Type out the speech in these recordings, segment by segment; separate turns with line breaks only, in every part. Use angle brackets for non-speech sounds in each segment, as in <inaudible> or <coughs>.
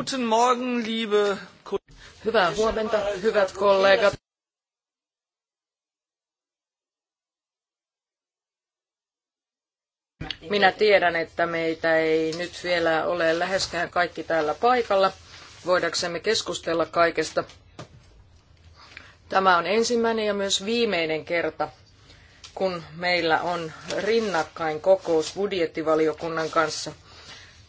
Guten Morgen, liebe Hyvää huomenta, hyvät kollegat. Minä tiedän, että meitä ei nyt vielä ole läheskään kaikki täällä paikalla, voidaksemme keskustella kaikesta. Tämä on ensimmäinen ja myös viimeinen kerta, kun meillä on rinnakkain kokous budjettivaliokunnan kanssa –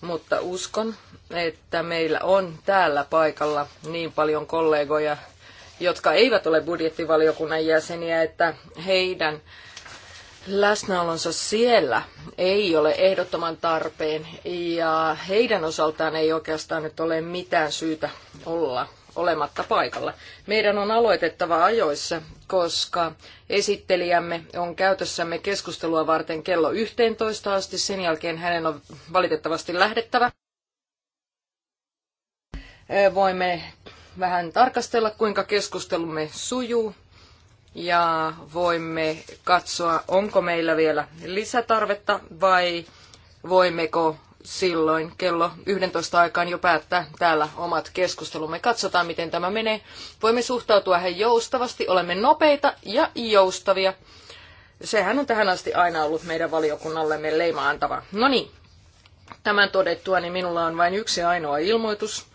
mutta uskon, että meillä on täällä paikalla niin paljon kollegoja, jotka eivät ole budjettivaliokunnan jäseniä, että heidän läsnäolonsa siellä ei ole ehdottoman tarpeen ja heidän osaltaan ei oikeastaan nyt ole mitään syytä olla olematta paikalla. Meidän on aloitettava ajoissa, koska esittelijämme on käytössämme keskustelua varten kello 11 asti. Sen jälkeen hänen on valitettavasti lähdettävä. Voimme vähän tarkastella, kuinka keskustelumme sujuu ja voimme katsoa, onko meillä vielä lisätarvetta vai voimmeko silloin kello 11 aikaan jo päättää täällä omat keskustelumme. Katsotaan, miten tämä menee. Voimme suhtautua hän joustavasti, olemme nopeita ja joustavia. Sehän on tähän asti aina ollut meidän valiokunnallemme leima antava. No niin, tämän todettua, niin minulla on vain yksi ainoa ilmoitus.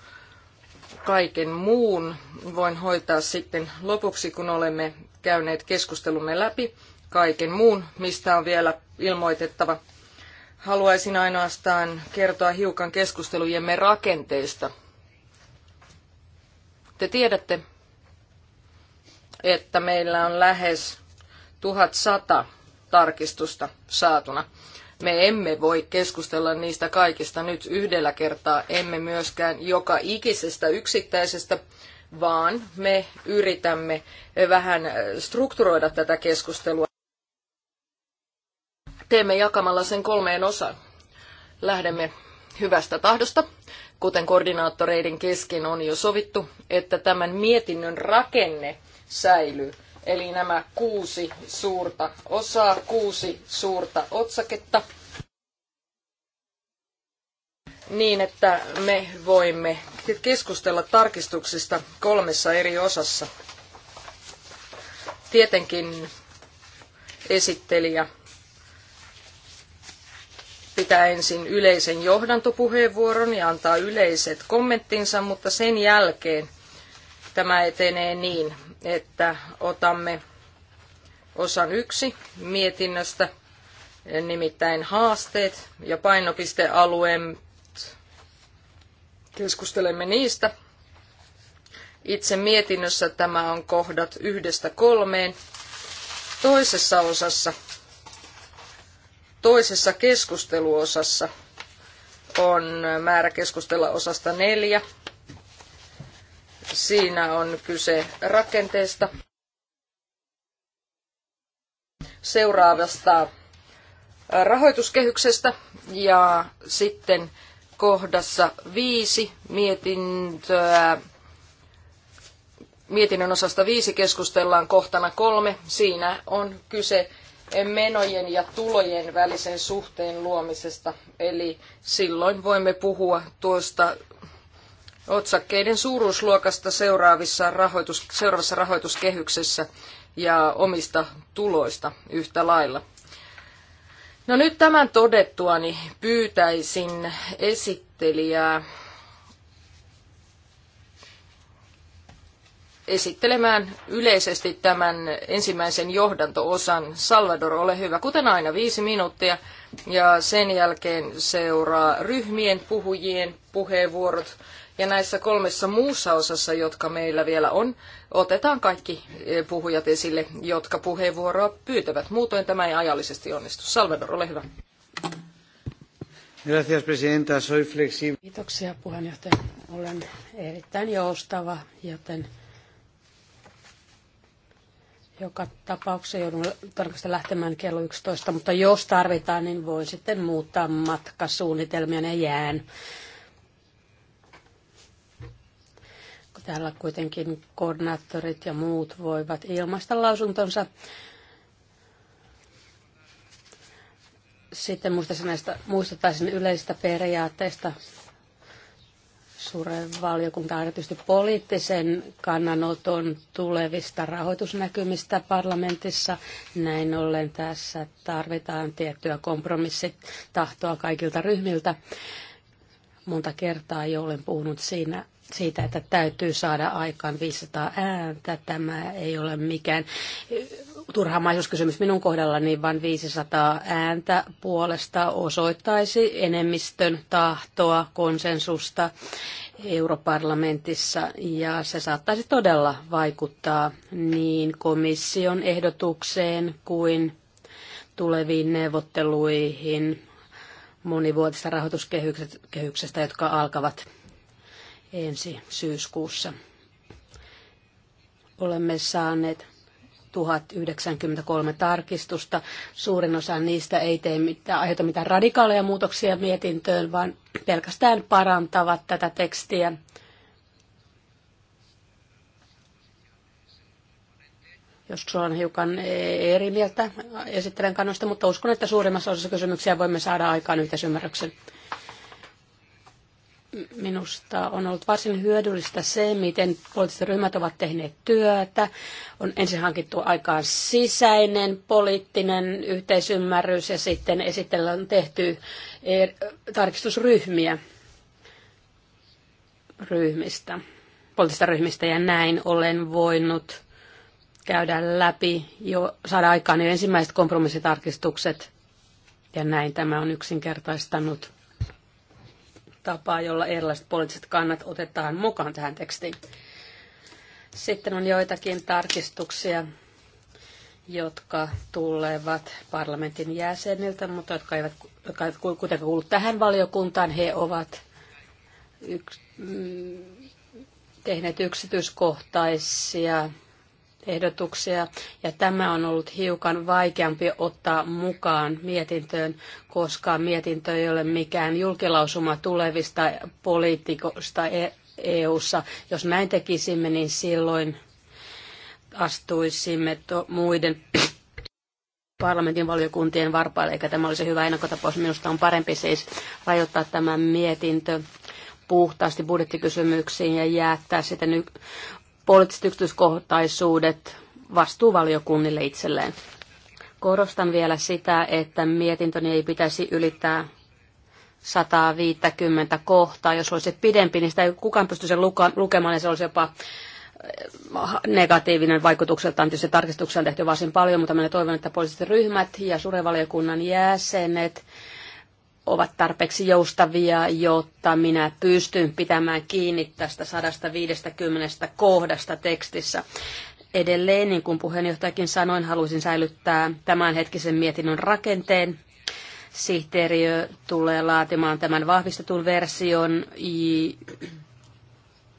Kaiken muun voin hoitaa sitten lopuksi, kun olemme käyneet keskustelumme läpi. Kaiken muun, mistä on vielä ilmoitettava. Haluaisin ainoastaan kertoa hiukan keskustelujemme rakenteesta. Te tiedätte, että meillä on lähes 1100 tarkistusta saatuna. Me emme voi keskustella niistä kaikista nyt yhdellä kertaa, emme myöskään joka ikisestä yksittäisestä, vaan me yritämme vähän strukturoida tätä keskustelua teemme jakamalla sen kolmeen osaan. Lähdemme hyvästä tahdosta, kuten koordinaattoreiden kesken on jo sovittu, että tämän mietinnön rakenne säilyy. Eli nämä kuusi suurta osaa, kuusi suurta otsaketta, niin että me voimme keskustella tarkistuksista kolmessa eri osassa. Tietenkin esittelijä pitää ensin yleisen johdantopuheenvuoron ja antaa yleiset kommenttinsa, mutta sen jälkeen tämä etenee niin, että otamme osan yksi mietinnöstä, nimittäin haasteet ja painopistealueet. Keskustelemme niistä. Itse mietinnössä tämä on kohdat yhdestä kolmeen. Toisessa osassa toisessa keskusteluosassa on määrä keskustella osasta neljä. Siinä on kyse rakenteesta. Seuraavasta rahoituskehyksestä ja sitten kohdassa viisi mietintöä. Mietinnön osasta viisi keskustellaan kohtana kolme. Siinä on kyse menojen ja tulojen välisen suhteen luomisesta. Eli silloin voimme puhua tuosta otsakkeiden suuruusluokasta seuraavissa rahoitus, seuraavassa rahoituskehyksessä ja omista tuloista yhtä lailla. No nyt tämän todettuani pyytäisin esittelijää esittelemään yleisesti tämän ensimmäisen johdantoosan. Salvador, ole hyvä, kuten aina viisi minuuttia. Ja sen jälkeen seuraa ryhmien puhujien puheenvuorot. Ja näissä kolmessa muussa osassa, jotka meillä vielä on, otetaan kaikki eh, puhujat esille, jotka puheenvuoroa pyytävät. Muutoin tämä ei ajallisesti onnistu. Salvador, ole hyvä.
Gracias, presidenta. Soy flexible. Kiitoksia,
puheenjohtaja. Olen erittäin joustava, joten joka tapauksessa joudun tarkasti lähtemään kello 11, mutta jos tarvitaan, niin voin sitten muuttaa matkasuunnitelmia ja jään. Täällä kuitenkin koordinaattorit ja muut voivat ilmaista lausuntonsa. Sitten muistaisin näistä, muistuttaisin yleisistä periaatteista suuren valiokuntaan erityisesti poliittisen kannanoton tulevista rahoitusnäkymistä parlamentissa. Näin ollen tässä tarvitaan tiettyä kompromissitahtoa kaikilta ryhmiltä. Monta kertaa jo olen puhunut siinä siitä, että täytyy saada aikaan 500 ääntä. Tämä ei ole mikään turhamaisuuskysymys minun kohdallani, vaan 500 ääntä puolesta osoittaisi enemmistön tahtoa, konsensusta europarlamentissa ja se saattaisi todella vaikuttaa niin komission ehdotukseen kuin tuleviin neuvotteluihin monivuotista rahoituskehyksestä, jotka alkavat ensi syyskuussa. Olemme saaneet 1093 tarkistusta. Suurin osa niistä ei tee mitään, aiheuta mitään radikaaleja muutoksia mietintöön, vaan pelkästään parantavat tätä tekstiä. Joskus on hiukan eri mieltä esittelen kannosta, mutta uskon, että suurimmassa osassa kysymyksiä voimme saada aikaan yhteisymmärryksen. Minusta on ollut varsin hyödyllistä se, miten poliittiset ryhmät ovat tehneet työtä. On ensin hankittu aikaan sisäinen poliittinen yhteisymmärrys ja sitten esitellä on tehty er- tarkistusryhmiä ryhmistä, poliittisista ryhmistä ja näin olen voinut käydä läpi, jo, saada aikaan jo ensimmäiset kompromissitarkistukset ja näin tämä on yksinkertaistanut tapaa, jolla erilaiset poliittiset kannat otetaan mukaan tähän tekstiin. Sitten on joitakin tarkistuksia, jotka tulevat parlamentin jäseniltä, mutta jotka eivät, jotka eivät kuitenkaan kuulu tähän valiokuntaan. He ovat yks, mm, tehneet yksityiskohtaisia ehdotuksia ja tämä on ollut hiukan vaikeampi ottaa mukaan mietintöön, koska mietintö ei ole mikään julkilausuma tulevista poliitikoista EU-ssa. E Jos näin tekisimme, niin silloin astuisimme muiden <coughs> parlamentin valiokuntien varpaille, eikä tämä olisi hyvä ennakkotapaus. Minusta on parempi siis rajoittaa tämä mietintö puhtaasti budjettikysymyksiin ja jättää sitten poliittiset yksityiskohtaisuudet vastuuvaliokunnille itselleen. Korostan vielä sitä, että mietintöni ei pitäisi ylittää 150 kohtaa. Jos olisi pidempi, niin sitä ei kukaan pysty sen lukemaan, ja se olisi jopa äh, negatiivinen vaikutukseltaan. Tietysti tarkistuksia on tehty varsin paljon, mutta minä toivon, että poliittiset ryhmät ja surevaliokunnan jäsenet ovat tarpeeksi joustavia, jotta minä pystyn pitämään kiinni tästä 150 kohdasta tekstissä. Edelleen, niin kuin puheenjohtajakin sanoin, haluaisin säilyttää tämänhetkisen mietinnön rakenteen. Sihteeriö tulee laatimaan tämän vahvistetun version,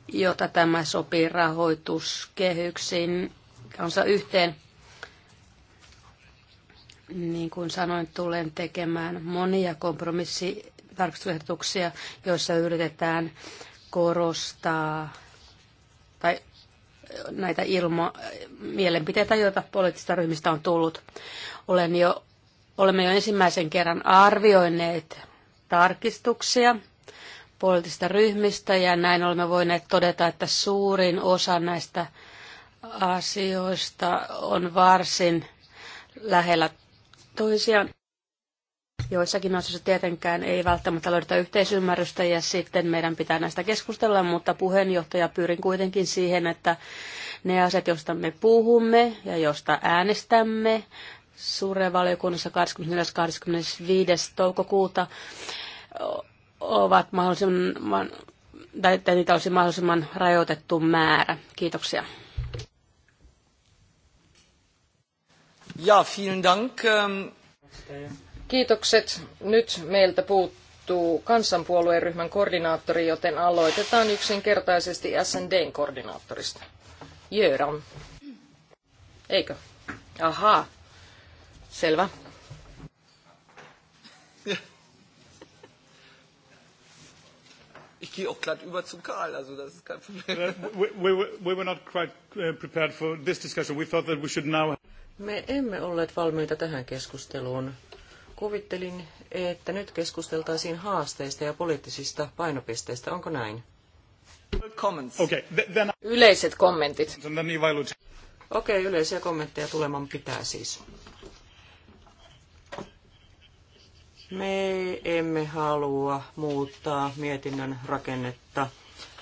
jota tämä sopii rahoituskehyksiin kanssa yhteen niin kuin sanoin, tulen tekemään monia kompromissitarkastusehdotuksia, joissa yritetään korostaa tai näitä ilma- mielenpiteitä, joita poliittisista ryhmistä on tullut. Olen jo, olemme jo ensimmäisen kerran arvioineet tarkistuksia poliittisista ryhmistä ja näin olemme voineet todeta, että suurin osa näistä asioista on varsin lähellä toisiaan. Joissakin asioissa tietenkään ei välttämättä löydetä yhteisymmärrystä ja sitten meidän pitää näistä keskustella, mutta puheenjohtaja pyrin kuitenkin siihen, että ne asiat, joista me puhumme ja joista äänestämme suuren valiokunnassa 24.25. toukokuuta, ovat mahdollisimman, tai niitä olisi mahdollisimman rajoitettu määrä. Kiitoksia.
Ja, vielen dank. Ähm,
Kiitokset. Nyt meiltä puuttuu kansanpuolueryhmän koordinaattori, joten aloitetaan yksinkertaisesti SNDn koordinaattorista. Jöran. Eikö? Ahaa. Selvä. Ich gehe auch glatt über zum Karl, also das ist kein Problem.
Uh, we, we, we were not quite uh, prepared for this discussion. We thought that we should now me emme olleet valmiita tähän keskusteluun. Kuvittelin, että nyt keskusteltaisiin haasteista ja poliittisista painopisteistä. Onko näin? Okay, then... Yleiset kommentit. Okei, okay, yleisiä kommentteja tuleman pitää siis. Me emme halua muuttaa mietinnön rakennetta.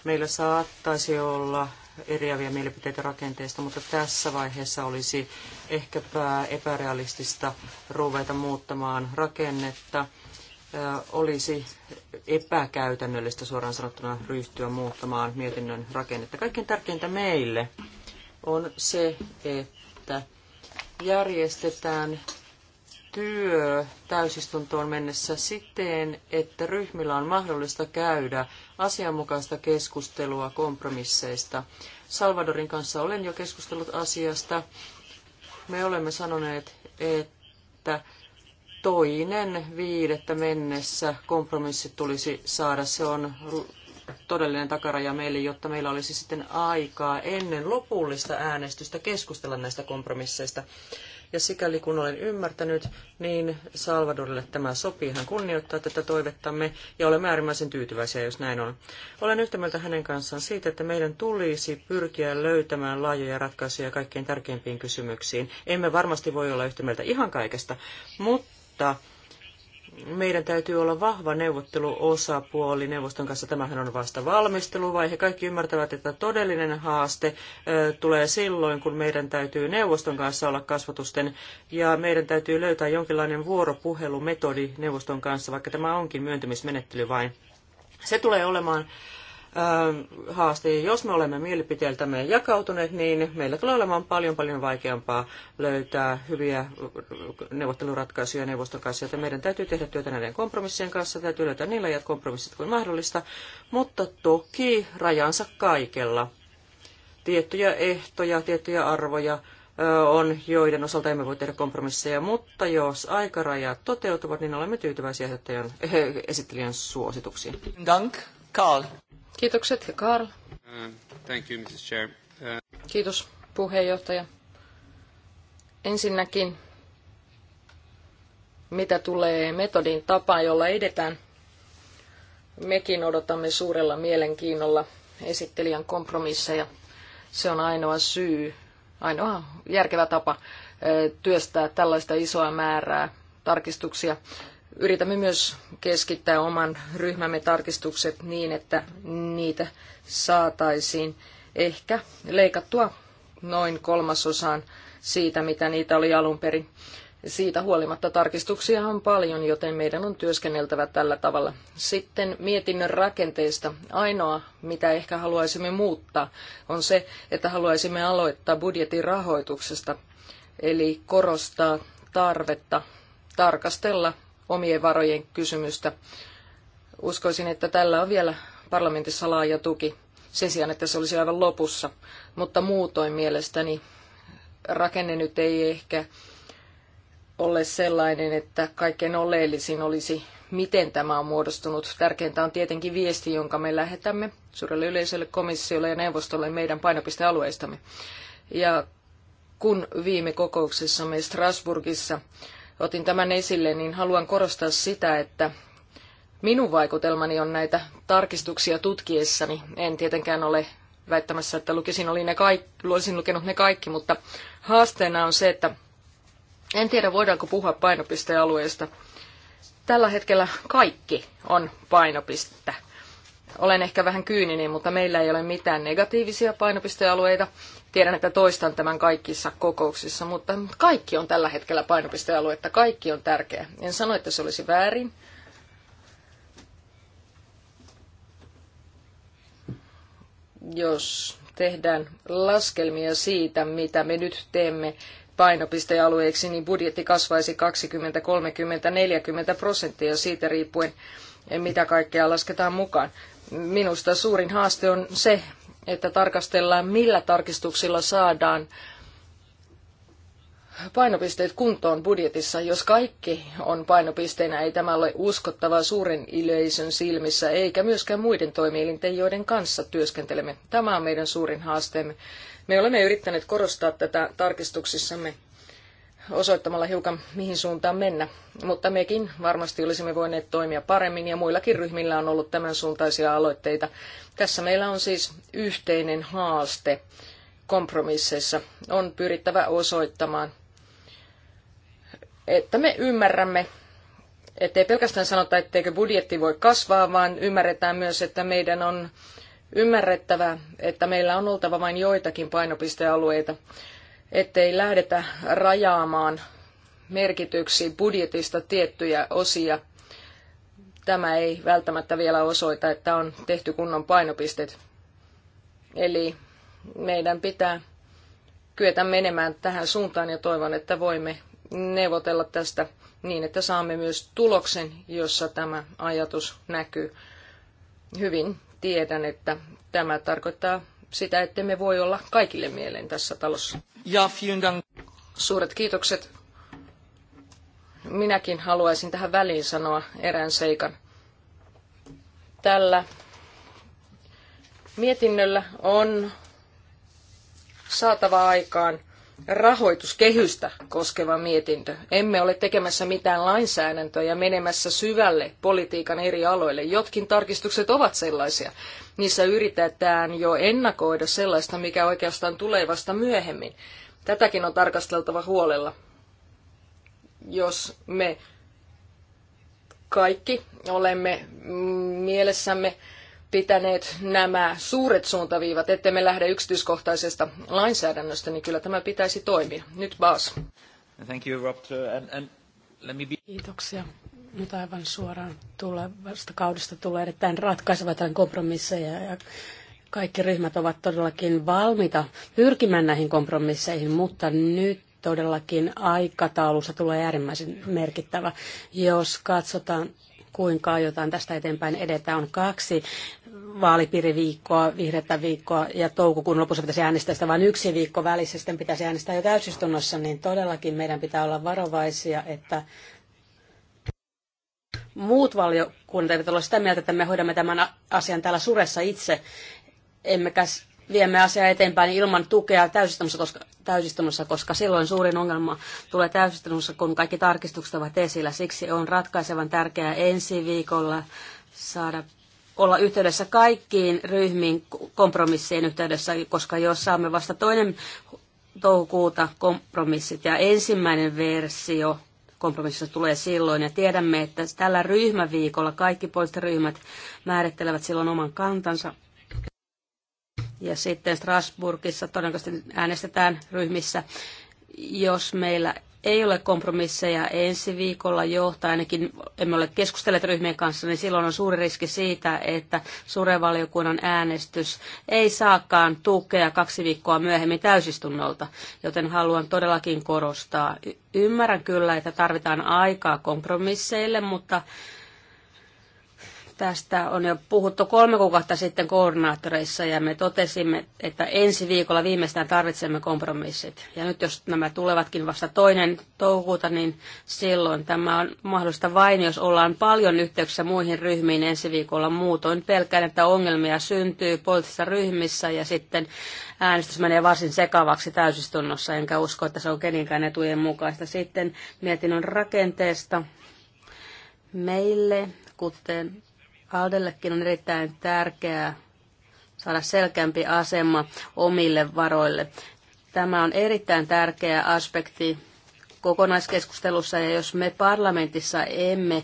Meillä saattaisi olla eriäviä mielipiteitä rakenteesta, mutta tässä vaiheessa olisi ehkäpä epärealistista ruveta muuttamaan rakennetta. Olisi epäkäytännöllistä suoraan sanottuna ryhtyä muuttamaan mietinnön rakennetta. Kaikkein tärkeintä meille on se, että järjestetään työ täysistuntoon mennessä siten, että ryhmillä on mahdollista käydä asianmukaista keskustelua kompromisseista. Salvadorin kanssa olen jo keskustellut asiasta me olemme sanoneet, että toinen viidettä mennessä kompromissi tulisi saada. Se on todellinen takaraja meille, jotta meillä olisi sitten aikaa ennen lopullista äänestystä keskustella näistä kompromisseista ja sikäli kun olen ymmärtänyt, niin Salvadorille tämä sopii. Hän kunnioittaa tätä toivettamme ja olemme äärimmäisen tyytyväisiä, jos näin on. Olen yhtä mieltä hänen kanssaan siitä, että meidän tulisi pyrkiä löytämään laajoja ratkaisuja kaikkein tärkeimpiin kysymyksiin. Emme varmasti voi olla yhtä mieltä ihan kaikesta, mutta meidän täytyy olla vahva neuvotteluosapuoli neuvoston kanssa. Tämähän on vasta valmisteluvaihe. Kaikki ymmärtävät, että todellinen haaste tulee silloin, kun meidän täytyy neuvoston kanssa olla kasvatusten ja meidän täytyy löytää jonkinlainen vuoropuhelumetodi neuvoston kanssa, vaikka tämä onkin myöntymismenettely vain. Se tulee olemaan Ähm, haaste. Ja jos me olemme mielipiteiltämme jakautuneet, niin meillä tulee olemaan paljon paljon vaikeampaa löytää hyviä neuvotteluratkaisuja neuvoston kanssa, joten meidän täytyy tehdä työtä näiden kompromissien kanssa, täytyy löytää niin laajat kompromissit kuin mahdollista, mutta toki rajansa kaikella. Tiettyjä ehtoja, tiettyjä arvoja, on, joiden osalta emme voi tehdä kompromisseja, mutta jos aikarajat toteutuvat, niin olemme tyytyväisiä <laughs> esittelijän suosituksiin. Dank, Karl. Kiitokset ja Karl.
Uh, thank you, Mrs. Chair. Uh,
Kiitos puheenjohtaja. Ensinnäkin, mitä tulee metodin tapaan, jolla edetään, mekin odotamme suurella mielenkiinnolla esittelijän kompromisseja. Se on ainoa syy, ainoa järkevä tapa työstää tällaista isoa määrää tarkistuksia yritämme myös keskittää oman ryhmämme tarkistukset niin, että niitä saataisiin ehkä leikattua noin kolmasosaan siitä, mitä niitä oli alun perin. Siitä huolimatta tarkistuksia on paljon, joten meidän on työskenneltävä tällä tavalla. Sitten mietinnön rakenteesta. Ainoa, mitä ehkä haluaisimme muuttaa, on se, että haluaisimme aloittaa budjetin rahoituksesta, eli korostaa tarvetta tarkastella omien varojen kysymystä. Uskoisin, että tällä on vielä parlamentissa laaja tuki sen sijaan, että se olisi aivan lopussa. Mutta muutoin mielestäni rakenne nyt ei ehkä ole sellainen, että kaikkein oleellisin olisi, miten tämä on muodostunut. Tärkeintä on tietenkin viesti, jonka me lähetämme suurelle yleisölle, komissiolle ja neuvostolle meidän painopistealueistamme. Ja kun viime kokouksessamme Strasbourgissa otin tämän esille, niin haluan korostaa sitä, että minun vaikutelmani on näitä tarkistuksia tutkiessani. En tietenkään ole väittämässä, että lukisin oli ne kaikki, olisin lukenut ne kaikki, mutta haasteena on se, että en tiedä voidaanko puhua painopistealueesta. Tällä hetkellä kaikki on painopistettä. Olen ehkä vähän kyyninen, mutta meillä ei ole mitään negatiivisia painopistealueita. Tiedän, että toistan tämän kaikissa kokouksissa, mutta kaikki on tällä hetkellä painopistealuetta, kaikki on tärkeää. En sano, että se olisi väärin. Jos tehdään laskelmia siitä, mitä me nyt teemme painopistealueeksi, niin budjetti kasvaisi 20, 30, 40 prosenttia siitä riippuen, mitä kaikkea lasketaan mukaan. Minusta suurin haaste on se, että tarkastellaan, millä tarkistuksilla saadaan painopisteet kuntoon budjetissa. Jos kaikki on painopisteenä, ei tämä ole uskottavaa suuren yleisön silmissä, eikä myöskään muiden toimielinten, joiden kanssa työskentelemme. Tämä on meidän suurin haasteemme. Me olemme yrittäneet korostaa tätä tarkistuksissamme osoittamalla hiukan mihin suuntaan mennä. Mutta mekin varmasti olisimme voineet toimia paremmin ja muillakin ryhmillä on ollut tämän suuntaisia aloitteita. Tässä meillä on siis yhteinen haaste kompromisseissa. On pyrittävä osoittamaan, että me ymmärrämme, ettei pelkästään sanota, etteikö budjetti voi kasvaa, vaan ymmärretään myös, että meidän on ymmärrettävä, että meillä on oltava vain joitakin painopistealueita, ettei lähdetä rajaamaan merkityksi budjetista tiettyjä osia. Tämä ei välttämättä vielä osoita, että on tehty kunnon painopistet. Eli meidän pitää kyetä menemään tähän suuntaan ja toivon, että voimme neuvotella tästä niin, että saamme myös tuloksen, jossa tämä ajatus näkyy. Hyvin tiedän, että tämä tarkoittaa sitä, että me voi olla kaikille mieleen tässä talossa. Ja vielen dank. Suuret kiitokset. Minäkin haluaisin tähän väliin sanoa erään seikan. Tällä mietinnöllä on saatava aikaan rahoituskehystä koskeva mietintö. Emme ole tekemässä mitään lainsäädäntöä ja menemässä syvälle politiikan eri aloille. Jotkin tarkistukset ovat sellaisia. Niissä yritetään jo ennakoida sellaista, mikä oikeastaan tulee vasta myöhemmin. Tätäkin on tarkasteltava huolella. Jos me kaikki olemme mm, mielessämme pitäneet nämä suuret suuntaviivat, ettei me lähde yksityiskohtaisesta lainsäädännöstä, niin kyllä tämä pitäisi toimia. Nyt Baas. Thank you, uh, and, and let me be... Kiitoksia.
Nyt aivan suoraan tulevasta kaudesta tulee erittäin ratkaiseva tämän kompromisseja ja kaikki ryhmät ovat todellakin valmiita pyrkimään näihin kompromisseihin, mutta nyt todellakin aikataulussa tulee äärimmäisen merkittävä. Jos katsotaan kuinka aiotaan tästä eteenpäin edetä, on kaksi vaalipiiriviikkoa, vihreätä viikkoa ja toukokuun lopussa pitäisi äänestää sitä vain yksi viikko välissä, sitten pitäisi äänestää jo täysistunnossa, niin todellakin meidän pitää olla varovaisia, että muut valiokunnat eivät ole sitä mieltä, että me hoidamme tämän asian täällä suressa itse, emmekä viemme asiaa eteenpäin ilman tukea täysistunnossa koska, täysistunnossa, koska silloin suurin ongelma tulee täysistunnossa, kun kaikki tarkistukset ovat esillä. Siksi on ratkaisevan tärkeää ensi viikolla saada olla yhteydessä kaikkiin ryhmiin kompromissien yhteydessä, koska jos saamme vasta toinen toukokuuta kompromissit ja ensimmäinen versio kompromississa tulee silloin ja tiedämme, että tällä ryhmäviikolla kaikki poliittiset ryhmät määrittelevät silloin oman kantansa. Ja sitten Strasbourgissa todennäköisesti äänestetään ryhmissä, jos meillä ei ole kompromisseja ensi viikolla jo, tai ainakin emme ole keskustelleet ryhmien kanssa, niin silloin on suuri riski siitä, että valiokunnan äänestys ei saakaan tukea kaksi viikkoa myöhemmin täysistunnolta, joten haluan todellakin korostaa. Y- ymmärrän kyllä, että tarvitaan aikaa kompromisseille, mutta Tästä on jo puhuttu kolme kuukautta sitten koordinaattoreissa ja me totesimme, että ensi viikolla viimeistään tarvitsemme kompromissit. Ja nyt jos nämä tulevatkin vasta toinen toukokuuta, niin silloin tämä on mahdollista vain, jos ollaan paljon yhteyksissä muihin ryhmiin ensi viikolla. Muutoin pelkään, että ongelmia syntyy poliittisissa ryhmissä ja sitten äänestys menee varsin sekavaksi täysistunnossa, enkä usko, että se on kenenkään etujen mukaista. Sitten mietinnön rakenteesta meille, kuten Aldellekin on erittäin tärkeää saada selkeämpi asema omille varoille. Tämä on erittäin tärkeä aspekti kokonaiskeskustelussa ja jos me parlamentissa emme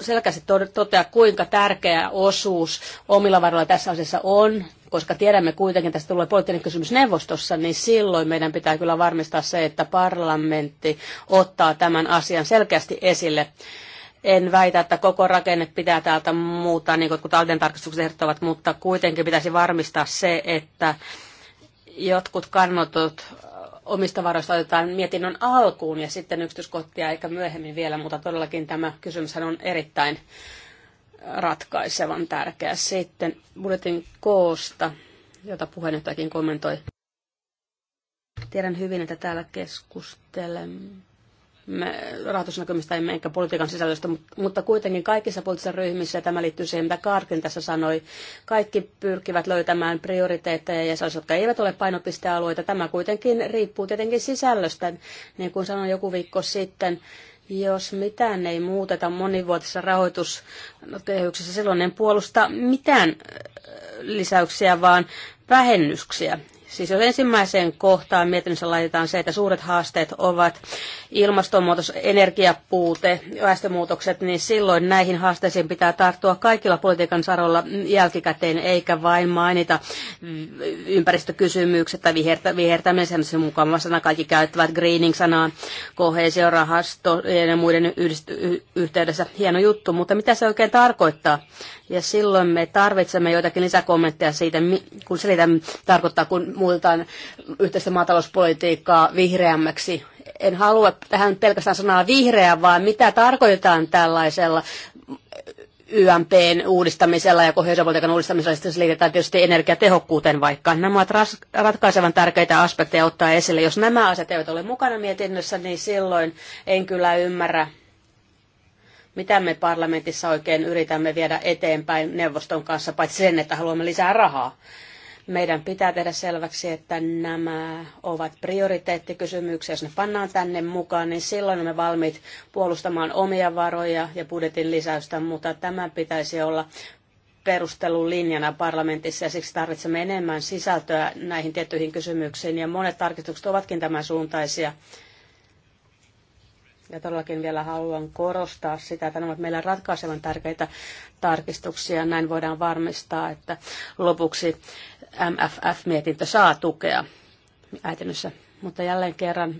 selkeästi totea, kuinka tärkeä osuus omilla varoilla tässä asiassa on, koska tiedämme kuitenkin, että tästä tulee poliittinen kysymys neuvostossa, niin silloin meidän pitää kyllä varmistaa se, että parlamentti ottaa tämän asian selkeästi esille en väitä, että koko rakenne pitää täältä muuttaa, niin kuin talden tarkastukset ehdottavat, mutta kuitenkin pitäisi varmistaa se, että jotkut kannotut omista varoista otetaan mietinnön alkuun ja sitten yksityiskohtia eikä myöhemmin vielä, mutta todellakin tämä kysymys on erittäin ratkaisevan tärkeä. Sitten budjetin koosta, jota puheenjohtajakin kommentoi. Tiedän hyvin, että täällä keskustelemme rahoitusnäkymistä ehkä politiikan sisällöstä, mutta kuitenkin kaikissa poliittisissa ryhmissä, ja tämä liittyy siihen, mitä Karkin tässä sanoi, kaikki pyrkivät löytämään prioriteetteja ja sellaiset, jotka eivät ole painopistealueita. Tämä kuitenkin riippuu tietenkin sisällöstä, niin kuin sanoin joku viikko sitten. Jos mitään ei muuteta monivuotisessa rahoituskehyksessä, silloin en puolusta mitään lisäyksiä, vaan vähennyksiä. Siis jos ensimmäiseen kohtaan mietinnössä laitetaan se, että suuret haasteet ovat ilmastonmuutos, energiapuute, väestömuutokset, niin silloin näihin haasteisiin pitää tarttua kaikilla politiikan saroilla jälkikäteen, eikä vain mainita ympäristökysymykset tai vihertä, vihertämisen, se mukaan sana kaikki käyttävät greening-sanaa, koheesiorahasto ja muiden yhdist- yhteydessä. Hieno juttu, mutta mitä se oikein tarkoittaa? Ja silloin me tarvitsemme joitakin lisäkommentteja siitä, kun selitän tarkoittaa, kun muutetaan yhteistä maatalouspolitiikkaa vihreämmäksi. En halua tähän pelkästään sanaa vihreä, vaan mitä tarkoitetaan tällaisella YMPn uudistamisella ja kohesiopolitiikan uudistamisella sitten se liitetään tietysti energiatehokkuuteen vaikka. Nämä ovat ratkaisevan tärkeitä aspekteja ottaa esille. Jos nämä asiat eivät ole mukana mietinnössä, niin silloin en kyllä ymmärrä, mitä me parlamentissa oikein yritämme viedä eteenpäin neuvoston kanssa, paitsi sen, että haluamme lisää rahaa. Meidän pitää tehdä selväksi, että nämä ovat prioriteettikysymyksiä. Jos ne pannaan tänne mukaan, niin silloin me valmiit puolustamaan omia varoja ja budjetin lisäystä, mutta tämä pitäisi olla perustelun linjana parlamentissa ja siksi tarvitsemme enemmän sisältöä näihin tiettyihin kysymyksiin ja monet tarkistukset ovatkin tämän suuntaisia. Ja todellakin vielä haluan korostaa sitä, että nämä ovat meillä ratkaisevan tärkeitä tarkistuksia. Näin voidaan varmistaa, että lopuksi MFF-mietintö saa tukea äitinnössä. Mutta jälleen kerran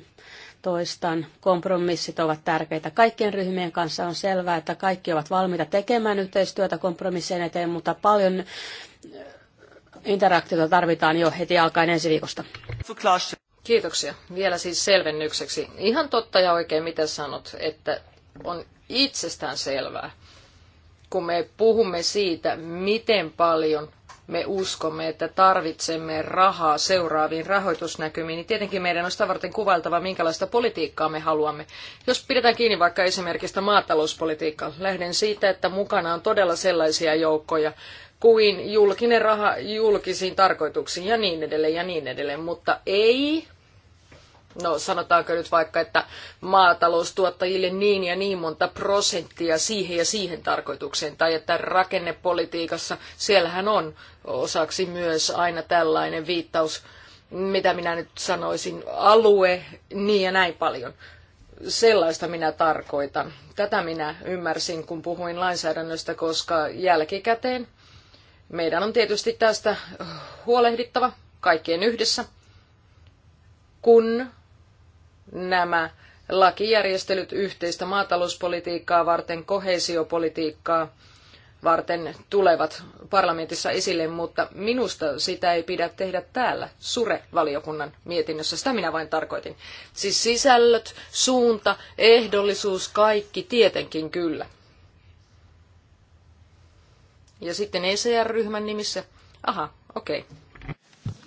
toistan, kompromissit ovat tärkeitä. Kaikkien ryhmien kanssa on selvää, että kaikki ovat valmiita tekemään yhteistyötä kompromissien eteen, mutta paljon äh, interaktiota tarvitaan jo heti alkaen ensi viikosta.
Kiitoksia. Vielä siis selvennykseksi. Ihan totta ja oikein, mitä sanot, että on itsestään selvää, kun me puhumme siitä, miten paljon me uskomme, että tarvitsemme rahaa seuraaviin rahoitusnäkymiin, niin tietenkin meidän on sitä varten kuvailtava, minkälaista politiikkaa me haluamme. Jos pidetään kiinni vaikka esimerkistä maatalouspolitiikkaa, lähden siitä, että mukana on todella sellaisia joukkoja, kuin julkinen raha julkisiin tarkoituksiin ja niin edelleen ja niin edelleen, mutta ei no sanotaanko nyt vaikka, että maataloustuottajille niin ja niin monta prosenttia siihen ja siihen tarkoitukseen, tai että rakennepolitiikassa, siellähän on osaksi myös aina tällainen viittaus, mitä minä nyt sanoisin, alue, niin ja näin paljon. Sellaista minä tarkoitan. Tätä minä ymmärsin, kun puhuin lainsäädännöstä, koska jälkikäteen meidän on tietysti tästä huolehdittava kaikkien yhdessä, kun nämä lakijärjestelyt yhteistä maatalouspolitiikkaa varten, koheesiopolitiikkaa varten tulevat parlamentissa esille, mutta minusta sitä ei pidä tehdä täällä SURE-valiokunnan mietinnössä. Sitä minä vain tarkoitin. Siis sisällöt, suunta, ehdollisuus, kaikki tietenkin kyllä. Ja sitten ECR-ryhmän nimissä.
Aha, okei. Okay.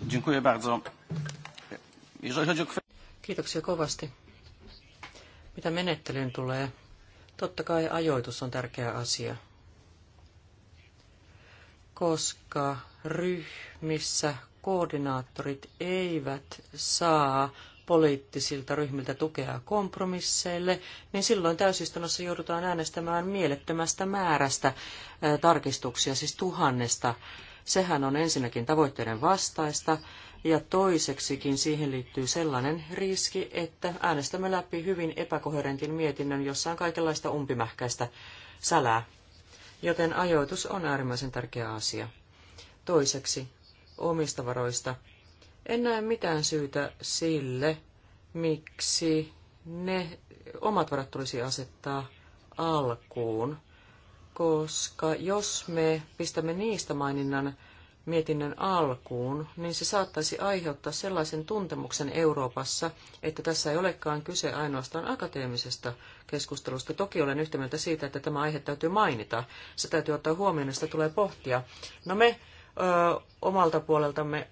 Dziękuję bardzo. Jeżeli chodzi o
Kiitoksia kovasti. Mitä menettelyyn tulee? Totta kai ajoitus on tärkeä asia, koska ryhmissä koordinaattorit eivät saa poliittisilta ryhmiltä tukea kompromisseille, niin silloin täysistunnossa joudutaan äänestämään mielettömästä määrästä tarkistuksia, siis tuhannesta. Sehän on ensinnäkin tavoitteiden vastaista ja toiseksikin siihen liittyy sellainen riski, että äänestämme läpi hyvin epäkoherentin mietinnön, jossa on kaikenlaista umpimähkäistä sälää. Joten ajoitus on äärimmäisen tärkeä asia. Toiseksi, omista varoista. En näe mitään syytä sille, miksi ne omat varat tulisi asettaa alkuun, koska jos me pistämme niistä maininnan mietinnön alkuun, niin se saattaisi aiheuttaa sellaisen tuntemuksen Euroopassa, että tässä ei olekaan kyse ainoastaan akateemisesta keskustelusta. Toki olen yhtä mieltä siitä, että tämä aihe täytyy mainita. Se täytyy ottaa huomioon, ja niin sitä tulee pohtia. No me ö, omalta puoleltamme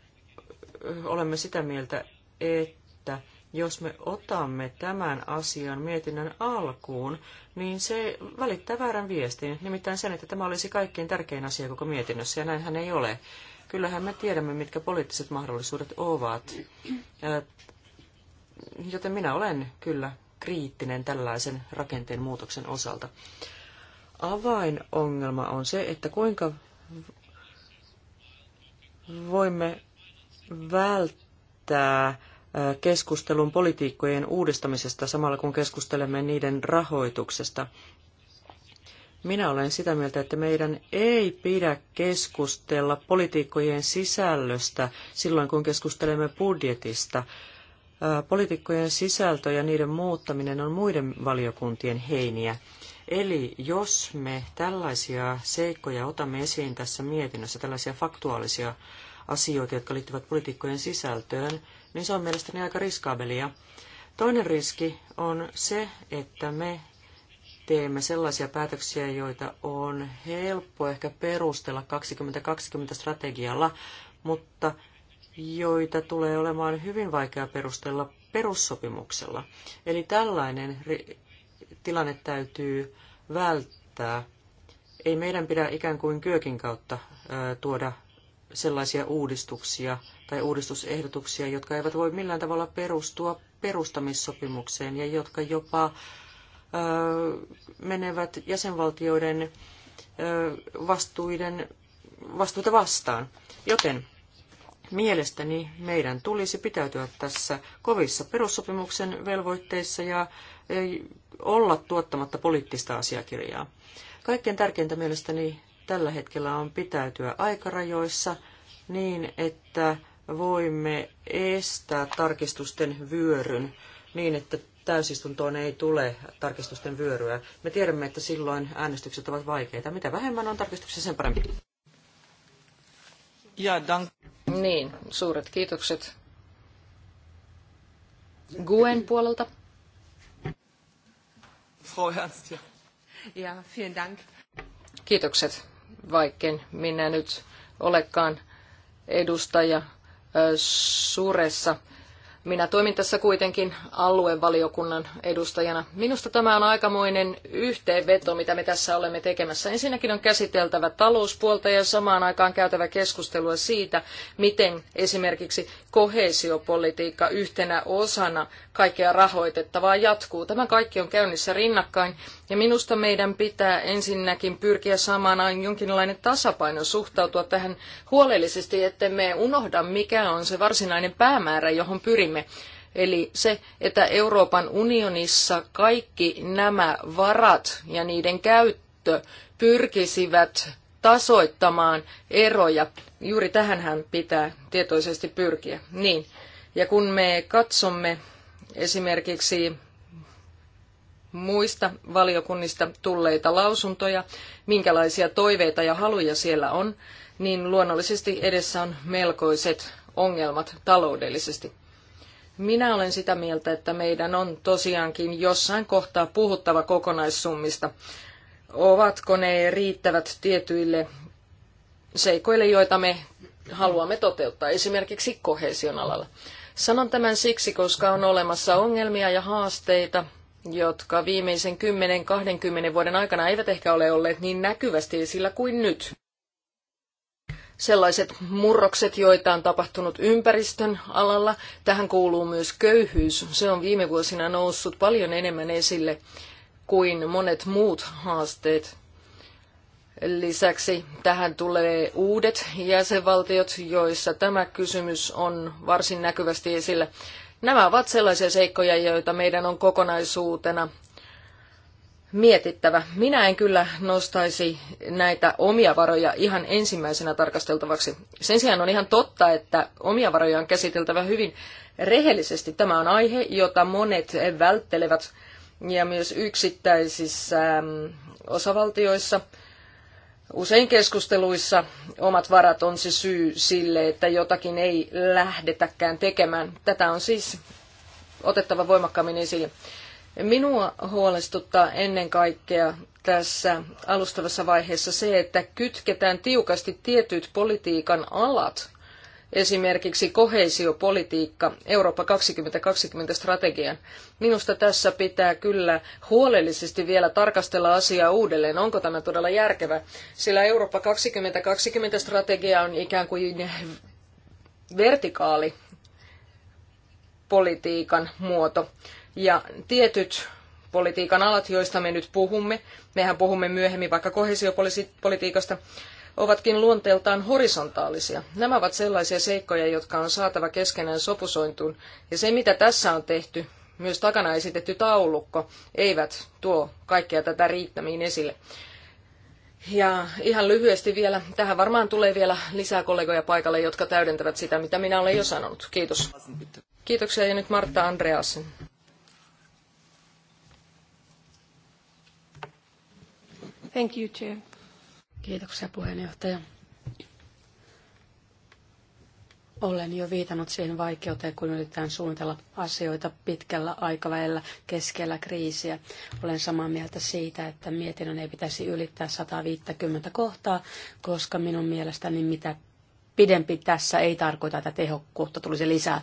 olemme sitä mieltä, että jos me otamme tämän asian mietinnön alkuun, niin se välittää väärän viestin, nimittäin sen, että tämä olisi kaikkein tärkein asia koko mietinnössä, ja näinhän ei ole. Kyllähän me tiedämme, mitkä poliittiset mahdollisuudet ovat, joten minä olen kyllä kriittinen tällaisen rakenteen muutoksen osalta. Avainongelma on se, että kuinka voimme välttää keskustelun politiikkojen uudistamisesta samalla kun keskustelemme niiden rahoituksesta. Minä olen sitä mieltä, että meidän ei pidä keskustella politiikkojen sisällöstä silloin, kun keskustelemme budjetista. Poliitikkojen sisältö ja niiden muuttaminen on muiden valiokuntien heiniä. Eli jos me tällaisia seikkoja otamme esiin tässä mietinnössä, tällaisia faktuaalisia asioita, jotka liittyvät poliitikkojen sisältöön, niin se on mielestäni aika riskaabelia. Toinen riski on se, että me teemme sellaisia päätöksiä, joita on helppo ehkä perustella 2020-strategialla, mutta joita tulee olemaan hyvin vaikea perustella perussopimuksella. Eli tällainen tilanne täytyy välttää. Ei meidän pidä ikään kuin kyökin kautta ö, tuoda sellaisia uudistuksia tai uudistusehdotuksia, jotka eivät voi millään tavalla perustua perustamissopimukseen ja jotka jopa menevät jäsenvaltioiden vastuiden, vastuuta vastaan. Joten mielestäni meidän tulisi pitäytyä tässä kovissa perussopimuksen velvoitteissa ja olla tuottamatta poliittista asiakirjaa. Kaikkein tärkeintä mielestäni tällä hetkellä on pitäytyä aikarajoissa niin, että voimme estää tarkistusten vyöryn niin, että täysistuntoon ei tule tarkistusten vyöryä. Me tiedämme, että silloin äänestykset ovat vaikeita. Mitä vähemmän on tarkistuksia, sen parempi. Ja dank.
Niin, suuret kiitokset. Guen puolelta.
Frau Ernst, ja. Ja, vielen dank.
Kiitokset vaikken minä nyt olekaan edustaja Suressa. Minä toimin tässä kuitenkin aluevaliokunnan edustajana. Minusta tämä on aikamoinen yhteenveto, mitä me tässä olemme tekemässä. Ensinnäkin on käsiteltävä talouspuolta ja samaan aikaan käytävä keskustelua siitä, miten esimerkiksi koheesiopolitiikka yhtenä osana kaikkea rahoitettavaa jatkuu. Tämä kaikki on käynnissä rinnakkain ja minusta meidän pitää ensinnäkin pyrkiä saamaan jonkinlainen tasapaino suhtautua tähän huolellisesti, ettemme unohda, mikä on se varsinainen päämäärä, johon pyrimme. Eli se, että Euroopan unionissa kaikki nämä varat ja niiden käyttö pyrkisivät tasoittamaan eroja. Juuri tähänhän pitää tietoisesti pyrkiä. Niin. Ja kun me katsomme esimerkiksi muista valiokunnista tulleita lausuntoja, minkälaisia toiveita ja haluja siellä on, niin luonnollisesti edessä on melkoiset ongelmat taloudellisesti. Minä olen sitä mieltä, että meidän on tosiaankin jossain kohtaa puhuttava kokonaissummista. Ovatko ne riittävät tietyille seikoille, joita me haluamme toteuttaa, esimerkiksi kohesion alalla. Sanon tämän siksi, koska on olemassa ongelmia ja haasteita, jotka viimeisen 10-20 vuoden aikana eivät ehkä ole olleet niin näkyvästi esillä kuin nyt. Sellaiset murrokset, joita on tapahtunut ympäristön alalla, tähän kuuluu myös köyhyys. Se on viime vuosina noussut paljon enemmän esille kuin monet muut haasteet. Lisäksi tähän tulee uudet jäsenvaltiot, joissa tämä kysymys on varsin näkyvästi esillä. Nämä ovat sellaisia seikkoja, joita meidän on kokonaisuutena mietittävä. Minä en kyllä nostaisi näitä omia varoja ihan ensimmäisenä tarkasteltavaksi. Sen sijaan on ihan totta, että omia varoja on käsiteltävä hyvin rehellisesti. Tämä on aihe, jota monet välttelevät ja myös yksittäisissä mm, osavaltioissa – Usein keskusteluissa omat varat on se syy sille, että jotakin ei lähdetäkään tekemään. Tätä on siis otettava voimakkaammin esille. Minua huolestuttaa ennen kaikkea tässä alustavassa vaiheessa se, että kytketään tiukasti tietyt politiikan alat esimerkiksi koheesiopolitiikka Eurooppa 2020 strategian. Minusta tässä pitää kyllä huolellisesti vielä tarkastella asiaa uudelleen, onko tämä todella järkevä, sillä Eurooppa 2020 strategia on ikään kuin vertikaali politiikan muoto. Ja tietyt politiikan alat, joista me nyt puhumme, mehän puhumme myöhemmin vaikka koheesiopolitiikasta ovatkin luonteeltaan horisontaalisia. Nämä ovat sellaisia seikkoja, jotka on saatava keskenään sopusointuun, ja se mitä tässä on tehty, myös takana esitetty taulukko, eivät tuo kaikkea tätä riittämiin esille. Ja ihan lyhyesti vielä, tähän varmaan tulee vielä lisää kollegoja paikalle, jotka täydentävät sitä, mitä minä olen jo sanonut. Kiitos. Kiitoksia ja nyt Martta Andreasen.
Thank you, Chair. Kiitoksia puheenjohtaja. Olen jo viitannut siihen vaikeuteen, kun yritetään suunnitella asioita pitkällä aikavälillä keskellä kriisiä. Olen samaa mieltä siitä, että mietinnön ei pitäisi ylittää 150 kohtaa, koska minun mielestäni mitä pidempi tässä ei tarkoita, että tehokkuutta tulisi lisää.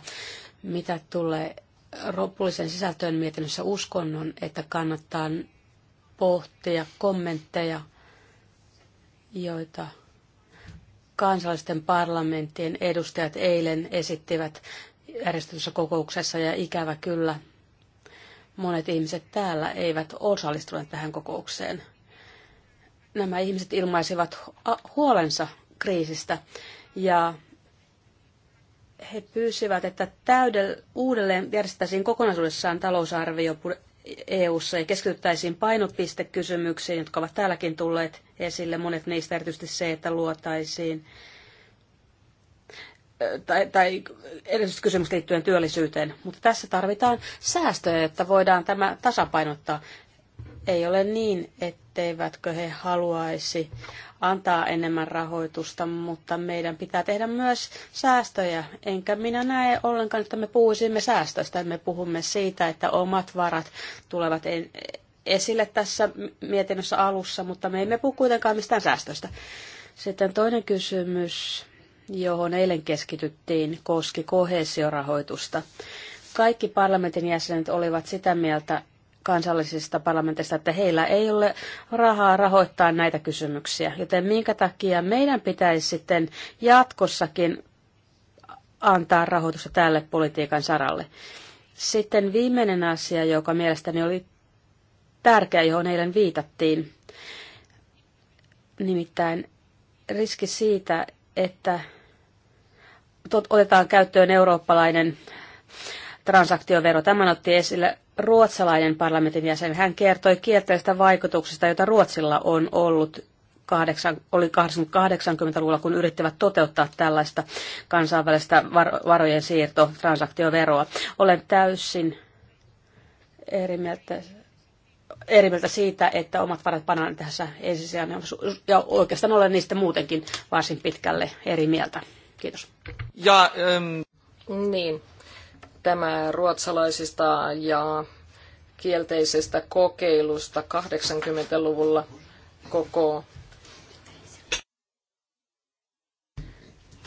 Mitä tulee roppulisen sisältöön mietinnössä uskonnon, että kannattaa pohtia kommentteja joita kansallisten parlamenttien edustajat eilen esittivät järjestetyssä kokouksessa ja ikävä kyllä monet ihmiset täällä eivät osallistuneet tähän kokoukseen. Nämä ihmiset ilmaisivat huolensa kriisistä ja he pyysivät, että täydellä, uudelleen järjestettäisiin kokonaisuudessaan talousarvio EU-ssa ja keskityttäisiin painopistekysymyksiin, jotka ovat täälläkin tulleet esille. Monet niistä erityisesti se, että luotaisiin tai, tai erityisesti kysymys liittyen työllisyyteen, mutta tässä tarvitaan säästöjä, jotta voidaan tämä tasapainottaa. Ei ole niin, etteivätkö he haluaisi antaa enemmän rahoitusta, mutta meidän pitää tehdä myös säästöjä. Enkä minä näe ollenkaan, että me puhuisimme säästöistä. Me puhumme siitä, että omat varat tulevat esille tässä mietinnössä alussa, mutta me emme puhu kuitenkaan mistään säästöistä. Sitten toinen kysymys, johon eilen keskityttiin, koski kohesiorahoitusta. Kaikki parlamentin jäsenet olivat sitä mieltä, kansallisista parlamenteista, että heillä ei ole rahaa rahoittaa näitä kysymyksiä. Joten minkä takia meidän pitäisi sitten jatkossakin antaa rahoitusta tälle politiikan saralle. Sitten viimeinen asia, joka mielestäni oli tärkeä, johon eilen viitattiin, nimittäin riski siitä, että otetaan käyttöön eurooppalainen transaktiovero. Tämän otti esille ruotsalainen parlamentin jäsen. Hän kertoi kielteistä vaikutuksista, joita Ruotsilla on ollut 8, oli 80-luvulla, kun yrittivät toteuttaa tällaista kansainvälistä varojen siirto transaktioveroa. Olen täysin eri mieltä, eri mieltä siitä, että omat varat pannaan tässä ensisijainen, ja oikeastaan olen niistä muutenkin varsin pitkälle eri mieltä.
Kiitos. Ja, äm... Niin, tämä ruotsalaisista ja kielteisestä kokeilusta 80-luvulla koko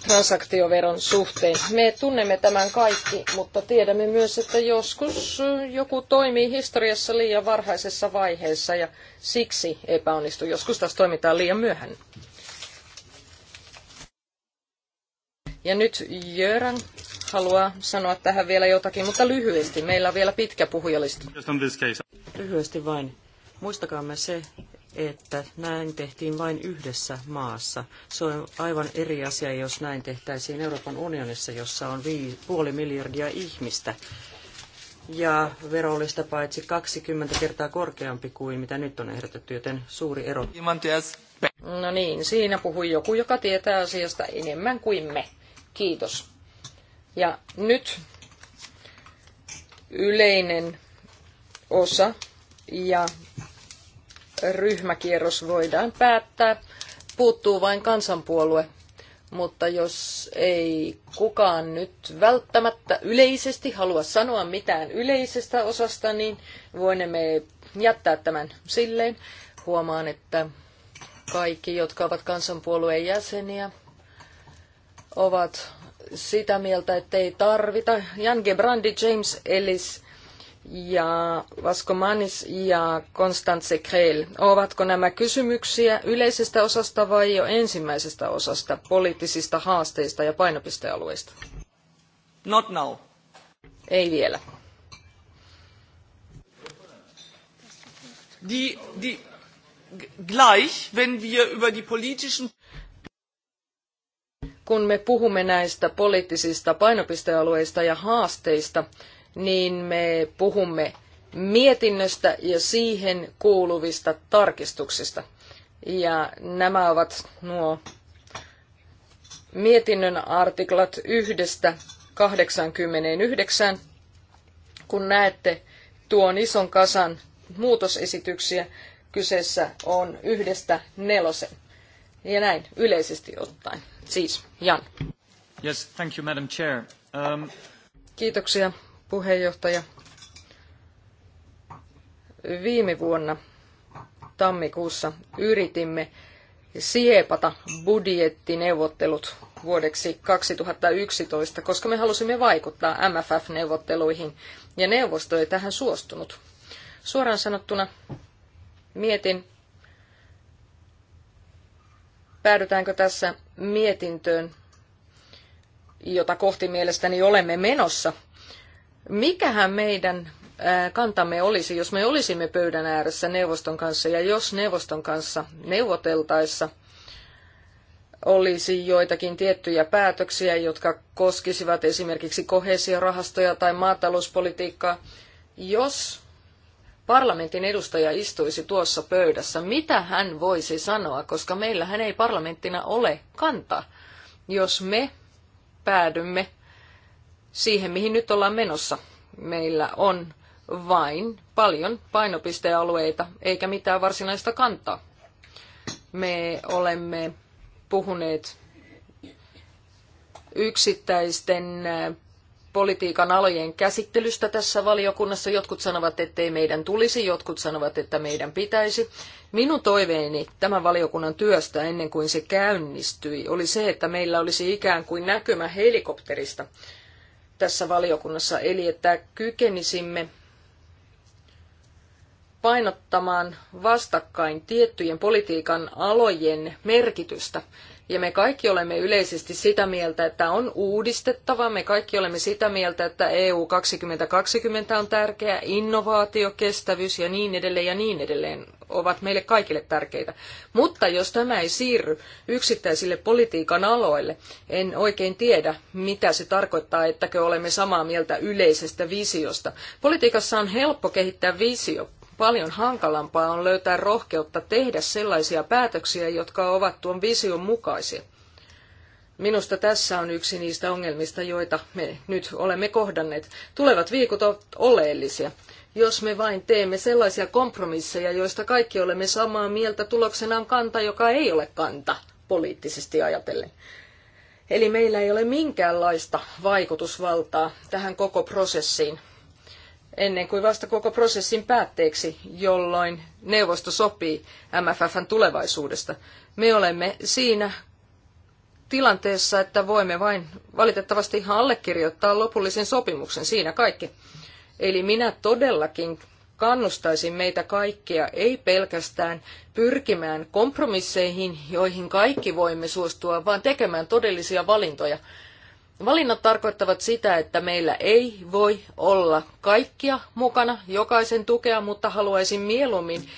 transaktioveron suhteen. Me tunnemme tämän kaikki, mutta tiedämme myös, että joskus joku toimii historiassa liian varhaisessa vaiheessa ja siksi epäonnistuu. Joskus taas toimitaan liian myöhään. Ja nyt Jöran haluaa sanoa tähän vielä jotakin, mutta lyhyesti. Meillä on
vielä pitkä puhujalista. Lyhyesti vain. Muistakaamme se, että näin tehtiin vain yhdessä maassa. Se on aivan eri asia, jos näin tehtäisiin Euroopan unionissa, jossa on vii, puoli miljardia ihmistä ja verollista paitsi 20 kertaa korkeampi kuin mitä nyt on ehdotettu, joten suuri ero.
No niin, siinä
puhui joku, joka tietää asiasta enemmän kuin
me. Kiitos. Ja nyt yleinen osa ja ryhmäkierros voidaan päättää. Puuttuu vain kansanpuolue, mutta jos ei kukaan nyt välttämättä yleisesti halua sanoa mitään yleisestä osasta, niin voimme jättää tämän silleen. Huomaan, että kaikki, jotka ovat kansanpuolueen jäseniä, ovat sitä mieltä, että ei tarvita. Jan Gebrandi, James Ellis ja Vasco Manis ja Konstantse Krell. Ovatko nämä kysymyksiä yleisestä osasta vai jo ensimmäisestä osasta poliittisista haasteista ja painopistealueista? Not now. Ei vielä.
Die, die, gleich, wenn wir über die politischen
kun me puhumme näistä poliittisista painopistealueista ja haasteista, niin me puhumme mietinnöstä ja siihen kuuluvista tarkistuksista. Ja nämä ovat nuo mietinnön artiklat yhdestä 89. Kun näette tuon ison kasan muutosesityksiä, kyseessä on yhdestä nelosen. Ja näin yleisesti ottaen. Siis Jan. Yes, thank you, Madam Chair. Um... Kiitoksia, puheenjohtaja. Viime vuonna tammikuussa yritimme siepata budjettineuvottelut vuodeksi 2011, koska me halusimme vaikuttaa MFF-neuvotteluihin, ja neuvosto ei tähän suostunut. Suoraan sanottuna mietin, päädytäänkö tässä mietintöön, jota kohti mielestäni olemme menossa. Mikähän meidän kantamme olisi, jos me olisimme pöydän ääressä neuvoston kanssa ja jos neuvoston kanssa neuvoteltaessa olisi joitakin tiettyjä päätöksiä, jotka koskisivat esimerkiksi kohesiorahastoja tai maatalouspolitiikkaa, jos parlamentin edustaja istuisi tuossa pöydässä, mitä hän voisi sanoa, koska meillä hän ei parlamenttina ole kanta, jos me päädymme siihen, mihin nyt ollaan menossa. Meillä on vain paljon painopistealueita, eikä mitään varsinaista kantaa. Me olemme puhuneet yksittäisten politiikan alojen käsittelystä tässä valiokunnassa. Jotkut sanovat, ettei meidän tulisi, jotkut sanovat, että meidän pitäisi. Minun toiveeni tämän valiokunnan työstä ennen kuin se käynnistyi oli se, että meillä olisi ikään kuin näkymä helikopterista tässä valiokunnassa, eli että kykenisimme painottamaan vastakkain tiettyjen politiikan alojen merkitystä ja me kaikki olemme yleisesti sitä mieltä, että on uudistettava. Me kaikki olemme sitä mieltä, että EU 2020 on tärkeä, innovaatio, kestävyys ja niin edelleen ja niin edelleen ovat meille kaikille tärkeitä. Mutta jos tämä ei siirry yksittäisille politiikan aloille, en oikein tiedä, mitä se tarkoittaa, ettäkö olemme samaa mieltä yleisestä visiosta. Politiikassa on helppo kehittää visio paljon hankalampaa on löytää rohkeutta tehdä sellaisia päätöksiä, jotka ovat tuon vision mukaisia. Minusta tässä on yksi niistä ongelmista, joita me nyt olemme kohdanneet. Tulevat viikot ovat oleellisia. Jos me vain teemme sellaisia kompromisseja, joista kaikki olemme samaa mieltä, tuloksena on kanta, joka ei ole kanta poliittisesti ajatellen. Eli meillä ei ole minkäänlaista vaikutusvaltaa tähän koko prosessiin ennen kuin vasta koko prosessin päätteeksi, jolloin neuvosto sopii MFFn tulevaisuudesta. Me olemme siinä tilanteessa, että voimme vain valitettavasti ihan allekirjoittaa lopullisen sopimuksen. Siinä kaikki. Eli minä todellakin kannustaisin meitä kaikkia ei pelkästään pyrkimään kompromisseihin, joihin kaikki voimme suostua, vaan tekemään todellisia valintoja. Valinnat tarkoittavat sitä, että meillä ei voi olla kaikkia mukana, jokaisen tukea, mutta haluaisin mieluummin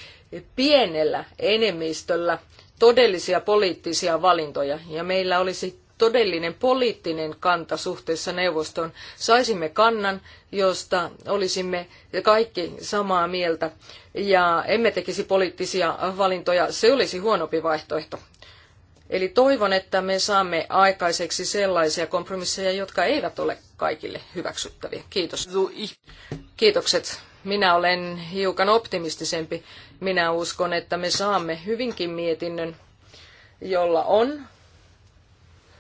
pienellä enemmistöllä todellisia poliittisia valintoja. Ja meillä olisi todellinen poliittinen kanta suhteessa neuvostoon. Saisimme kannan, josta olisimme kaikki samaa mieltä ja emme tekisi poliittisia valintoja. Se olisi huonompi vaihtoehto. Eli toivon, että me saamme aikaiseksi sellaisia kompromisseja, jotka eivät ole kaikille hyväksyttäviä. Kiitos. Kiitokset. Minä olen hiukan optimistisempi. Minä uskon, että me saamme hyvinkin mietinnön, jolla on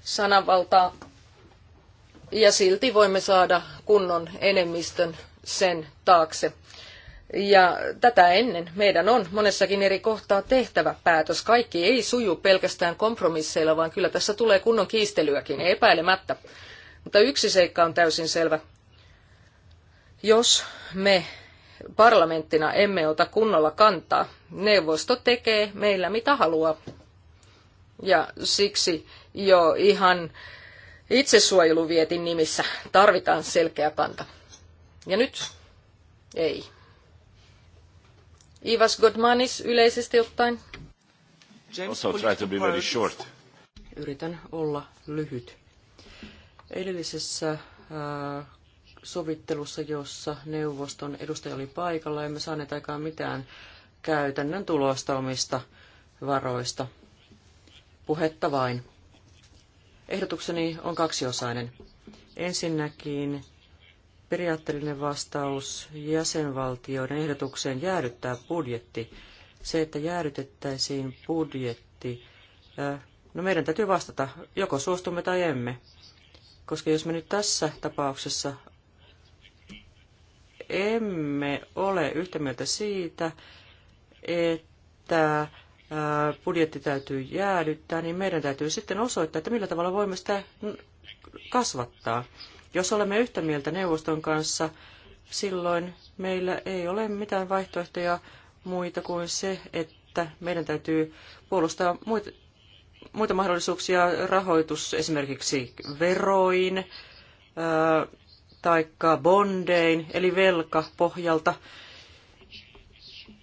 sananvaltaa ja silti voimme saada kunnon enemmistön sen taakse. Ja tätä ennen meidän on monessakin eri kohtaa tehtävä päätös. Kaikki ei suju pelkästään kompromisseilla, vaan kyllä tässä tulee kunnon kiistelyäkin, epäilemättä. Mutta yksi seikka on täysin selvä. Jos me parlamenttina emme ota kunnolla kantaa, neuvosto tekee meillä mitä haluaa. Ja siksi jo ihan itsesuojeluvietin nimissä tarvitaan selkeä kanta. Ja nyt ei. Ivas Godmanis yleisesti ottaen.
Also try to be very short. Yritän olla lyhyt. Edellisessä äh, sovittelussa, jossa neuvoston edustaja oli paikalla, emme saaneet aikaan mitään käytännön tulosta omista varoista. Puhetta vain. Ehdotukseni on kaksiosainen. Ensinnäkin Periaatteellinen vastaus jäsenvaltioiden ehdotukseen jäädyttää budjetti. Se, että jäädytettäisiin budjetti, äh, no meidän täytyy vastata, joko suostumme tai emme. Koska jos me nyt tässä tapauksessa emme ole yhtä mieltä siitä, että äh, budjetti täytyy jäädyttää, niin meidän täytyy sitten osoittaa, että millä tavalla voimme sitä kasvattaa. Jos olemme yhtä mieltä neuvoston kanssa, silloin meillä ei ole mitään vaihtoehtoja muita kuin se, että meidän täytyy puolustaa muita, muita mahdollisuuksia, rahoitus esimerkiksi veroin tai bondein, eli velkapohjalta.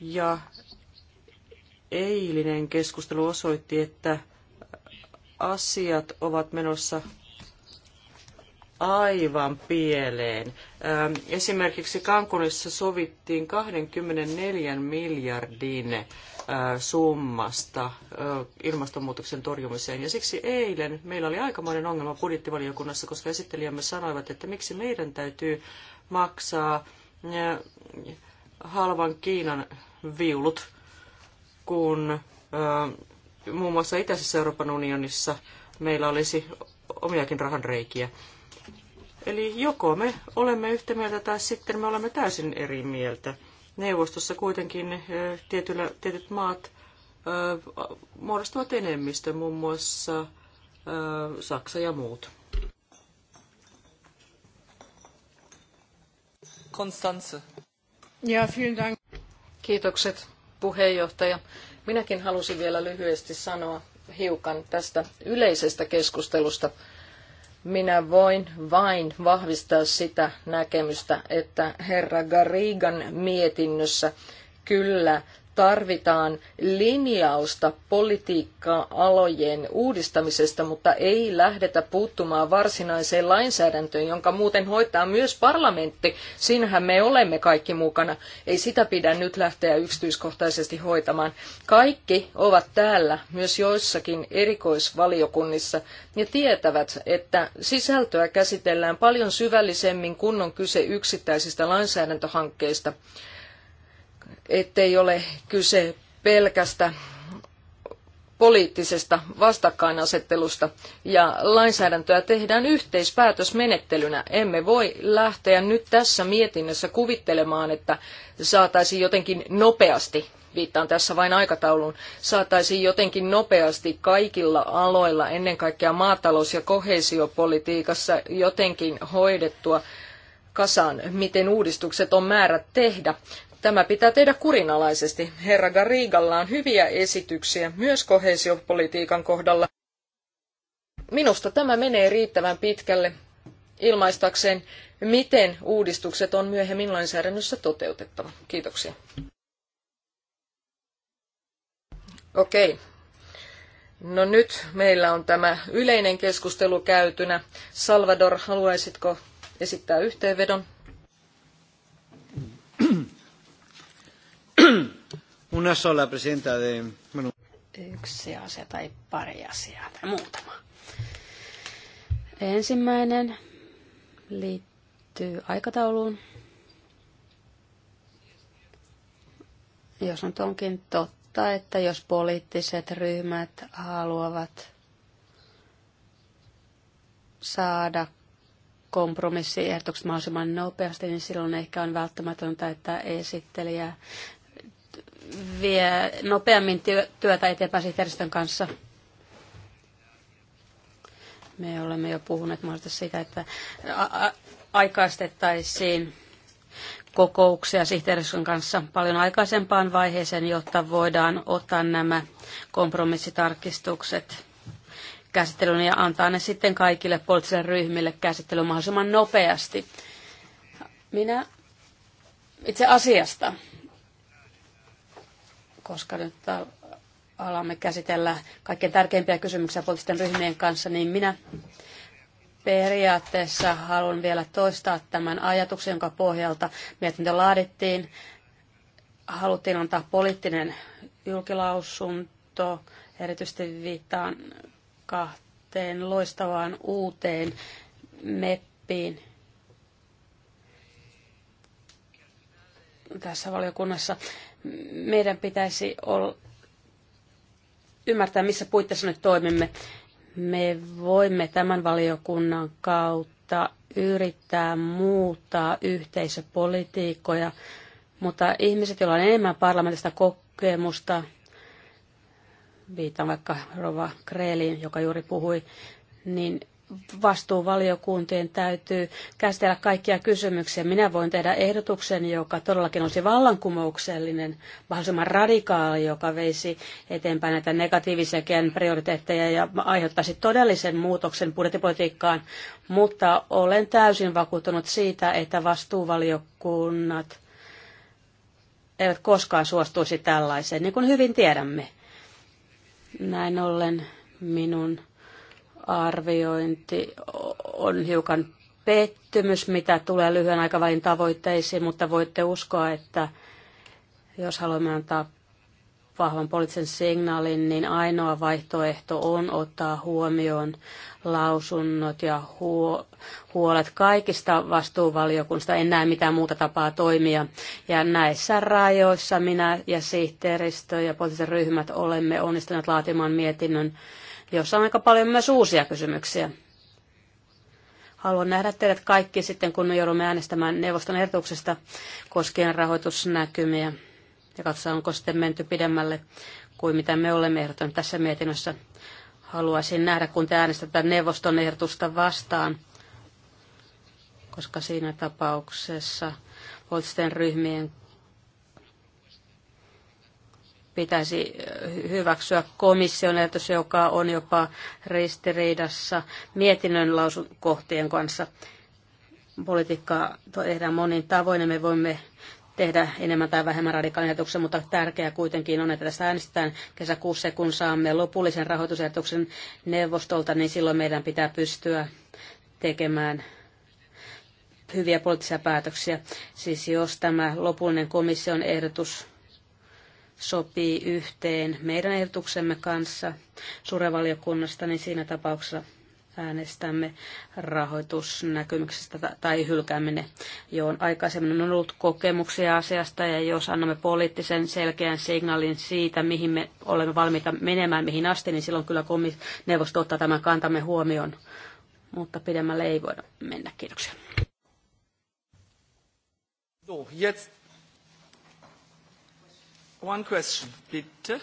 Ja eilinen keskustelu osoitti, että asiat ovat menossa aivan pieleen. Esimerkiksi Kankunissa sovittiin 24 miljardin summasta ilmastonmuutoksen torjumiseen. Ja siksi eilen meillä oli aikamoinen ongelma budjettivaliokunnassa, koska esittelijämme sanoivat, että miksi meidän täytyy maksaa halvan Kiinan viulut, kun muun muassa Itäisessä Euroopan unionissa meillä olisi omiakin rahanreikiä. reikiä. Eli joko me olemme yhtä mieltä tai sitten me olemme täysin eri mieltä. Neuvostossa kuitenkin eh, tietyllä, tietyt maat eh, muodostavat enemmistön, muun muassa eh, Saksa ja muut. Konstanze.
Ja, vielen dank. Kiitokset puheenjohtaja. Minäkin halusin vielä lyhyesti sanoa hiukan tästä yleisestä keskustelusta minä voin vain vahvistaa sitä näkemystä, että herra Garigan mietinnössä kyllä tarvitaan linjausta politiikka-alojen uudistamisesta, mutta ei lähdetä puuttumaan varsinaiseen lainsäädäntöön, jonka muuten hoitaa myös parlamentti. Siinähän me olemme kaikki mukana. Ei sitä pidä nyt lähteä yksityiskohtaisesti hoitamaan. Kaikki ovat täällä, myös joissakin erikoisvaliokunnissa, ja tietävät, että sisältöä käsitellään paljon syvällisemmin, kun on kyse yksittäisistä lainsäädäntöhankkeista ettei ole kyse pelkästä poliittisesta vastakkainasettelusta ja lainsäädäntöä tehdään yhteispäätösmenettelynä. Emme voi lähteä nyt tässä mietinnössä kuvittelemaan, että saataisiin jotenkin nopeasti viittaan tässä vain aikatauluun, saataisiin jotenkin nopeasti kaikilla aloilla, ennen kaikkea maatalous- ja koheesiopolitiikassa jotenkin hoidettua kasaan, miten uudistukset on määrä tehdä, Tämä pitää tehdä kurinalaisesti. Herra Garigalla on hyviä esityksiä myös kohesiopolitiikan kohdalla. Minusta tämä menee riittävän pitkälle ilmaistakseen, miten uudistukset on myöhemmin lainsäädännössä toteutettava. Kiitoksia. Okei. No nyt meillä on tämä yleinen keskustelu käytynä. Salvador, haluaisitko esittää yhteenvedon?
<clears throat> Una sola, presidenta, de... Bueno.
Yksi asia tai pari asiaa tai muutama. Ensimmäinen liittyy aikatauluun. Jos nyt onkin totta, että jos poliittiset ryhmät haluavat saada kompromissiehdotukset mahdollisimman nopeasti, niin silloin ehkä on välttämätöntä, että esittelijä vie nopeammin työtä eteenpäin sihteeristön kanssa. Me olemme jo puhuneet mahdollisesti siitä, että aikaistettaisiin kokouksia sihteeristön kanssa paljon aikaisempaan vaiheeseen, jotta voidaan ottaa nämä kompromissitarkistukset käsittelyyn ja antaa ne sitten kaikille poliittisille ryhmille käsittelyyn mahdollisimman nopeasti. Minä itse asiasta koska nyt alamme käsitellä kaikkein tärkeimpiä kysymyksiä poliittisten ryhmien kanssa, niin minä periaatteessa haluan vielä toistaa tämän ajatuksen, jonka pohjalta mietintö laadittiin. Haluttiin antaa poliittinen julkilausunto, erityisesti viittaan kahteen loistavaan uuteen meppiin tässä valiokunnassa meidän pitäisi olla, ymmärtää, missä puitteissa nyt toimimme. Me voimme tämän valiokunnan kautta yrittää muuttaa yhteisöpolitiikkoja, mutta ihmiset, joilla on enemmän parlamentista kokemusta, viitan vaikka Rova Kreeliin, joka juuri puhui, niin vastuuvaliokuntien täytyy käsitellä kaikkia kysymyksiä. Minä voin tehdä ehdotuksen, joka todellakin olisi vallankumouksellinen, mahdollisimman radikaali, joka veisi eteenpäin näitä negatiivisiakin prioriteetteja ja aiheuttaisi todellisen muutoksen budjettipolitiikkaan, mutta olen täysin vakuuttunut siitä, että vastuuvaliokunnat eivät koskaan suostuisi tällaiseen, niin kuin hyvin tiedämme. Näin ollen minun arviointi on hiukan pettymys, mitä tulee lyhyen aikavälin tavoitteisiin, mutta voitte uskoa, että jos haluamme antaa vahvan poliittisen signaalin, niin ainoa vaihtoehto on ottaa huomioon lausunnot ja huo- huolet kaikista vastuuvaliokunnista. En näe mitään muuta tapaa toimia. Ja näissä rajoissa minä ja sihteeristö ja poliittiset ryhmät olemme onnistuneet laatimaan mietinnön, jossa on aika paljon myös uusia kysymyksiä. Haluan nähdä teidät kaikki sitten, kun me joudumme äänestämään neuvoston ehdotuksesta koskien rahoitusnäkymiä. Ja katsotaan, onko sitten menty pidemmälle kuin mitä me olemme ehdottaneet tässä mietinnössä. Haluaisin nähdä, kun te äänestätte neuvoston ehdotusta vastaan, koska siinä tapauksessa poliittisten ryhmien pitäisi hyväksyä komission ajatus, joka on jopa ristiriidassa mietinnön kohtien kanssa. Politiikkaa tehdään monin tavoin ja me voimme tehdä enemmän tai vähemmän radikaalinen mutta tärkeää kuitenkin on, että tässä äänestetään kesäkuussa, kun saamme lopullisen rahoitusjärjestyksen neuvostolta, niin silloin meidän pitää pystyä tekemään hyviä poliittisia päätöksiä. Siis jos tämä lopullinen komission ehdotus sopii yhteen meidän ehdotuksemme kanssa suurevaliokunnasta, niin siinä tapauksessa äänestämme rahoitusnäkymyksestä tai hylkäämme johon aikaisemmin on ollut kokemuksia asiasta ja jos annamme poliittisen selkeän signaalin siitä, mihin me olemme valmiita menemään, mihin asti, niin silloin kyllä neuvosto ottaa tämän kantamme huomioon, mutta pidemmälle ei voida mennä. Kiitoksia.
So, jetzt One question, bitte.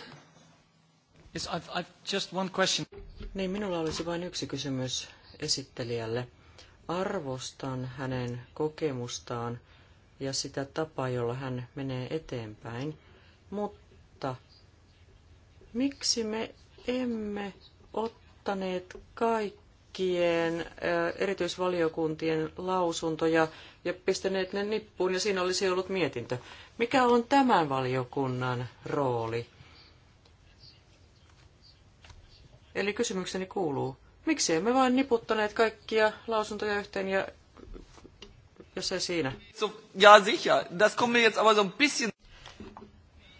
Yes, I've, I've just one question. Niin, minulla olisi vain yksi kysymys esittelijälle. Arvostan hänen kokemustaan ja sitä tapaa, jolla hän menee eteenpäin, mutta miksi me emme ottaneet kaikki kaikkien erityisvaliokuntien lausuntoja ja pistäneet ne nippuun ja siinä olisi ollut mietintö. Mikä on tämän valiokunnan rooli? Eli kysymykseni kuuluu, miksi emme vain niputtaneet kaikkia lausuntoja yhteen ja jos ei siinä? So, ja sicher, das kommt jetzt aber so ein bisschen...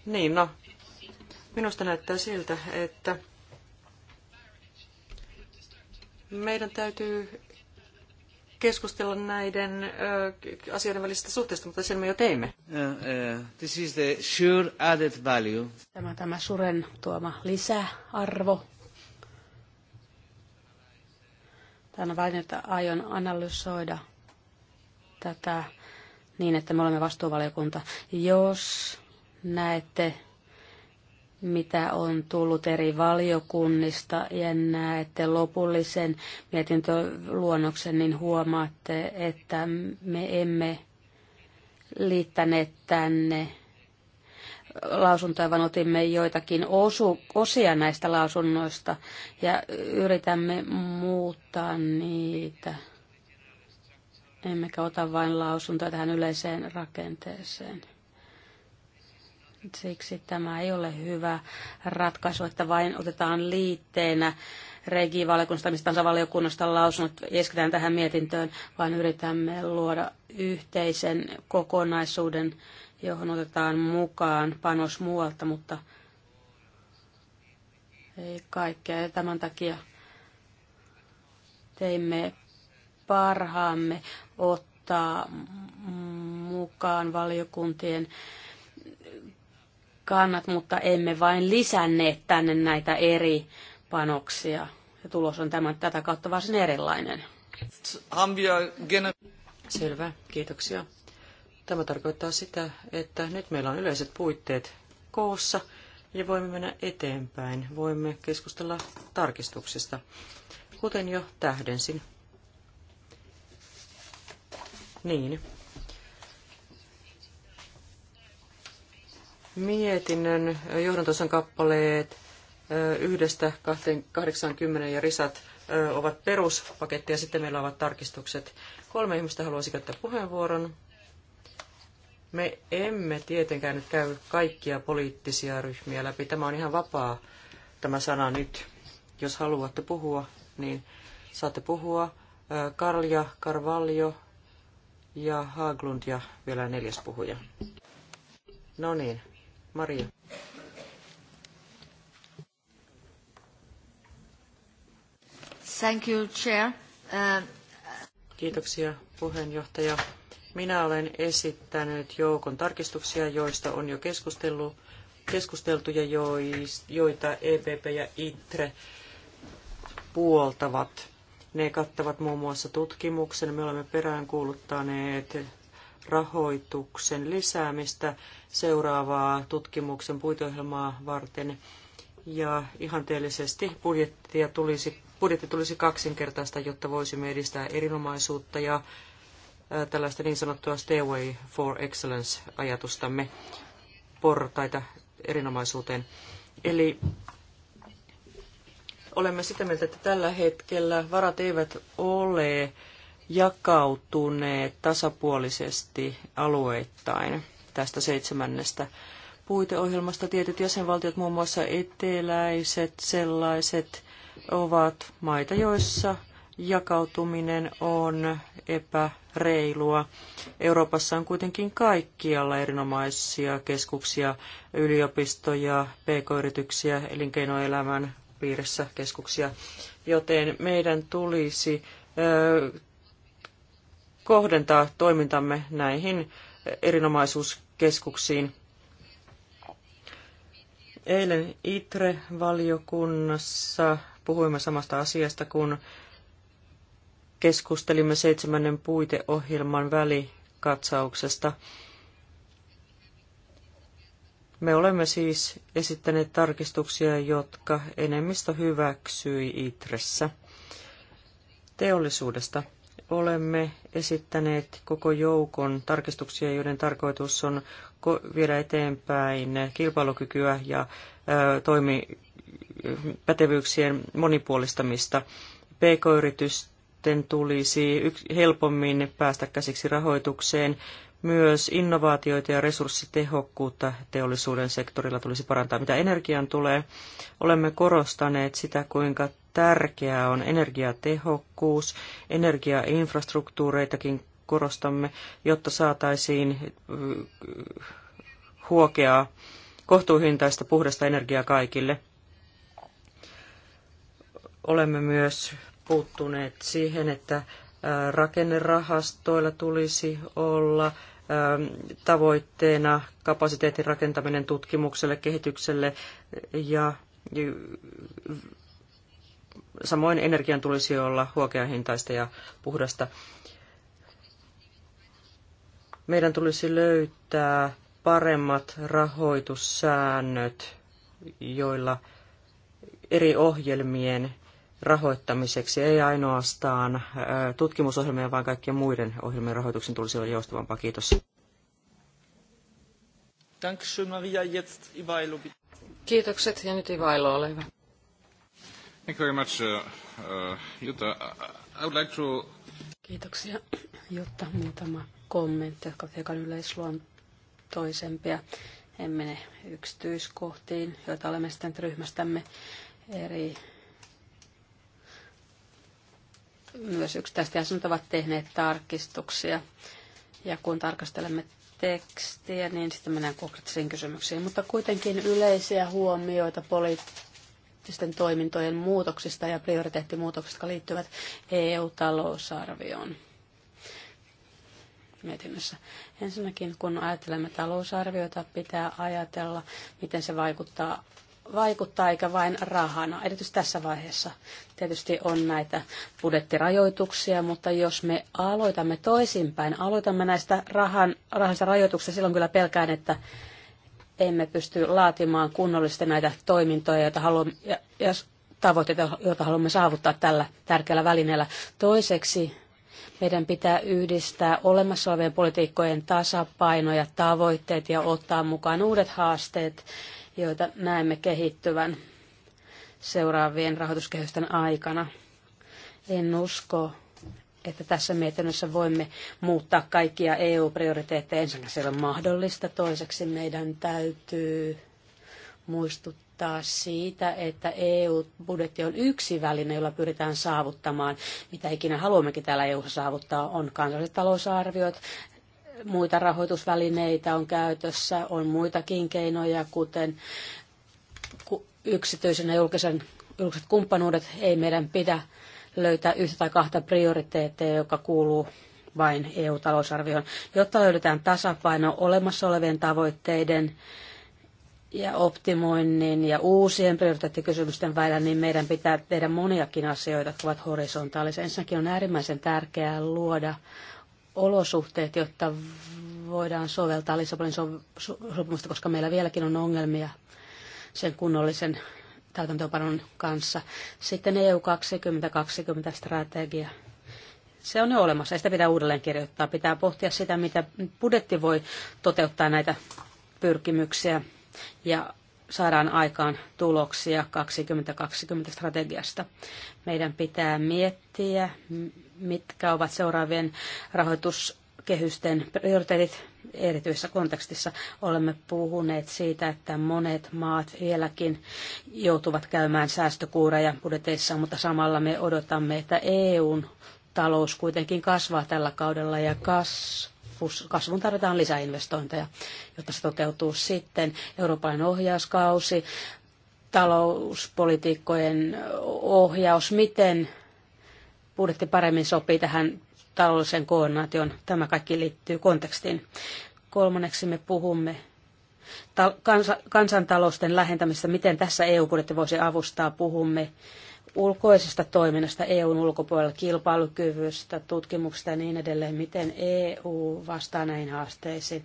Niin, no. Minusta näyttää siltä, että meidän täytyy keskustella näiden ö, asioiden välisestä suhteesta, mutta sen me jo teimme. Uh, uh, this is the sure added value. Tämä, tämä suren tuoma
lisäarvo. Tämä vain, että aion analysoida tätä niin, että me olemme vastuuvaliokunta. Jos näette mitä on tullut eri valiokunnista ja näette lopullisen mietintöluonnoksen, niin huomaatte, että me emme liittäneet tänne lausuntoja, vaan otimme joitakin osu, osia näistä lausunnoista ja yritämme muuttaa niitä. Emmekä ota vain lausuntoja tähän yleiseen rakenteeseen. Siksi tämä ei ole hyvä ratkaisu, että vain otetaan liitteenä regivaliokunnasta, mistä tahansa valiokunnasta lausunut, esketään tähän mietintöön, vaan yritämme luoda yhteisen kokonaisuuden, johon otetaan mukaan panos muualta, mutta ei kaikkea. Ja tämän takia teimme parhaamme ottaa mukaan valiokuntien kannat, mutta emme vain lisänneet tänne näitä eri panoksia. Ja tulos on tämän, tätä kautta varsin erilainen.
Selvä, kiitoksia. Tämä tarkoittaa sitä, että nyt meillä on yleiset puitteet koossa ja voimme mennä eteenpäin. Voimme keskustella tarkistuksista. Kuten jo tähdensin. Niin, mietinnön johdantosan kappaleet yhdestä 80 ja risat ovat peruspaketti ja sitten meillä ovat tarkistukset. Kolme ihmistä haluaisi käyttää puheenvuoron. Me emme tietenkään nyt käy kaikkia poliittisia ryhmiä läpi. Tämä on ihan vapaa tämä sana nyt. Jos haluatte puhua, niin saatte puhua. Karlia, Karvaljo ja Haglund ja vielä neljäs puhuja. No niin, Maria. Thank you, Chair. Uh, Kiitoksia, puheenjohtaja. Minä olen esittänyt joukon tarkistuksia, joista on jo keskusteltu ja joita EPP ja ITRE puoltavat. Ne kattavat muun muassa tutkimuksen. Me olemme peräänkuuluttaneet rahoituksen lisäämistä seuraavaa tutkimuksen puiteohjelmaa varten. Ja ihanteellisesti budjettia tulisi, budjetti tulisi kaksinkertaista, jotta voisimme edistää erinomaisuutta ja tällaista niin sanottua Stairway for Excellence-ajatustamme, portaita erinomaisuuteen. Eli olemme sitä mieltä, että tällä hetkellä varat eivät ole jakautuneet tasapuolisesti alueittain tästä seitsemännestä puiteohjelmasta. Tietyt jäsenvaltiot, muun muassa eteläiset sellaiset, ovat maita, joissa jakautuminen on epäreilua. Euroopassa on kuitenkin kaikkialla erinomaisia keskuksia, yliopistoja, pk-yrityksiä, elinkeinoelämän piirissä keskuksia, joten meidän tulisi kohdentaa toimintamme näihin erinomaisuuskeskuksiin. Eilen ITRE-valiokunnassa puhuimme samasta asiasta, kun keskustelimme seitsemännen puiteohjelman välikatsauksesta. Me olemme siis esittäneet tarkistuksia, jotka enemmistö hyväksyi ITRessä. Teollisuudesta olemme esittäneet koko joukon tarkistuksia, joiden tarkoitus on viedä eteenpäin kilpailukykyä ja toimipätevyyksien monipuolistamista. PK-yritysten tulisi helpommin päästä käsiksi rahoitukseen. Myös innovaatioita ja resurssitehokkuutta teollisuuden sektorilla tulisi parantaa. Mitä energian tulee, olemme korostaneet sitä, kuinka tärkeää on energiatehokkuus, energiainfrastruktuureitakin korostamme, jotta saataisiin äh, huokeaa kohtuuhintaista puhdasta energiaa kaikille. Olemme myös puuttuneet siihen, että äh, rakennerahastoilla tulisi olla ähm, tavoitteena kapasiteetin rakentaminen tutkimukselle, kehitykselle ja Samoin energian tulisi olla huokeahintaista ja puhdasta. Meidän tulisi löytää paremmat rahoitussäännöt, joilla eri ohjelmien rahoittamiseksi, ei ainoastaan tutkimusohjelmien, vaan kaikkien muiden ohjelmien rahoituksen tulisi olla joustavampaa. Kiitos. Kiitokset ja nyt Ivailo, ole hyvä. Thank you very much, uh, uh, Jutta. I would like to...
Kiitoksia, Jutta. Muutama kommentti, jotka ovat hiukan yleisluontoisempia. En mene yksityiskohtiin, joita olemme sitten ryhmästämme eri myös yksittäiset jäsenet ovat tehneet tarkistuksia. Ja kun tarkastelemme tekstiä, niin sitten mennään konkreettisiin kysymyksiin. Mutta kuitenkin yleisiä huomioita poli- poliittisten toimintojen muutoksista ja prioriteettimuutoksista, jotka liittyvät EU-talousarvioon mietinnössä. Ensinnäkin, kun ajattelemme talousarviota, pitää ajatella, miten se vaikuttaa vaikuttaa eikä vain rahana. Erityisesti tässä vaiheessa tietysti on näitä budjettirajoituksia, mutta jos me aloitamme toisinpäin, aloitamme näistä rahan, rahansa rajoituksista, silloin kyllä pelkään, että emme pysty laatimaan kunnollisesti näitä toimintoja, joita haluamme, ja, ja tavoitteita, joita haluamme saavuttaa tällä tärkeällä välineellä. Toiseksi meidän pitää yhdistää olemassa olevien politiikkojen tasapaino ja tavoitteet ja ottaa mukaan uudet haasteet, joita näemme kehittyvän seuraavien rahoituskehysten aikana. En usko, että tässä mietinnössä voimme muuttaa kaikkia EU-prioriteetteja. Ensinnäkin se on mahdollista, toiseksi meidän täytyy muistuttaa siitä, että EU-budjetti on yksi väline, jolla pyritään saavuttamaan, mitä ikinä haluammekin täällä EU saavuttaa, on kansalliset talousarviot, muita rahoitusvälineitä on käytössä, on muitakin keinoja, kuten yksityisen ja julkisen, julkiset kumppanuudet. Ei meidän pidä löytää yhtä tai kahta prioriteetteja, joka kuuluu vain EU-talousarvioon, jotta löydetään tasapaino olemassa olevien tavoitteiden ja optimoinnin ja uusien prioriteettikysymysten välillä, niin meidän pitää tehdä moniakin asioita, jotka ovat horisontaalisia. Ensinnäkin on äärimmäisen tärkeää luoda olosuhteet, jotta voidaan soveltaa Lissabonin sopimusta, koska meillä vieläkin on ongelmia sen kunnollisen täytäntöönpanon kanssa. Sitten EU 2020 strategia. Se on jo olemassa ja sitä pitää uudelleen kirjoittaa. Pitää pohtia sitä, mitä budjetti voi toteuttaa näitä pyrkimyksiä ja saadaan aikaan tuloksia 2020 strategiasta. Meidän pitää miettiä, mitkä ovat seuraavien rahoitus kehysten prioriteetit erityisessä kontekstissa. Olemme puhuneet siitä, että monet maat vieläkin joutuvat käymään säästökuureja budjeteissa, mutta samalla me odotamme, että EUn talous kuitenkin kasvaa tällä kaudella ja kasvus, kasvun tarvitaan lisäinvestointeja, jotta se toteutuu sitten. Euroopan ohjauskausi, talouspolitiikkojen ohjaus, miten budjetti paremmin sopii tähän taloudellisen koordinaation. Tämä kaikki liittyy kontekstiin. Kolmanneksi me puhumme kansa- kansantalousten lähentämistä, miten tässä EU-budjetti voisi avustaa. Puhumme ulkoisesta toiminnasta, EUn ulkopuolella, kilpailukyvystä, tutkimuksesta ja niin edelleen, miten EU vastaa näihin haasteisiin.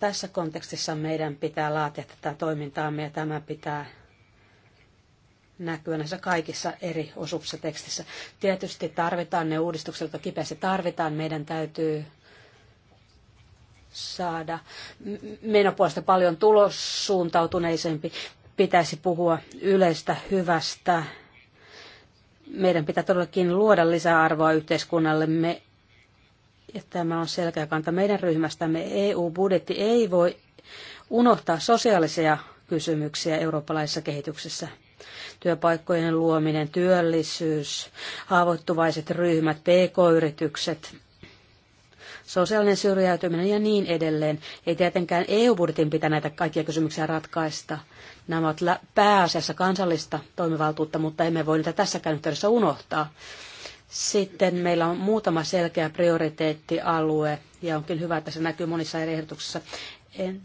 Tässä kontekstissa meidän pitää laatia tätä toimintaamme ja tämä pitää näkyä näissä kaikissa eri osuuksissa tekstissä. Tietysti tarvitaan ne uudistukset, joita kipeästi tarvitaan. Meidän täytyy saada menopuolesta paljon tulossuuntautuneisempi. Pitäisi puhua yleistä hyvästä. Meidän pitää todellakin luoda lisäarvoa yhteiskunnallemme. Ja tämä on selkeä kanta meidän ryhmästämme. EU-budjetti ei voi unohtaa sosiaalisia kysymyksiä eurooppalaisessa kehityksessä työpaikkojen luominen, työllisyys, haavoittuvaiset ryhmät, pk-yritykset, sosiaalinen syrjäytyminen ja niin edelleen. Ei tietenkään EU-budjetin pitää näitä kaikkia kysymyksiä ratkaista. Nämä ovat pääasiassa kansallista toimivaltuutta, mutta emme voi niitä tässäkään yhteydessä unohtaa. Sitten meillä on muutama selkeä prioriteettialue, ja onkin hyvä, että se näkyy monissa eri ehdotuksissa. En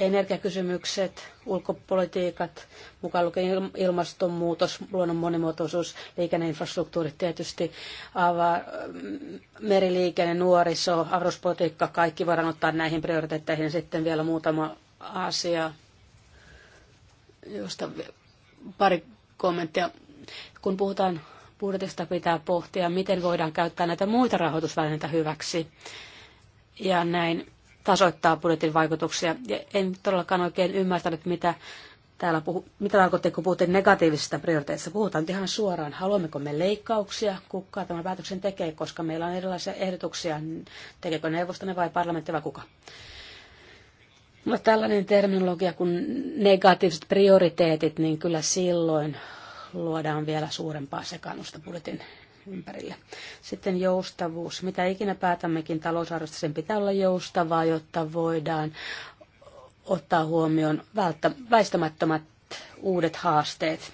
energiakysymykset, ulkopolitiikat, mukaan lukien ilmastonmuutos, luonnon monimuotoisuus, liikenneinfrastruktuurit tietysti, ava, meriliikenne, nuoriso, avaruuspolitiikka, kaikki voidaan ottaa näihin prioriteetteihin. Sitten vielä muutama asia, josta pari kommenttia. Kun puhutaan budjetista, pitää pohtia, miten voidaan käyttää näitä muita rahoitusvälineitä hyväksi. Ja näin tasoittaa budjetin vaikutuksia. Ja en todellakaan oikein ymmärtänyt, mitä täällä puhu, mitä tarkoitti, kun puhuttiin negatiivisista prioriteetista. Puhutaan ihan suoraan, haluammeko me leikkauksia, kuka tämä päätöksen tekee, koska meillä on erilaisia ehdotuksia, tekeekö neuvostone vai parlamentti vai kuka. No, tällainen terminologia kuin negatiiviset prioriteetit, niin kyllä silloin luodaan vielä suurempaa sekannusta budjetin ympärille. Sitten joustavuus. Mitä ikinä päätämmekin talousarvosta, sen pitää olla joustavaa, jotta voidaan ottaa huomioon välttä, väistämättömät uudet haasteet,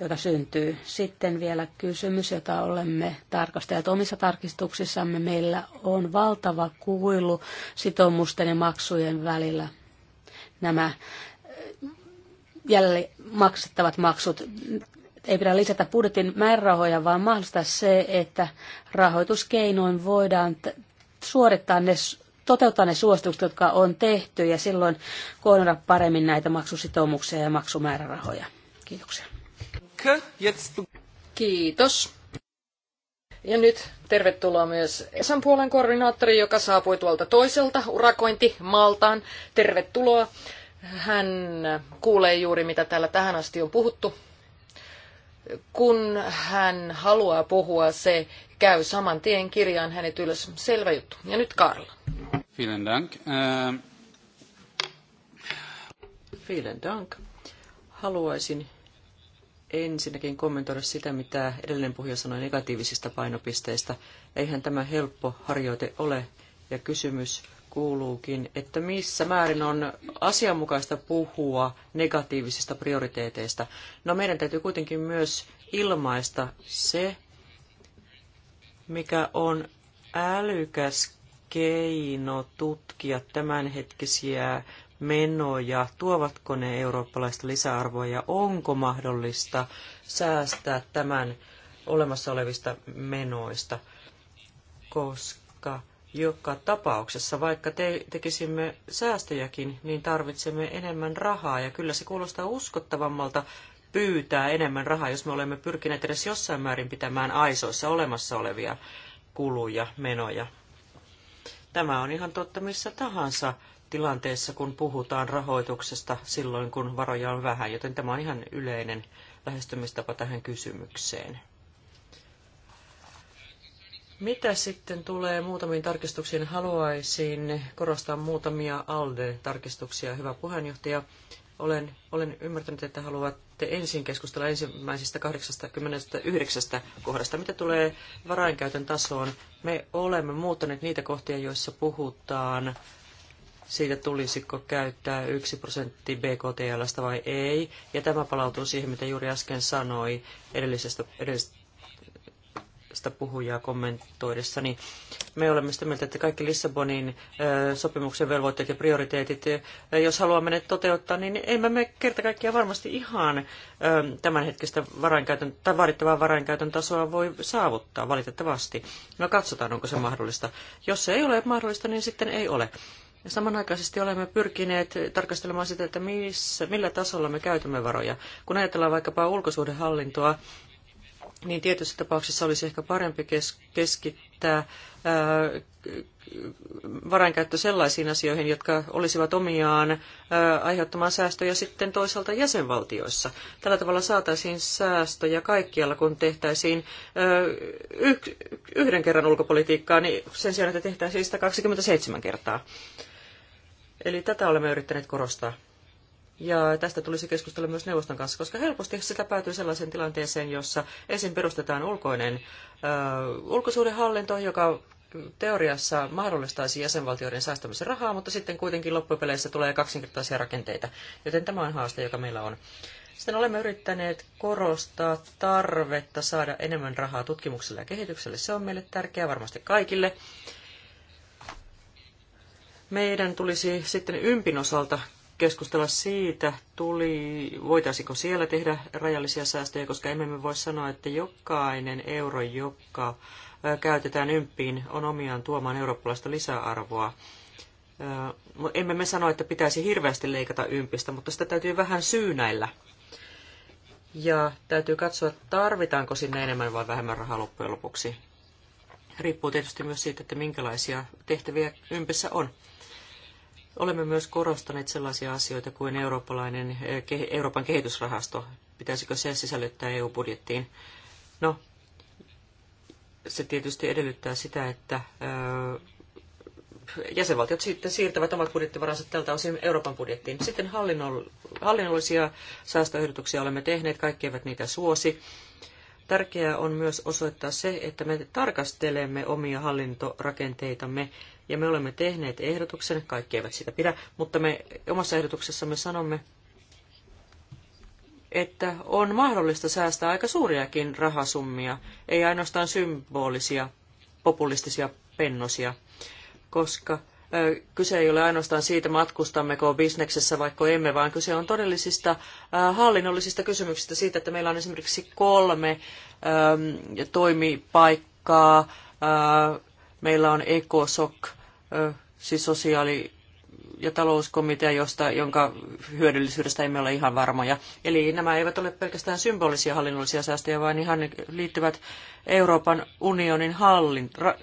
joita syntyy. Sitten vielä kysymys, jota olemme tarkastajat omissa tarkistuksissamme. Meillä on valtava kuilu sitoumusten ja maksujen välillä. Nämä jälleen maksettavat maksut ei pidä lisätä budjetin määrärahoja, vaan mahdollistaa se, että rahoituskeinoin voidaan suorittaa ne, toteuttaa ne suositukset, jotka on tehty, ja silloin koordinoida paremmin näitä maksusitoumuksia ja maksumäärärahoja. Kiitoksia.
Kiitos. Ja nyt tervetuloa myös Esan puolen koordinaattori, joka saapui tuolta toiselta urakointi Maltaan. Tervetuloa. Hän kuulee juuri, mitä täällä tähän asti on puhuttu kun hän haluaa puhua, se käy saman tien kirjaan hänet ylös. Selvä
juttu. Ja nyt Karla. Vielen dank. Ähm. Vielen dank. Haluaisin ensinnäkin kommentoida sitä, mitä edellinen puhuja sanoi negatiivisista painopisteistä. Eihän tämä helppo harjoite ole, ja kysymys kuuluukin, että missä määrin on asianmukaista puhua negatiivisista prioriteeteista. No meidän täytyy kuitenkin myös ilmaista se, mikä on älykäs keino tutkia tämänhetkisiä menoja, tuovatko ne eurooppalaista lisäarvoa ja onko mahdollista säästää tämän olemassa olevista menoista, koska joka tapauksessa, vaikka te, tekisimme säästöjäkin, niin tarvitsemme enemmän rahaa. Ja kyllä se kuulostaa uskottavammalta pyytää enemmän rahaa, jos me olemme pyrkineet edes jossain määrin pitämään aisoissa olemassa olevia kuluja, menoja. Tämä on ihan totta missä tahansa tilanteessa, kun puhutaan rahoituksesta silloin, kun varoja on vähän, joten tämä on ihan yleinen lähestymistapa tähän kysymykseen. Mitä sitten tulee muutamiin tarkistuksiin? Haluaisin korostaa muutamia ALDE-tarkistuksia. Hyvä puheenjohtaja, olen, olen ymmärtänyt, että haluatte ensin keskustella ensimmäisestä 89 kohdasta. Mitä tulee varainkäytön tasoon? Me olemme muuttaneet niitä kohtia, joissa puhutaan siitä tulisiko käyttää yksi prosentti BKTLstä vai ei. Ja tämä palautuu siihen, mitä juuri äsken sanoi edellisestä, edellisestä sitä puhujaa niin Me olemme sitä mieltä, että kaikki Lissabonin sopimuksen velvoitteet ja prioriteetit, jos haluamme ne toteuttaa, niin emme me kerta kaikkiaan varmasti ihan tämänhetkistä varainkäytön, tai vaadittavaa varainkäytön tasoa voi saavuttaa valitettavasti. No katsotaan, onko se mahdollista. Jos se ei ole mahdollista, niin sitten ei ole. Samanaikaisesti olemme pyrkineet tarkastelemaan sitä, että missä, millä tasolla me käytämme varoja. Kun ajatellaan vaikkapa ulkosuhdehallintoa, niin tietyissä tapauksissa olisi ehkä parempi keskittää varainkäyttö sellaisiin asioihin, jotka olisivat omiaan aiheuttamaan säästöjä sitten toisaalta jäsenvaltioissa. Tällä tavalla saataisiin säästöjä kaikkialla, kun tehtäisiin yhden kerran ulkopolitiikkaa, niin sen sijaan, että tehtäisiin sitä 27 kertaa. Eli tätä olemme yrittäneet korostaa. Ja tästä tulisi keskustella myös neuvoston kanssa, koska helposti sitä päätyy sellaiseen tilanteeseen, jossa ensin perustetaan ulkoinen ulkosuhdehallinto, joka teoriassa mahdollistaisi jäsenvaltioiden säästämisen rahaa, mutta sitten kuitenkin loppupeleissä tulee kaksinkertaisia rakenteita. Joten tämä on haaste, joka meillä on. Sitten olemme yrittäneet korostaa tarvetta saada enemmän rahaa tutkimukselle ja kehitykselle. Se on meille tärkeää varmasti kaikille. Meidän tulisi sitten ympin osalta keskustella siitä, tuli, voitaisiko siellä tehdä rajallisia säästöjä, koska emme me voi sanoa, että jokainen euro, joka käytetään ympiin, on omiaan tuomaan eurooppalaista lisäarvoa. Emme me sano, että pitäisi hirveästi leikata ympistä, mutta sitä täytyy vähän syynäillä. Ja täytyy katsoa, tarvitaanko sinne enemmän vai vähemmän rahaa loppujen lopuksi. Riippuu tietysti myös siitä, että minkälaisia tehtäviä ympissä on. Olemme myös korostaneet sellaisia asioita kuin eurooppalainen, eh, Euroopan kehitysrahasto. Pitäisikö se sisällyttää EU-budjettiin? No, se tietysti edellyttää sitä, että eh, jäsenvaltiot sitten siirtävät omat budjettivaransa tältä osin Euroopan budjettiin. Sitten hallinnollisia säästöehdotuksia olemme tehneet, kaikki eivät niitä suosi. Tärkeää on myös osoittaa se, että me tarkastelemme omia hallintorakenteitamme ja me olemme tehneet ehdotuksen, kaikki eivät sitä pidä, mutta me omassa ehdotuksessamme sanomme, että on mahdollista säästää aika suuriakin rahasummia, ei ainoastaan symbolisia, populistisia pennosia, koska kyse ei ole ainoastaan siitä, matkustammeko bisneksessä vaikka emme, vaan kyse on todellisista hallinnollisista kysymyksistä siitä, että meillä on esimerkiksi kolme toimipaikkaa Meillä on ECOSOC, siis sosiaali- ja talouskomitea, josta, jonka hyödyllisyydestä emme ole ihan varmoja. Eli nämä eivät ole pelkästään symbolisia hallinnollisia säästöjä, vaan ihan liittyvät Euroopan unionin hallin, ra,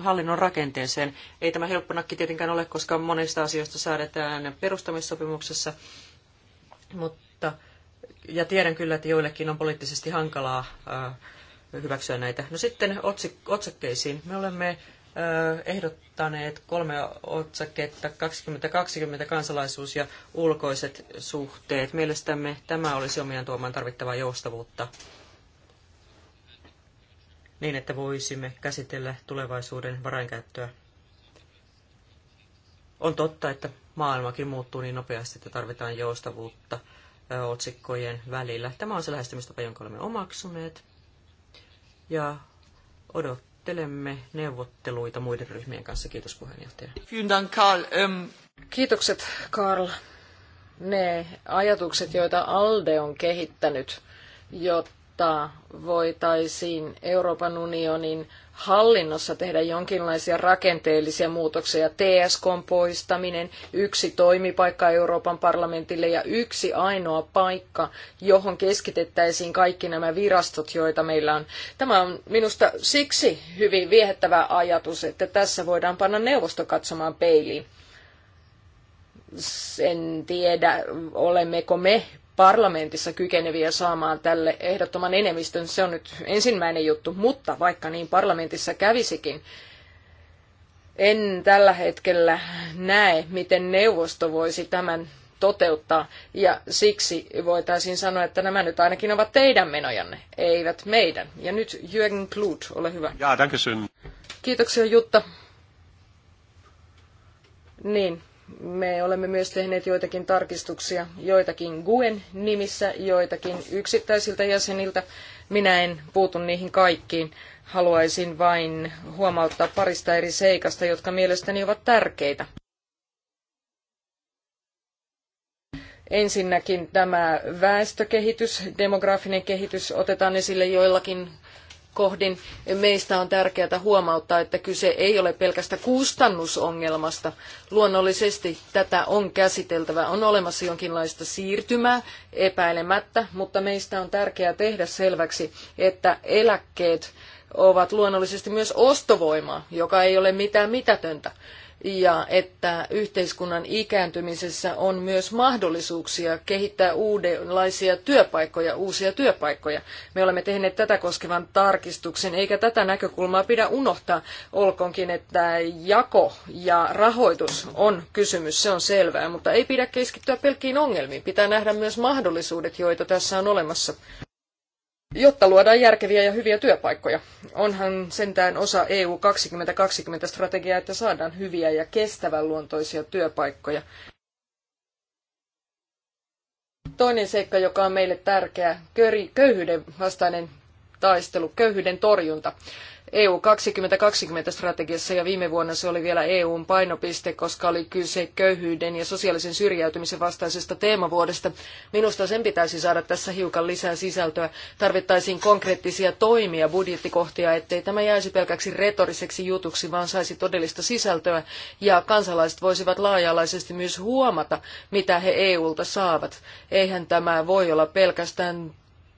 hallinnon rakenteeseen. Ei tämä helpponakki tietenkään ole, koska monista asioista säädetään perustamissopimuksessa, mutta ja tiedän kyllä, että joillekin on poliittisesti hankalaa hyväksyä näitä. No sitten otsik- otsakkeisiin. Me olemme ehdottaneet kolme otsaketta 2020 kansalaisuus ja ulkoiset suhteet. Mielestämme tämä olisi omiaan tuomaan tarvittavaa joustavuutta niin, että voisimme käsitellä tulevaisuuden varainkäyttöä. On totta, että maailmakin muuttuu niin nopeasti, että tarvitaan joustavuutta otsikkojen välillä. Tämä on se lähestymistapa, jonka olemme omaksuneet ja odot odottelemme neuvotteluita muiden ryhmien kanssa. Kiitos puheenjohtaja. Ähm, Kiitokset Karl.
Ne ajatukset, joita Alde on kehittänyt, jotta jotta voitaisiin Euroopan unionin hallinnossa tehdä jonkinlaisia rakenteellisia muutoksia. TSK poistaminen, yksi toimipaikka Euroopan parlamentille ja yksi ainoa paikka, johon keskitettäisiin kaikki nämä virastot, joita meillä on. Tämä on minusta siksi hyvin viehättävä ajatus, että tässä voidaan panna neuvosto katsomaan peiliin en tiedä, olemmeko me parlamentissa kykeneviä saamaan tälle ehdottoman enemmistön. Se on nyt ensimmäinen juttu, mutta vaikka niin parlamentissa kävisikin, en tällä hetkellä näe, miten neuvosto voisi tämän toteuttaa. Ja siksi voitaisiin sanoa, että nämä nyt ainakin ovat teidän menojanne, eivät meidän. Ja nyt Jürgen Klut, ole hyvä. Ja, Kiitoksia Jutta. Niin, me olemme myös tehneet joitakin tarkistuksia, joitakin GUEN nimissä, joitakin yksittäisiltä jäseniltä. Minä en puutu niihin kaikkiin. Haluaisin vain huomauttaa parista eri seikasta, jotka mielestäni ovat tärkeitä. Ensinnäkin tämä väestökehitys, demografinen kehitys otetaan esille joillakin kohdin meistä on tärkeää huomauttaa, että kyse ei ole pelkästä kustannusongelmasta. Luonnollisesti tätä on käsiteltävä. On olemassa jonkinlaista siirtymää epäilemättä, mutta meistä on tärkeää tehdä selväksi, että eläkkeet ovat luonnollisesti myös ostovoimaa, joka ei ole mitään mitätöntä ja että yhteiskunnan ikääntymisessä on myös mahdollisuuksia kehittää uudenlaisia työpaikkoja, uusia työpaikkoja. Me olemme tehneet tätä koskevan tarkistuksen, eikä tätä näkökulmaa pidä unohtaa, olkoonkin, että jako ja rahoitus on kysymys, se on selvää, mutta ei pidä keskittyä pelkkiin ongelmiin, pitää nähdä myös mahdollisuudet, joita tässä on olemassa jotta luodaan järkeviä ja hyviä työpaikkoja. Onhan sentään osa EU 2020-strategiaa, että saadaan hyviä ja kestävän luontoisia työpaikkoja. Toinen seikka, joka on meille tärkeä, köyhyyden vastainen taistelu, köyhyyden torjunta. EU 2020-strategiassa ja viime vuonna se oli vielä EUn painopiste, koska oli kyse köyhyyden ja sosiaalisen syrjäytymisen vastaisesta teemavuodesta. Minusta sen pitäisi saada tässä hiukan lisää sisältöä. Tarvittaisiin konkreettisia toimia budjettikohtia, ettei tämä jäisi pelkäksi retoriseksi jutuksi, vaan saisi todellista sisältöä ja kansalaiset voisivat laaja-alaisesti myös huomata, mitä he EUlta saavat. Eihän tämä voi olla pelkästään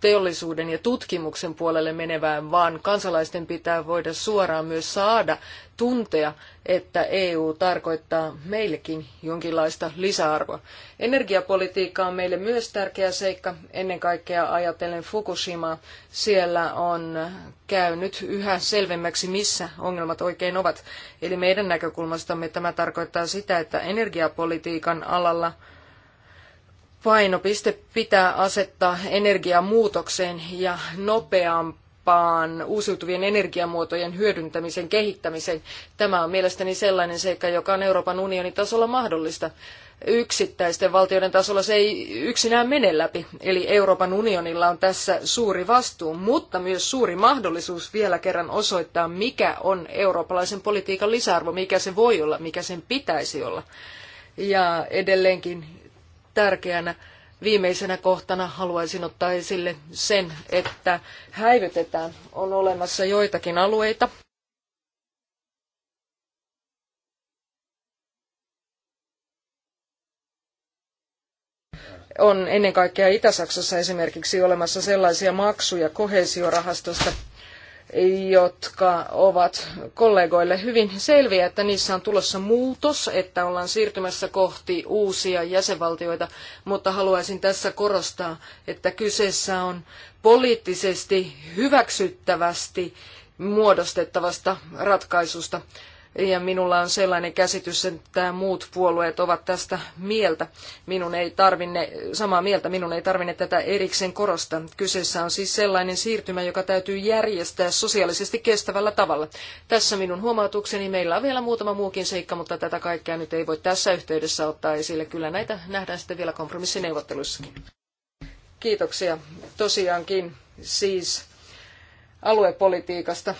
teollisuuden ja tutkimuksen puolelle menevään, vaan kansalaisten pitää voida suoraan myös saada tuntea, että EU tarkoittaa meillekin jonkinlaista lisäarvoa. Energiapolitiikka on meille myös tärkeä seikka, ennen kaikkea ajatellen Fukushimaa. Siellä on käynyt yhä selvemmäksi, missä ongelmat oikein ovat. Eli meidän näkökulmastamme tämä tarkoittaa sitä, että energiapolitiikan alalla painopiste pitää asettaa energiamuutokseen ja nopeampaan uusiutuvien energiamuotojen hyödyntämisen kehittämiseen. Tämä on mielestäni sellainen seikka, joka on Euroopan unionin tasolla mahdollista. Yksittäisten valtioiden tasolla se ei yksinään mene läpi, eli Euroopan unionilla on tässä suuri vastuu, mutta myös suuri mahdollisuus vielä kerran osoittaa, mikä on eurooppalaisen politiikan lisäarvo, mikä se voi olla, mikä sen pitäisi olla. Ja edelleenkin tärkeänä viimeisenä kohtana haluaisin ottaa esille sen, että häivytetään. On olemassa joitakin alueita, on ennen kaikkea Itä-Saksassa esimerkiksi olemassa sellaisia maksuja koheesiorahastosta jotka ovat kollegoille hyvin selviä, että niissä on tulossa muutos, että ollaan siirtymässä kohti uusia jäsenvaltioita, mutta haluaisin tässä korostaa, että kyseessä on poliittisesti hyväksyttävästi muodostettavasta ratkaisusta ja minulla on sellainen käsitys, että muut puolueet ovat tästä mieltä. Minun ei tarvinne, samaa mieltä, minun ei tarvinne tätä erikseen korostaa. Kyseessä on siis sellainen siirtymä, joka täytyy järjestää sosiaalisesti kestävällä tavalla. Tässä minun huomautukseni, meillä on vielä muutama muukin seikka, mutta tätä kaikkea nyt ei voi tässä yhteydessä ottaa esille. Kyllä näitä nähdään sitten vielä kompromissineuvotteluissakin. Kiitoksia tosiaankin siis aluepolitiikasta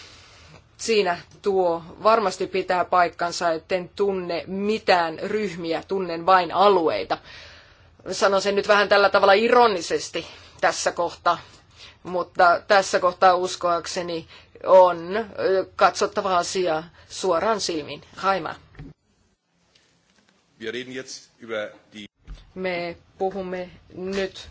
siinä tuo varmasti pitää paikkansa, etten tunne mitään ryhmiä, tunnen vain alueita. Sanon sen nyt vähän tällä tavalla ironisesti tässä kohtaa, mutta tässä kohtaa uskoakseni on katsottava asia suoraan silmin. Haima. Me puhumme nyt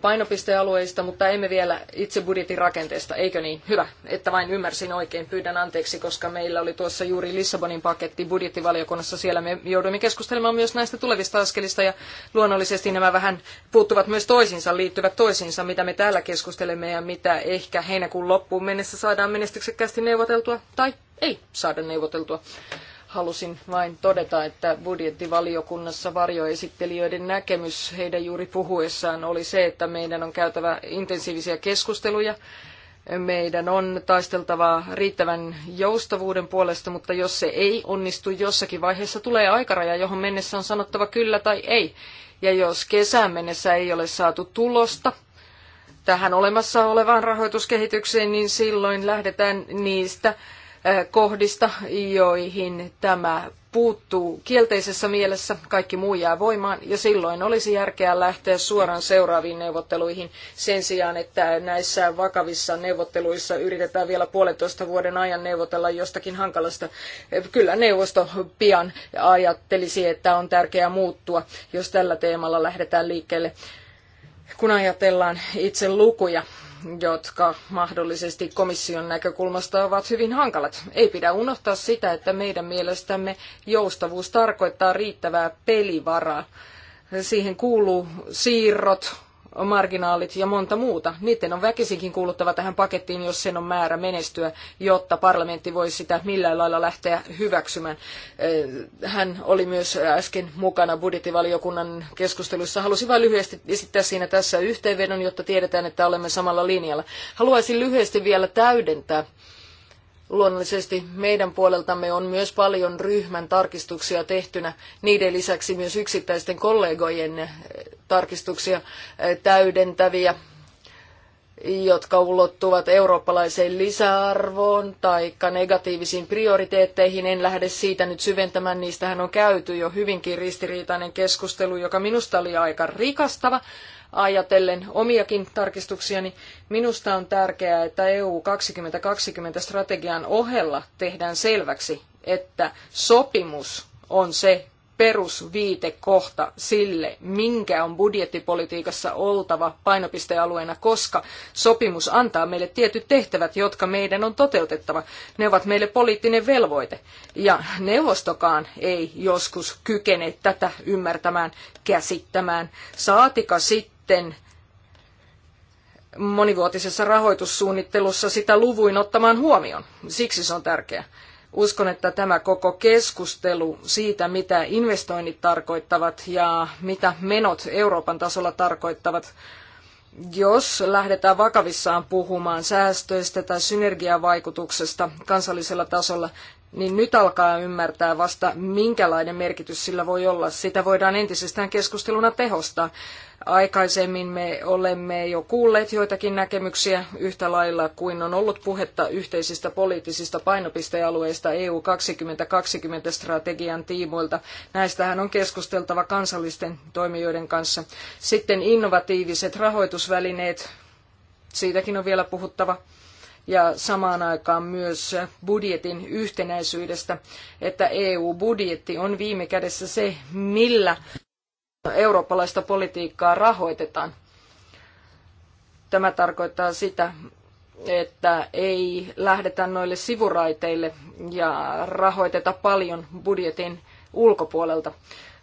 painopistealueista, mutta emme vielä itse budjetin rakenteesta, eikö niin? Hyvä, että vain ymmärsin oikein. Pyydän anteeksi, koska meillä oli tuossa juuri Lissabonin paketti budjettivaliokunnassa. Siellä me jouduimme keskustelemaan myös näistä tulevista askelista ja luonnollisesti nämä vähän puuttuvat myös toisiinsa, liittyvät toisiinsa, mitä me täällä keskustelemme ja mitä ehkä heinäkuun loppuun mennessä saadaan menestyksekkäästi neuvoteltua tai ei saada neuvoteltua. Halusin vain todeta, että budjettivaliokunnassa varjoesittelijöiden näkemys heidän juuri puhuessaan oli se, että meidän on käytävä intensiivisiä keskusteluja meidän on taisteltava riittävän joustavuuden puolesta, mutta jos se ei onnistu jossakin vaiheessa, tulee aikaraja, johon mennessä on sanottava kyllä tai ei. Ja jos kesään mennessä ei ole saatu tulosta tähän olemassa olevaan rahoituskehitykseen, niin silloin lähdetään niistä kohdista, joihin tämä puuttuu kielteisessä mielessä, kaikki muu jää voimaan, ja silloin olisi järkeä lähteä suoraan seuraaviin neuvotteluihin sen sijaan, että näissä vakavissa neuvotteluissa yritetään vielä puolentoista vuoden ajan neuvotella jostakin hankalasta. Kyllä neuvosto pian ajattelisi, että on tärkeää muuttua, jos tällä teemalla lähdetään liikkeelle kun ajatellaan itse lukuja, jotka mahdollisesti komission näkökulmasta ovat hyvin hankalat. Ei pidä unohtaa sitä, että meidän mielestämme joustavuus tarkoittaa riittävää pelivaraa. Siihen kuuluu siirrot, marginaalit ja monta muuta. Niiden on väkisinkin kuuluttava tähän pakettiin, jos sen on määrä menestyä, jotta parlamentti voi sitä millään lailla lähteä hyväksymään. Hän oli myös äsken mukana budjettivaliokunnan keskusteluissa. Halusin vain lyhyesti esittää siinä tässä yhteenvedon, jotta tiedetään, että olemme samalla linjalla. Haluaisin lyhyesti vielä täydentää Luonnollisesti meidän puoleltamme on myös paljon ryhmän tarkistuksia tehtynä, niiden lisäksi myös yksittäisten kollegojen eh, tarkistuksia eh, täydentäviä jotka ulottuvat eurooppalaiseen lisäarvoon tai negatiivisiin prioriteetteihin. En lähde siitä nyt syventämään, niistähän on käyty jo hyvinkin ristiriitainen keskustelu, joka minusta oli aika rikastava, ajatellen omiakin tarkistuksiani, minusta on tärkeää, että EU 2020 strategian ohella tehdään selväksi, että sopimus on se perusviitekohta sille, minkä on budjettipolitiikassa oltava painopistealueena, koska sopimus antaa meille tietyt tehtävät, jotka meidän on toteutettava. Ne ovat meille poliittinen velvoite. Ja neuvostokaan ei joskus kykene tätä ymmärtämään, käsittämään. Saatika sitten sitten monivuotisessa rahoitussuunnittelussa sitä luvuin ottamaan huomioon. Siksi se on tärkeää. Uskon, että tämä koko keskustelu siitä, mitä investoinnit tarkoittavat ja mitä menot Euroopan tasolla tarkoittavat, jos lähdetään vakavissaan puhumaan säästöistä tai synergiavaikutuksesta kansallisella tasolla, niin nyt alkaa ymmärtää vasta, minkälainen merkitys sillä voi olla. Sitä voidaan entisestään keskusteluna tehostaa. Aikaisemmin me olemme jo kuulleet joitakin näkemyksiä yhtä lailla kuin on ollut puhetta yhteisistä poliittisista painopistealueista EU 2020 strategian tiimoilta. Näistähän on keskusteltava kansallisten toimijoiden kanssa. Sitten innovatiiviset rahoitusvälineet, siitäkin on vielä puhuttava ja samaan aikaan myös budjetin yhtenäisyydestä, että EU-budjetti on viime kädessä se, millä eurooppalaista politiikkaa rahoitetaan. Tämä tarkoittaa sitä, että ei lähdetä noille sivuraiteille ja rahoiteta paljon budjetin ulkopuolelta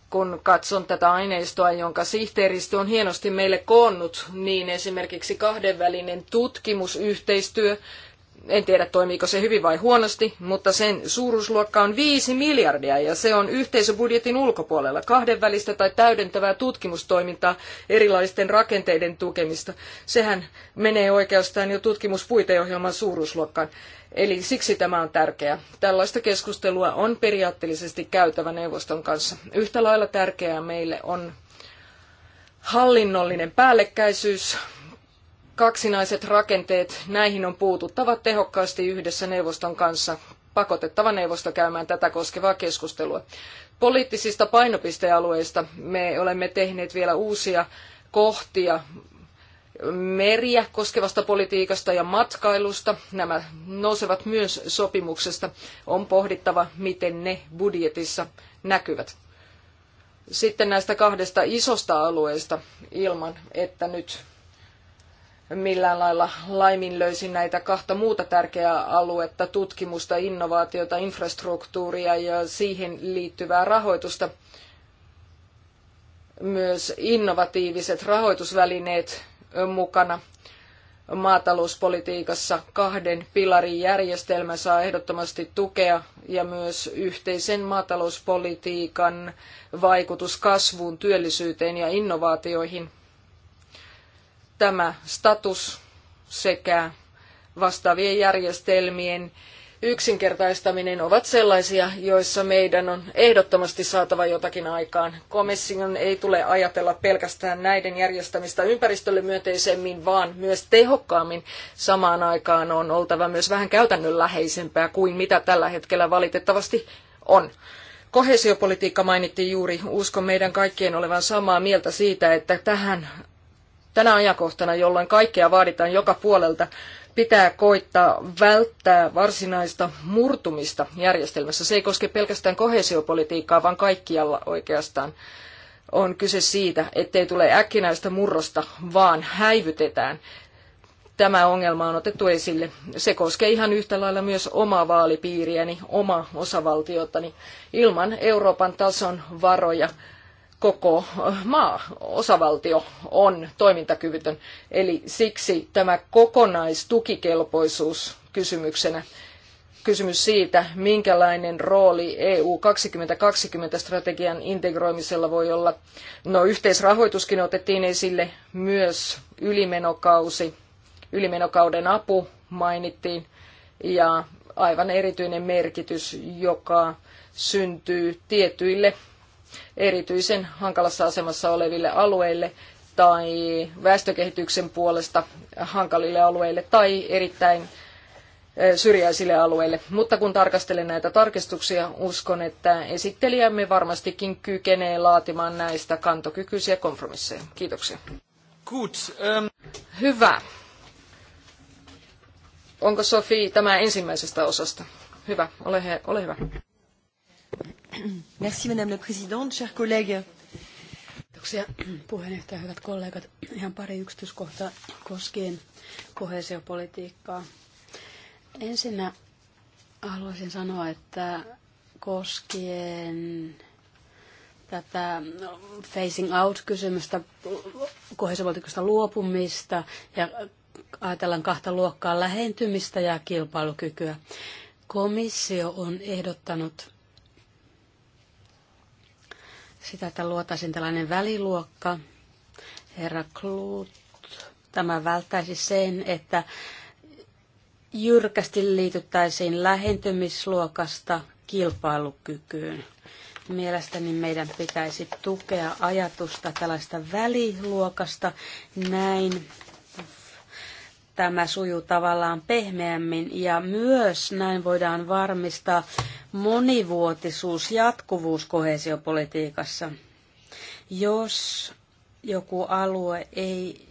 kun katson tätä aineistoa, jonka sihteeristö on hienosti meille koonnut, niin esimerkiksi kahdenvälinen tutkimusyhteistyö, en tiedä toimiiko se hyvin vai huonosti, mutta sen suuruusluokka on 5 miljardia ja se on yhteisöbudjetin ulkopuolella kahdenvälistä tai täydentävää tutkimustoimintaa erilaisten rakenteiden tukemista. Sehän menee oikeastaan jo tutkimuspuiteohjelman suuruusluokkaan. Eli siksi tämä on tärkeää. Tällaista keskustelua on periaatteellisesti käytävä neuvoston kanssa. Yhtä lailla tärkeää meille on hallinnollinen päällekkäisyys, kaksinaiset rakenteet, näihin on puututtava tehokkaasti yhdessä neuvoston kanssa pakotettava neuvosto käymään tätä koskevaa keskustelua. Poliittisista painopistealueista me olemme tehneet vielä uusia kohtia meriä koskevasta politiikasta ja matkailusta. Nämä nousevat myös sopimuksesta. On pohdittava, miten ne budjetissa näkyvät. Sitten näistä kahdesta isosta alueesta ilman, että nyt millään lailla laiminlöisi näitä kahta muuta tärkeää aluetta, tutkimusta, innovaatiota, infrastruktuuria ja siihen liittyvää rahoitusta. Myös innovatiiviset rahoitusvälineet mukana maatalouspolitiikassa kahden pilarin järjestelmä saa ehdottomasti tukea ja myös yhteisen maatalouspolitiikan vaikutus kasvuun, työllisyyteen ja innovaatioihin – tämä status sekä vastaavien järjestelmien yksinkertaistaminen ovat sellaisia, joissa meidän on ehdottomasti saatava jotakin aikaan. Komission ei tule ajatella pelkästään näiden järjestämistä ympäristölle myönteisemmin, vaan myös tehokkaammin. Samaan aikaan on oltava myös vähän käytännönläheisempää kuin mitä tällä hetkellä valitettavasti on. Koheesiopolitiikka mainittiin juuri. Uskon meidän kaikkien olevan samaa mieltä siitä, että tähän tänä ajankohtana, jolloin kaikkea vaaditaan joka puolelta, pitää koittaa välttää varsinaista murtumista järjestelmässä. Se ei koske pelkästään koheesiopolitiikkaa, vaan kaikkialla oikeastaan on kyse siitä, ettei tule äkkinäistä murrosta, vaan häivytetään. Tämä ongelma on otettu esille. Se koskee ihan yhtä lailla myös omaa vaalipiiriäni, omaa osavaltiotani. Ilman Euroopan tason varoja koko maa, osavaltio on toimintakyvytön. Eli siksi tämä kokonaistukikelpoisuus kysymyksenä kysymys siitä, minkälainen rooli EU 2020-strategian integroimisella voi olla. No yhteisrahoituskin otettiin esille, myös ylimenokausi, ylimenokauden apu mainittiin ja aivan erityinen merkitys, joka syntyy tietyille erityisen hankalassa asemassa oleville alueille tai väestökehityksen puolesta hankalille alueille tai erittäin syrjäisille alueille. Mutta kun tarkastelen näitä tarkistuksia, uskon, että esittelijämme varmastikin kykenee laatimaan näistä kantokykyisiä kompromisseja. Kiitoksia. Good, um... Hyvä. Onko Sofi tämä ensimmäisestä osasta? Hyvä, ole, he, ole hyvä.
Madame la Présidente, chers collègues. Kiitoksia
puheenjohtaja, hyvät kollegat. Ihan pari yksityiskohtaa koskien kohesiopolitiikkaa. Ensinnä haluaisin sanoa, että koskien tätä facing out-kysymystä, kohesiopolitiikasta luopumista ja ajatellaan kahta luokkaa lähentymistä ja kilpailukykyä. Komissio on ehdottanut sitä, että luotaisiin tällainen väliluokka. Herra Klut, tämä välttäisi sen, että jyrkästi liityttäisiin lähentymisluokasta kilpailukykyyn. Mielestäni meidän pitäisi tukea ajatusta tällaista väliluokasta. Näin tämä sujuu tavallaan pehmeämmin ja myös näin voidaan varmistaa monivuotisuus, jatkuvuus kohesiopolitiikassa. Jos joku alue ei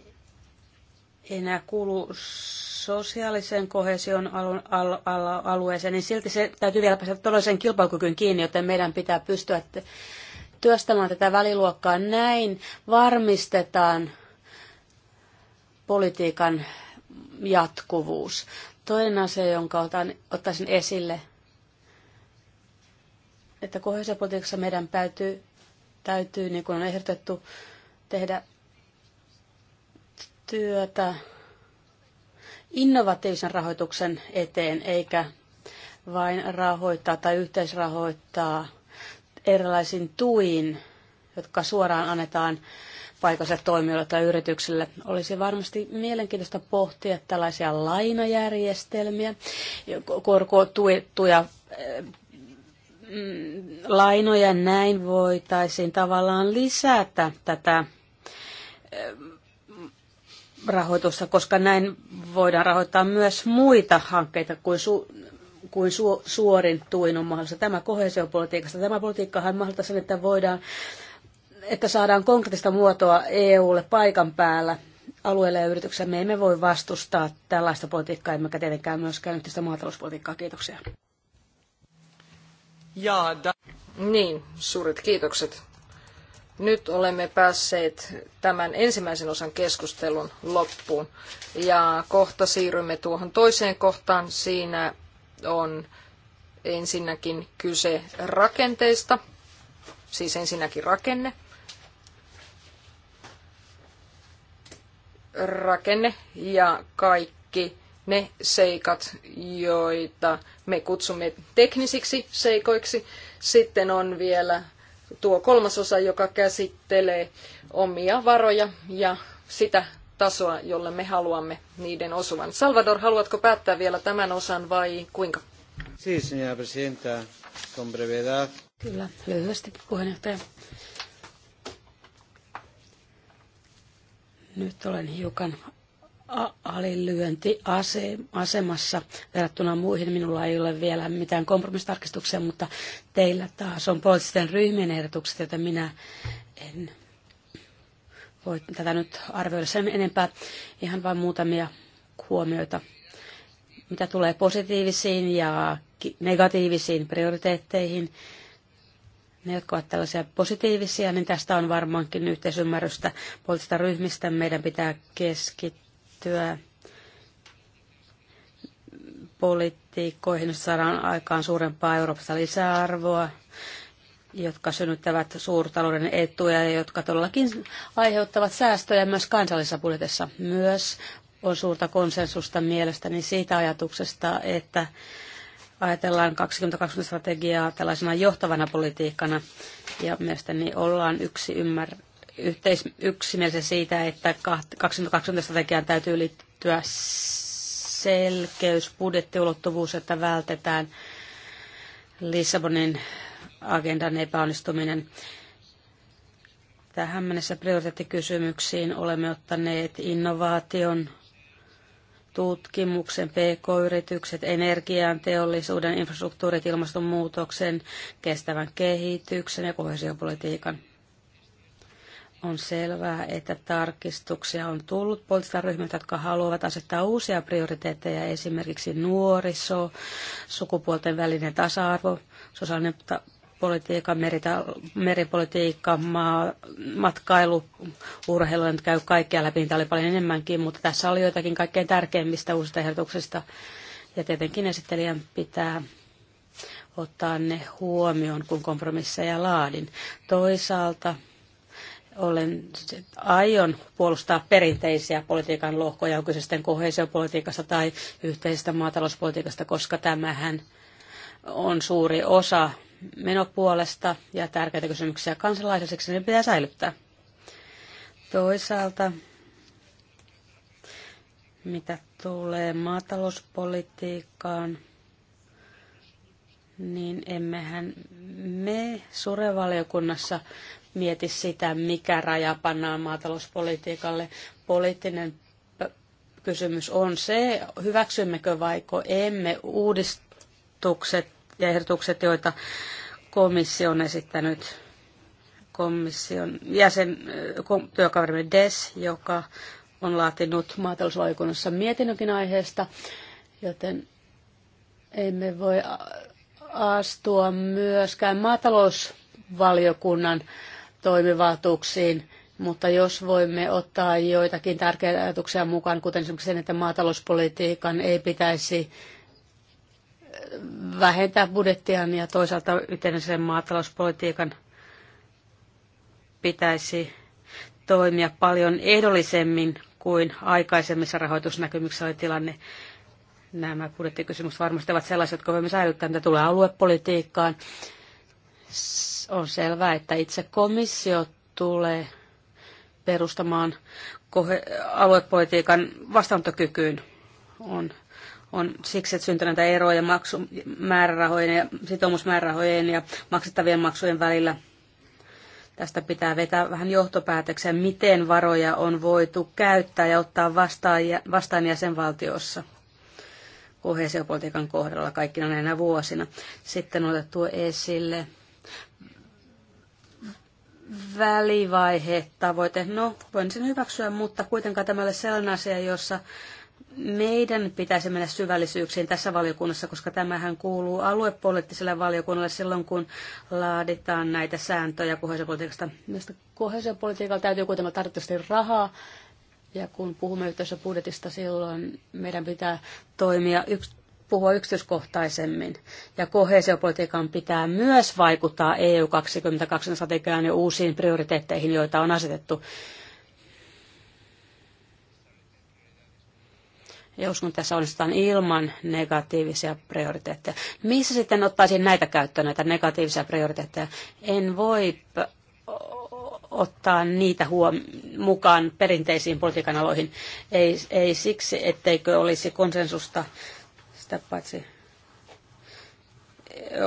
enää kuulu sosiaalisen kohesion alu, al, al, alueeseen, niin silti se täytyy vielä päästä todellisen kilpailukykyyn kiinni, joten meidän pitää pystyä työstämään tätä väliluokkaa. Näin varmistetaan politiikan jatkuvuus. Toinen asia, jonka otan, ottaisin esille, että kohdallisuuspolitiikassa meidän täytyy, täytyy, niin kuin on ehdotettu, tehdä työtä innovatiivisen rahoituksen eteen, eikä vain rahoittaa tai yhteisrahoittaa erilaisin tuin, jotka suoraan annetaan paikalliselle toimijoille tai yrityksille. Olisi varmasti mielenkiintoista pohtia tällaisia lainajärjestelmiä, korkotuettuja eh, lainoja näin voitaisiin tavallaan lisätä tätä eh, rahoitusta, koska näin voidaan rahoittaa myös muita hankkeita kuin, su- kuin su- suorin tuin on mahdollista. Tämä kohesiopolitiikasta. Tämä politiikkahan mahdollista sen, että voidaan että saadaan konkreettista muotoa EUlle paikan päällä alueelle ja yritykselle. Me emme voi vastustaa tällaista politiikkaa, emmekä tietenkään myöskään yhteistä maatalouspolitiikkaa. Kiitoksia.
Ja,
da- niin, suuret kiitokset. Nyt olemme päässeet tämän ensimmäisen osan keskustelun loppuun. Ja kohta siirrymme tuohon toiseen kohtaan. Siinä on ensinnäkin kyse rakenteista, siis ensinnäkin rakenne. rakenne ja kaikki ne seikat, joita me kutsumme teknisiksi seikoiksi. Sitten on vielä tuo kolmas osa, joka käsittelee omia varoja ja sitä tasoa, jolle me haluamme niiden osuvan. Salvador, haluatko päättää vielä tämän osan vai kuinka?
Siis, señora presidenta, con brevedad.
Kyllä, lyhyesti puheenjohtaja.
Nyt olen hiukan alilyöntiasemassa asemassa verrattuna muihin. Minulla ei ole vielä mitään kompromistarkistuksia, mutta teillä taas on poliittisten ryhmien ehdotukset, joten minä en voi tätä nyt arvioida sen enempää. Ihan vain muutamia huomioita, mitä tulee positiivisiin ja negatiivisiin prioriteetteihin ne, jotka ovat tällaisia positiivisia, niin tästä on varmaankin yhteisymmärrystä poliittisista ryhmistä. Meidän pitää keskittyä politiikkoihin, joissa saadaan aikaan suurempaa Euroopassa lisäarvoa, jotka synnyttävät suurtalouden etuja ja jotka todellakin aiheuttavat säästöjä myös kansallisessa budjetissa. Myös on suurta konsensusta mielestäni siitä ajatuksesta, että ajatellaan 2020 strategiaa tällaisena johtavana politiikkana ja mielestäni ollaan yksi ymmär, yhteis, yksimielisen siitä, että 2020 strategiaan täytyy liittyä selkeys, budjettiulottuvuus, että vältetään Lissabonin agendan epäonnistuminen. Tähän mennessä prioriteettikysymyksiin olemme ottaneet innovaation, tutkimuksen, pk-yritykset, energian, teollisuuden, infrastruktuurit, ilmastonmuutoksen, kestävän kehityksen ja kohesiopolitiikan. On selvää, että tarkistuksia on tullut poliittisilta ryhmiltä, jotka haluavat asettaa uusia prioriteetteja, esimerkiksi nuoriso, sukupuolten välinen tasa-arvo, sosiaalinen politiikka, merita, meripolitiikka, maa, matkailu, urheilu, nyt käy kaikkea läpi, niitä oli paljon enemmänkin, mutta tässä oli joitakin kaikkein tärkeimmistä uusista ehdotuksista. Ja tietenkin esittelijän pitää ottaa ne huomioon, kun kompromisseja laadin. Toisaalta olen, aion puolustaa perinteisiä politiikan lohkoja, onko se sitten kohesiopolitiikasta tai yhteisestä maatalouspolitiikasta, koska tämähän on suuri osa menopuolesta ja tärkeitä kysymyksiä kansalaisiksi, niin pitää säilyttää. Toisaalta, mitä tulee maatalouspolitiikkaan, niin emmehän me surevaliokunnassa mieti sitä, mikä raja pannaan maatalouspolitiikalle. Poliittinen kysymys on se, hyväksymmekö vaiko emme uudistukset ja ehdotukset, joita komissio on esittänyt komission jäsen, työkaverimme Des, joka on laatinut maatalousvaliokunnassa mietinnönkin aiheesta, joten emme voi astua myöskään maatalousvaliokunnan toimivaltuuksiin, mutta jos voimme ottaa joitakin tärkeitä ajatuksia mukaan, kuten esimerkiksi sen, että maatalouspolitiikan ei pitäisi vähentää budjettiaan niin ja toisaalta yhteisen maatalouspolitiikan pitäisi toimia paljon ehdollisemmin kuin aikaisemmissa rahoitusnäkymyksissä oli tilanne. Nämä budjettikysymykset varmasti ovat sellaiset, jotka voimme säilyttää, mitä tulee aluepolitiikkaan. On selvää, että itse komissio tulee perustamaan aluepolitiikan vastaantokykyyn. On on siksi, että syntyy näitä eroja maksumäärärahojen ja sitoumusmäärärahojen ja maksettavien maksujen välillä. Tästä pitää vetää vähän johtopäätöksiä, miten varoja on voitu käyttää ja ottaa vastaan, vastaan jäsenvaltiossa kohesiopolitiikan kohdalla kaikkina näinä vuosina. Sitten on otettu esille välivaihe tavoite. No, voin sen hyväksyä, mutta kuitenkaan tämä ei ole sellainen asia, jossa meidän pitäisi mennä syvällisyyksiin tässä valiokunnassa, koska tämähän kuuluu aluepoliittiselle valiokunnalle silloin, kun laaditaan näitä sääntöjä kohesiopolitiikasta. Mielestäni kohesiopolitiikalla täytyy kuitenkin tarvittavasti rahaa, ja kun puhumme yhteisessä budjetista, silloin meidän pitää toimia yks, puhua yksityiskohtaisemmin. Ja kohesiopolitiikan pitää myös vaikuttaa EU 2020 strategiaan ja uusiin prioriteetteihin, joita on asetettu ja uskon, että tässä onnistutaan ilman negatiivisia prioriteetteja. Missä sitten ottaisin näitä käyttöön, näitä negatiivisia prioriteetteja? En voi ottaa niitä huom- mukaan perinteisiin politiikan aloihin. Ei, ei siksi, etteikö olisi konsensusta, sitä paitsi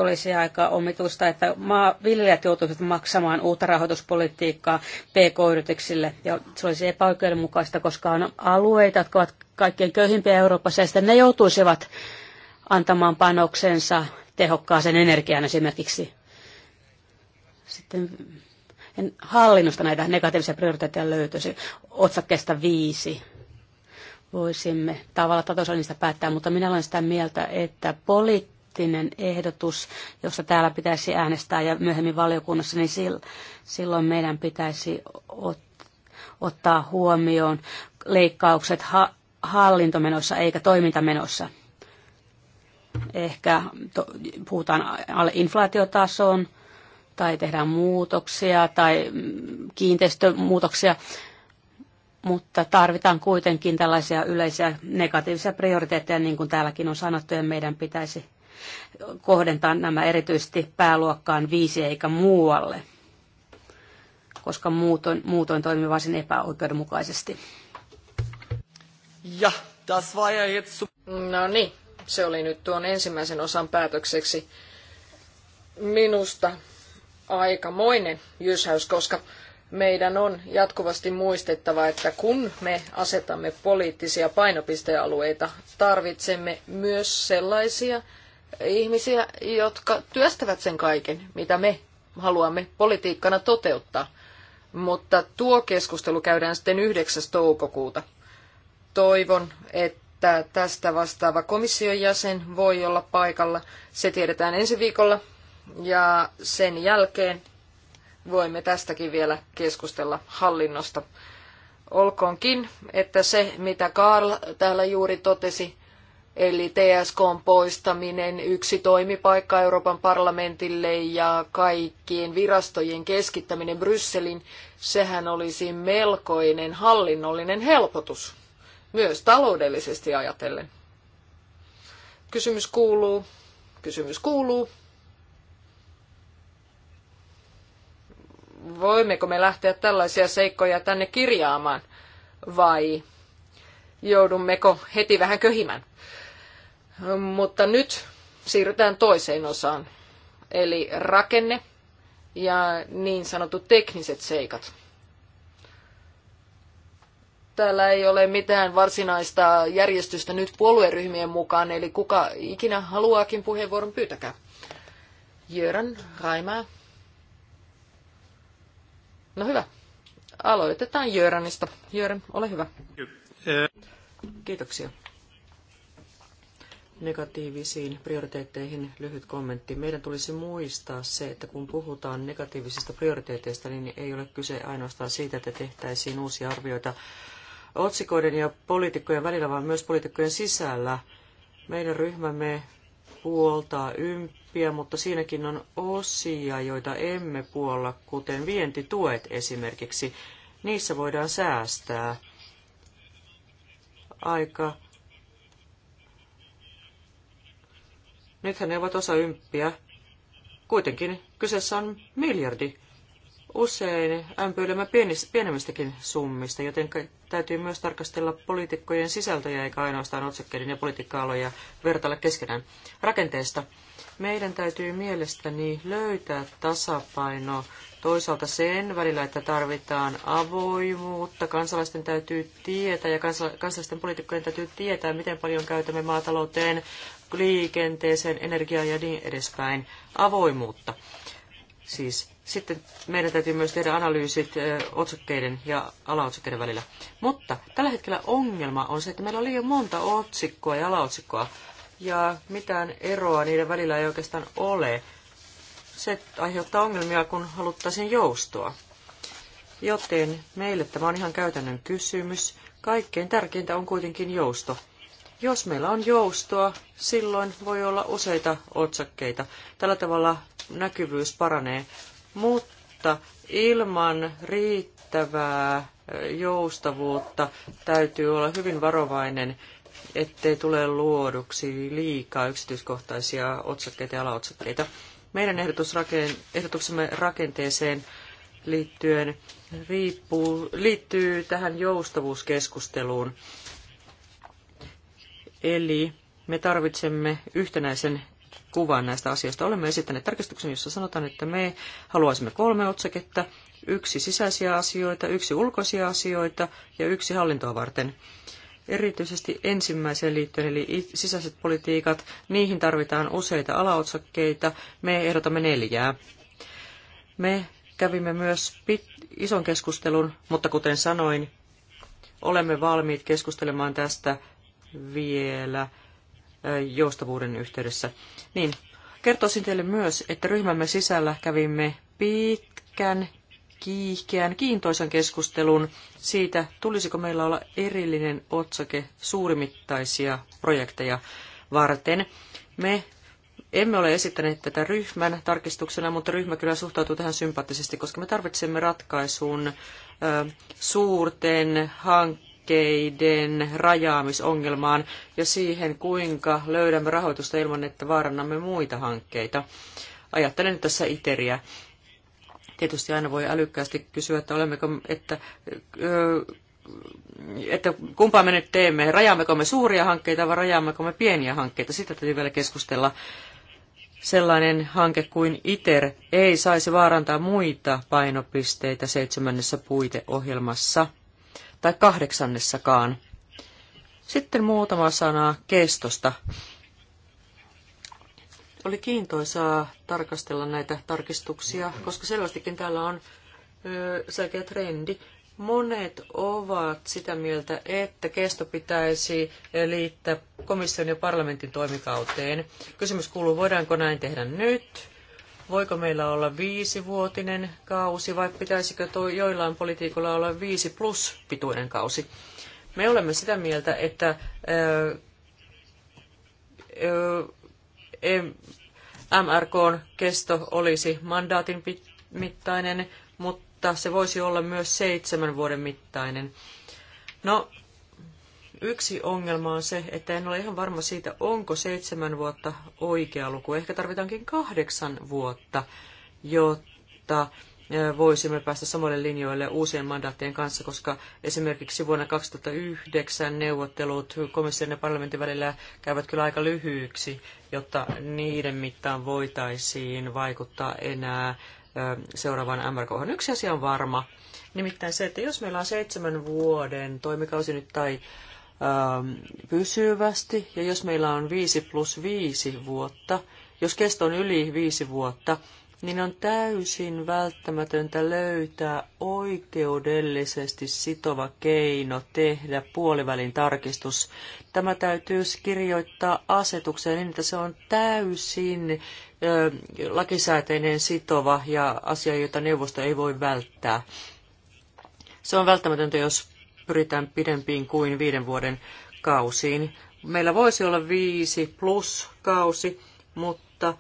olisi aika omituista, että maa, viljelijät joutuisivat maksamaan uutta rahoituspolitiikkaa PK-yrityksille. Ja se olisi epäoikeudenmukaista, koska on alueita, jotka ovat kaikkein köyhimpiä Euroopassa, ja sitten ne joutuisivat antamaan panoksensa tehokkaaseen energiaan esimerkiksi. Sitten en hallinnosta näitä negatiivisia prioriteetteja löytyisi otsakkeesta viisi voisimme tavalla tai toisella niistä päättää, mutta minä olen sitä mieltä, että poli- poliittinen ehdotus, josta täällä pitäisi äänestää ja myöhemmin valiokunnassa, niin silloin meidän pitäisi ottaa huomioon leikkaukset hallintomenossa eikä toimintamenossa. Ehkä puhutaan alle inflaatiotasoon tai tehdään muutoksia tai kiinteistömuutoksia, mutta tarvitaan kuitenkin tällaisia yleisiä negatiivisia prioriteetteja, niin kuin täälläkin on sanottu, ja meidän pitäisi kohdentaa nämä erityisesti pääluokkaan viisi eikä muualle, koska muutoin, muutoin toimii varsin epäoikeudenmukaisesti.
Ja, das war ja jetzt... No
niin, se oli nyt tuon ensimmäisen osan päätökseksi minusta aikamoinen jysäys, koska meidän on jatkuvasti muistettava, että kun me asetamme poliittisia painopistealueita, tarvitsemme myös sellaisia ihmisiä, jotka työstävät sen kaiken, mitä me haluamme politiikkana toteuttaa. Mutta tuo keskustelu käydään sitten 9. toukokuuta. Toivon, että tästä vastaava komission jäsen voi olla paikalla. Se tiedetään ensi viikolla ja sen jälkeen voimme tästäkin vielä keskustella hallinnosta. Olkoonkin, että se mitä Karl täällä juuri totesi, Eli TSK poistaminen, yksi toimipaikka Euroopan parlamentille ja kaikkien virastojen keskittäminen Brysselin, sehän olisi melkoinen hallinnollinen helpotus, myös taloudellisesti ajatellen. Kysymys kuuluu, kysymys kuuluu, voimmeko me lähteä tällaisia seikkoja tänne kirjaamaan vai joudummeko heti vähän köhimään? Mutta nyt siirrytään toiseen osaan, eli rakenne ja niin sanotut tekniset seikat. Täällä ei ole mitään varsinaista järjestystä nyt puolueryhmien mukaan, eli kuka ikinä haluaakin puheenvuoron, pyytäkää. Jörän, Raimaa. No hyvä. Aloitetaan Jöränistä.
Jörän, ole hyvä. Kiitoksia negatiivisiin prioriteetteihin lyhyt kommentti. Meidän tulisi muistaa se, että kun puhutaan negatiivisista prioriteeteista, niin ei ole kyse ainoastaan siitä, että tehtäisiin uusia arvioita otsikoiden ja poliitikkojen välillä, vaan myös poliitikkojen sisällä. Meidän ryhmämme puoltaa ympiä, mutta siinäkin on osia, joita emme puolla, kuten vientituet esimerkiksi. Niissä voidaan säästää aika Nythän ne ovat osa ymppiä. Kuitenkin kyseessä on miljardi. Usein ämpyilemme pienemmistäkin summista, joten täytyy myös tarkastella poliitikkojen sisältöjä eikä ainoastaan otsakkeiden ja politiikka-aloja vertailla keskenään. Rakenteesta. Meidän täytyy mielestäni löytää tasapaino toisaalta sen välillä, että tarvitaan avoimuutta, kansalaisten täytyy tietää ja kansalaisten poliitikkojen täytyy tietää, miten paljon käytämme maatalouteen, liikenteeseen, energiaan ja niin edespäin, avoimuutta. Siis sitten meidän täytyy myös tehdä analyysit otsikkeiden ja alaotsikkeiden välillä. Mutta tällä hetkellä ongelma on se, että meillä on liian monta otsikkoa ja alaotsikkoa, ja mitään eroa niiden välillä ei oikeastaan ole. Se aiheuttaa ongelmia, kun haluttaisiin joustoa. Joten meille tämä on ihan käytännön kysymys. Kaikkein tärkeintä on kuitenkin jousto. Jos meillä on joustoa, silloin voi olla useita otsakkeita. Tällä tavalla näkyvyys paranee, mutta ilman riittävää joustavuutta täytyy olla hyvin varovainen, ettei tule luoduksi liikaa yksityiskohtaisia otsakkeita ja alaotsakkeita. Meidän ehdotuksemme rakenteeseen liittyen riippuu, liittyy tähän joustavuuskeskusteluun Eli me tarvitsemme yhtenäisen kuvan näistä asioista. Olemme esittäneet tarkistuksen, jossa sanotaan, että me haluaisimme kolme otsaketta. yksi sisäisiä asioita, yksi ulkoisia asioita ja yksi hallintoa varten. Erityisesti ensimmäiseen liittyen, eli sisäiset politiikat, niihin tarvitaan useita alaotsakkeita. Me ehdotamme neljää. Me kävimme myös ison keskustelun, mutta kuten sanoin, olemme valmiit keskustelemaan tästä vielä joustavuuden yhteydessä. Niin, kertoisin teille myös, että ryhmämme sisällä kävimme pitkän, kiihkeän, kiintoisan keskustelun siitä, tulisiko meillä olla erillinen otsake suurimittaisia projekteja varten. Me emme ole esittäneet tätä ryhmän tarkistuksena, mutta ryhmä kyllä suhtautuu tähän sympaattisesti, koska me tarvitsemme ratkaisun suurten hankkeiden liikkeiden rajaamisongelmaan ja siihen, kuinka löydämme rahoitusta ilman, että vaarannamme muita hankkeita. Ajattelen tässä ITERiä. Tietysti aina voi älykkäästi kysyä, että olemmeko, että, että kumpaa me nyt teemme, rajaammeko me suuria hankkeita vai rajaammeko me pieniä hankkeita. Sitä täytyy vielä keskustella sellainen hanke kuin ITER ei saisi vaarantaa muita painopisteitä seitsemännessä puiteohjelmassa tai kahdeksannessakaan. Sitten muutama sana kestosta. Oli kiintoisaa tarkastella näitä tarkistuksia, koska selvästikin täällä on ö, selkeä trendi. Monet ovat sitä mieltä, että kesto pitäisi liittää komission ja parlamentin toimikauteen. Kysymys kuuluu, voidaanko näin tehdä nyt? voiko meillä olla viisivuotinen kausi vai pitäisikö tuo joillain poliitikoilla olla viisi plus pituinen kausi. Me olemme sitä mieltä, että ö, ö, e, MRKn kesto olisi mandaatin mittainen, mutta se voisi olla myös seitsemän vuoden mittainen. No, Yksi ongelma on se, että en ole ihan varma siitä, onko seitsemän vuotta oikea luku. Ehkä tarvitaankin kahdeksan vuotta, jotta voisimme päästä samoille linjoille uusien mandaattien kanssa, koska esimerkiksi vuonna 2009 neuvottelut komission ja parlamentin välillä käyvät kyllä aika lyhyiksi, jotta niiden mittaan voitaisiin vaikuttaa enää seuraavaan MRK. Yksi asia on varma, nimittäin se, että jos meillä on seitsemän vuoden toimikausi nyt tai Ähm, pysyvästi, ja jos meillä on 5 plus 5 vuotta, jos kesto on yli 5 vuotta, niin on täysin välttämätöntä löytää oikeudellisesti sitova keino tehdä puolivälin tarkistus. Tämä täytyy kirjoittaa asetukseen niin, että se on täysin ö, lakisääteinen sitova ja asia, jota neuvosto ei voi välttää. Se on välttämätöntä, jos pyritään pidempiin kuin viiden vuoden kausiin. Meillä voisi olla viisi plus kausi, mutta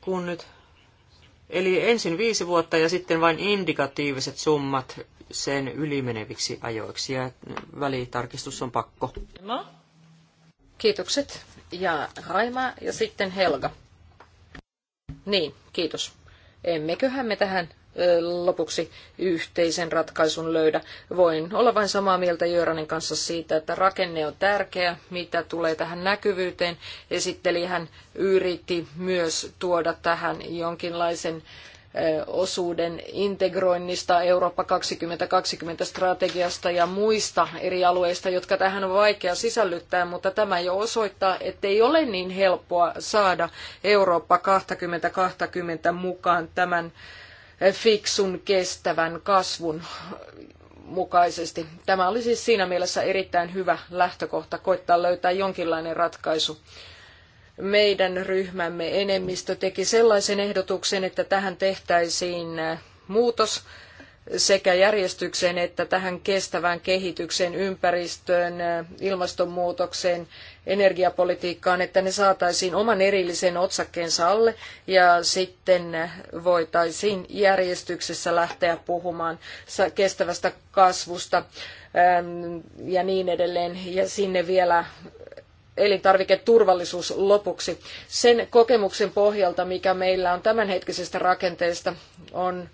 kun nyt, eli ensin viisi vuotta ja sitten vain indikatiiviset summat sen ylimeneviksi ajoiksi ja välitarkistus on pakko. No.
Kiitokset. Ja Raima ja sitten Helga. Niin, kiitos. Emmeköhän me tähän lopuksi yhteisen ratkaisun löydä. Voin olla vain samaa mieltä Jöranin kanssa siitä, että rakenne on tärkeä, mitä tulee tähän näkyvyyteen. Esitteli hän yritti myös tuoda tähän jonkinlaisen osuuden integroinnista Eurooppa 2020 strategiasta ja muista eri alueista, jotka tähän on vaikea sisällyttää, mutta tämä jo osoittaa, ettei ole niin helppoa saada Eurooppa 2020 mukaan tämän fiksun kestävän kasvun mukaisesti. Tämä oli siis siinä mielessä erittäin hyvä lähtökohta koittaa löytää jonkinlainen ratkaisu. Meidän ryhmämme enemmistö teki sellaisen ehdotuksen, että tähän tehtäisiin muutos sekä järjestykseen että tähän kestävään kehitykseen, ympäristöön, ilmastonmuutokseen, energiapolitiikkaan, että ne saataisiin oman erillisen otsakkeensa alle ja sitten voitaisiin järjestyksessä lähteä puhumaan kestävästä kasvusta ähm, ja niin edelleen. Ja sinne vielä elintarviketurvallisuus lopuksi. Sen kokemuksen pohjalta, mikä meillä on tämänhetkisestä rakenteesta, on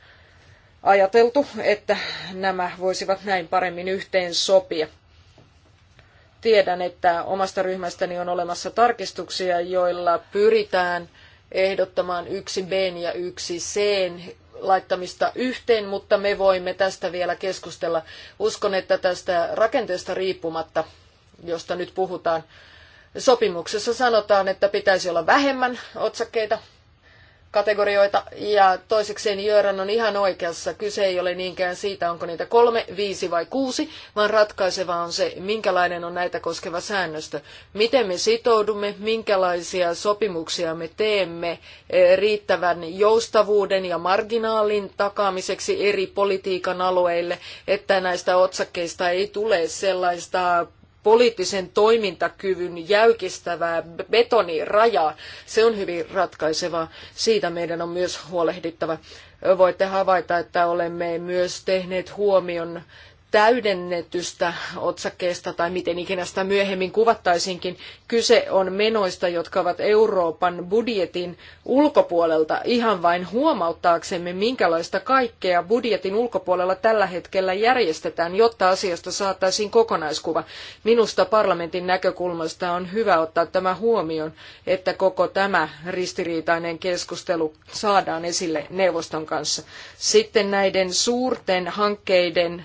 ajateltu, että nämä voisivat näin paremmin yhteen sopia. Tiedän, että omasta ryhmästäni on olemassa tarkistuksia, joilla pyritään ehdottamaan yksi B ja yksi C laittamista yhteen, mutta me voimme tästä vielä keskustella. Uskon, että tästä rakenteesta riippumatta, josta nyt puhutaan, sopimuksessa sanotaan, että pitäisi olla vähemmän otsakkeita, kategorioita. Ja toisekseen Jöran on ihan oikeassa. Kyse ei ole niinkään siitä, onko niitä kolme, viisi vai kuusi, vaan ratkaisevaa on se, minkälainen on näitä koskeva säännöstö. Miten me sitoudumme, minkälaisia sopimuksia me teemme eh, riittävän joustavuuden ja marginaalin takaamiseksi eri politiikan alueille, että näistä otsakkeista ei tule sellaista poliittisen toimintakyvyn jäykistävää betonirajaa, se on hyvin ratkaisevaa. Siitä meidän on myös huolehdittava. Voitte havaita, että olemme myös tehneet huomion täydennetystä otsakkeesta tai miten ikinä sitä myöhemmin kuvattaisinkin. Kyse on menoista, jotka ovat Euroopan budjetin ulkopuolelta ihan vain huomauttaaksemme, minkälaista kaikkea budjetin ulkopuolella tällä hetkellä järjestetään, jotta asiasta saataisiin kokonaiskuva. Minusta parlamentin näkökulmasta on hyvä ottaa tämä huomioon, että koko tämä ristiriitainen keskustelu saadaan esille neuvoston kanssa. Sitten näiden suurten hankkeiden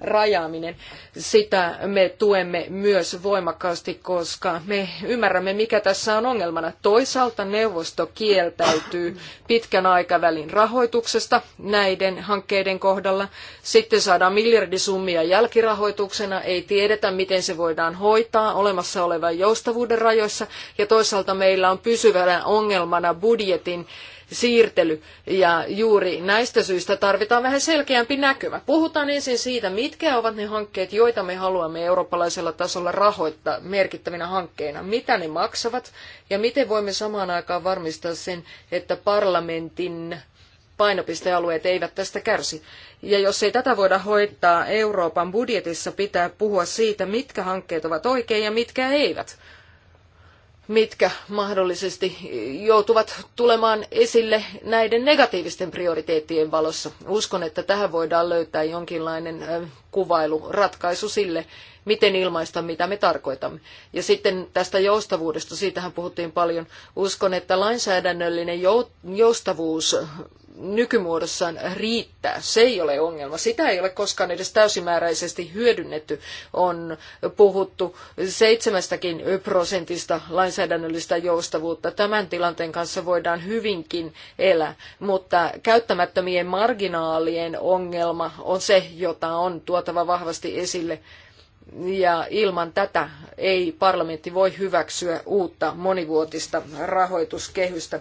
rajaaminen. Sitä me tuemme myös voimakkaasti, koska me ymmärrämme, mikä tässä on ongelmana. Toisaalta neuvosto kieltäytyy pitkän aikavälin rahoituksesta näiden hankkeiden kohdalla. Sitten saadaan miljardisummia jälkirahoituksena, ei tiedetä, miten se voidaan hoitaa olemassa olevan joustavuuden rajoissa. Ja toisaalta meillä on pysyvänä ongelmana budjetin siirtely. Ja juuri näistä syistä tarvitaan vähän selkeämpi näkymä. Puhutaan ensin siitä, mitkä ovat ne hankkeet, joita me haluamme eurooppalaisella tasolla rahoittaa merkittävinä hankkeina. Mitä ne maksavat ja miten voimme samaan aikaan varmistaa sen, että parlamentin painopistealueet eivät tästä kärsi. Ja jos ei tätä voida hoitaa Euroopan budjetissa, pitää puhua siitä, mitkä hankkeet ovat oikein ja mitkä eivät mitkä mahdollisesti joutuvat tulemaan esille näiden negatiivisten prioriteettien valossa. Uskon, että tähän voidaan löytää jonkinlainen kuvailu, ratkaisu sille, miten ilmaista, mitä me tarkoitamme. Ja sitten tästä joustavuudesta, siitähän puhuttiin paljon. Uskon, että lainsäädännöllinen joustavuus nykymuodossaan riittää. Se ei ole ongelma. Sitä ei ole koskaan edes täysimääräisesti hyödynnetty. On puhuttu seitsemästäkin prosentista lainsäädännöllistä joustavuutta. Tämän tilanteen kanssa voidaan hyvinkin elää, mutta käyttämättömien marginaalien ongelma on se, jota on tuotava vahvasti esille. Ja ilman tätä ei parlamentti voi hyväksyä uutta monivuotista rahoituskehystä.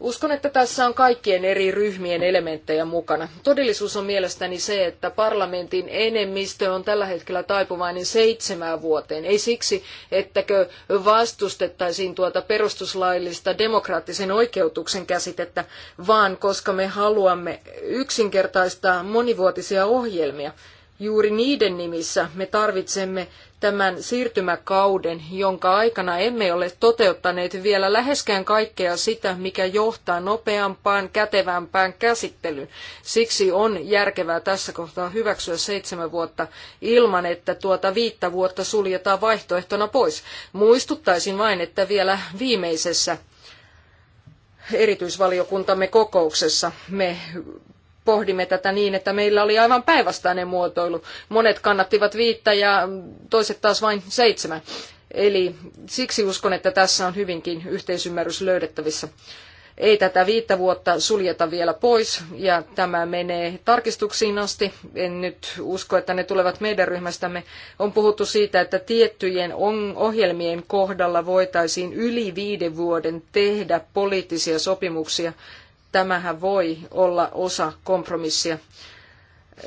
Uskon, että tässä on kaikkien eri ryhmien elementtejä mukana. Todellisuus on mielestäni se, että parlamentin enemmistö on tällä hetkellä taipuvainen seitsemään vuoteen. Ei siksi, ettäkö vastustettaisiin tuota perustuslaillista demokraattisen oikeutuksen käsitettä, vaan koska me haluamme yksinkertaistaa monivuotisia ohjelmia juuri niiden nimissä me tarvitsemme tämän siirtymäkauden, jonka aikana emme ole toteuttaneet vielä läheskään kaikkea sitä, mikä johtaa nopeampaan, kätevämpään käsittelyyn. Siksi on järkevää tässä kohtaa hyväksyä seitsemän vuotta ilman, että tuota viittä vuotta suljetaan vaihtoehtona pois. Muistuttaisin vain, että vielä viimeisessä erityisvaliokuntamme kokouksessa me pohdimme tätä niin, että meillä oli aivan päinvastainen muotoilu. Monet kannattivat viittä ja toiset taas vain seitsemän. Eli siksi uskon, että tässä on hyvinkin yhteisymmärrys löydettävissä. Ei tätä viittä vuotta suljeta vielä pois ja tämä menee tarkistuksiin asti. En nyt usko, että ne tulevat meidän ryhmästämme. On puhuttu siitä, että tiettyjen ohjelmien kohdalla voitaisiin yli viiden vuoden tehdä poliittisia sopimuksia tämähän voi olla osa kompromissia.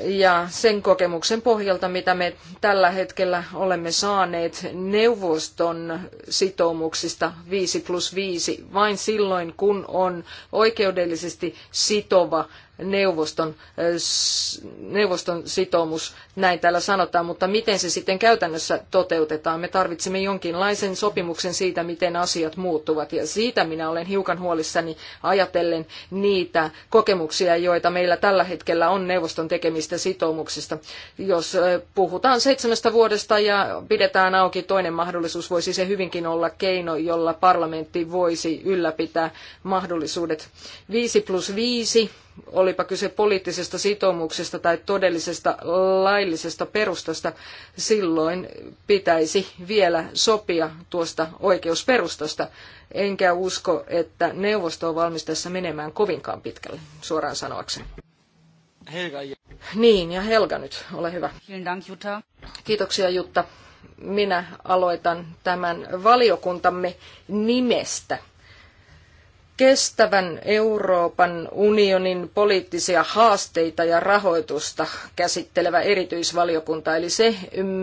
Ja sen kokemuksen pohjalta, mitä me tällä hetkellä olemme saaneet neuvoston sitoumuksista 5 plus 5, vain silloin kun on oikeudellisesti sitova neuvoston, neuvoston sitoumus, näin täällä sanotaan, mutta miten se sitten käytännössä toteutetaan? Me tarvitsemme jonkinlaisen sopimuksen siitä, miten asiat muuttuvat, ja siitä minä olen hiukan huolissani ajatellen niitä kokemuksia, joita meillä tällä hetkellä on neuvoston tekemistä sitoumuksista. Jos puhutaan seitsemästä vuodesta ja pidetään auki toinen mahdollisuus, voisi se hyvinkin olla keino, jolla parlamentti voisi ylläpitää mahdollisuudet. Viisi plus viisi olipa kyse poliittisesta sitoumuksesta tai todellisesta laillisesta perustasta, silloin pitäisi vielä sopia tuosta oikeusperustasta. Enkä usko, että neuvosto on valmis tässä menemään kovinkaan pitkälle, suoraan sanoakseni. Helga. Niin, ja Helga nyt, ole hyvä. Kiitoksia Jutta. Minä aloitan tämän valiokuntamme nimestä – kestävän Euroopan unionin poliittisia haasteita ja rahoitusta käsittelevä erityisvaliokunta. Eli se,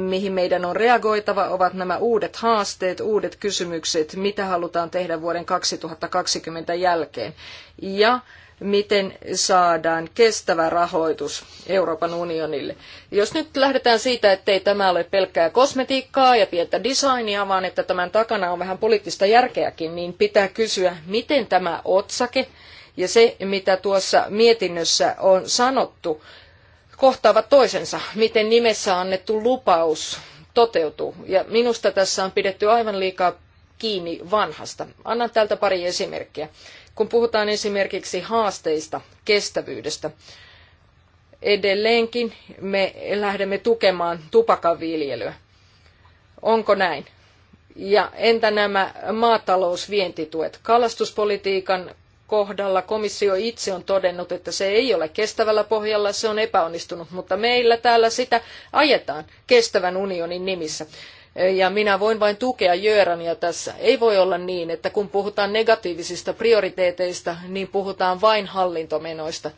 mihin meidän on reagoitava, ovat nämä uudet haasteet, uudet kysymykset, mitä halutaan tehdä vuoden 2020 jälkeen. Ja miten saadaan kestävä rahoitus Euroopan unionille. Jos nyt lähdetään siitä, ettei tämä ole pelkkää kosmetiikkaa ja pientä designia, vaan että tämän takana on vähän poliittista järkeäkin, niin pitää kysyä, miten tämä otsake ja se, mitä tuossa mietinnössä on sanottu, kohtaavat toisensa, miten nimessä annettu lupaus toteutuu. Ja minusta tässä on pidetty aivan liikaa kiinni vanhasta. Annan täältä pari esimerkkiä. Kun puhutaan esimerkiksi haasteista, kestävyydestä, edelleenkin me lähdemme tukemaan tupakan Onko näin? Ja entä nämä maatalousvientituet? Kalastuspolitiikan kohdalla komissio itse on todennut, että se ei ole kestävällä pohjalla, se on epäonnistunut, mutta meillä täällä sitä ajetaan kestävän unionin nimissä. Ja minä voin vain tukea Jörania tässä. Ei voi olla niin, että kun puhutaan negatiivisista prioriteeteista, niin puhutaan vain hallintomenoista.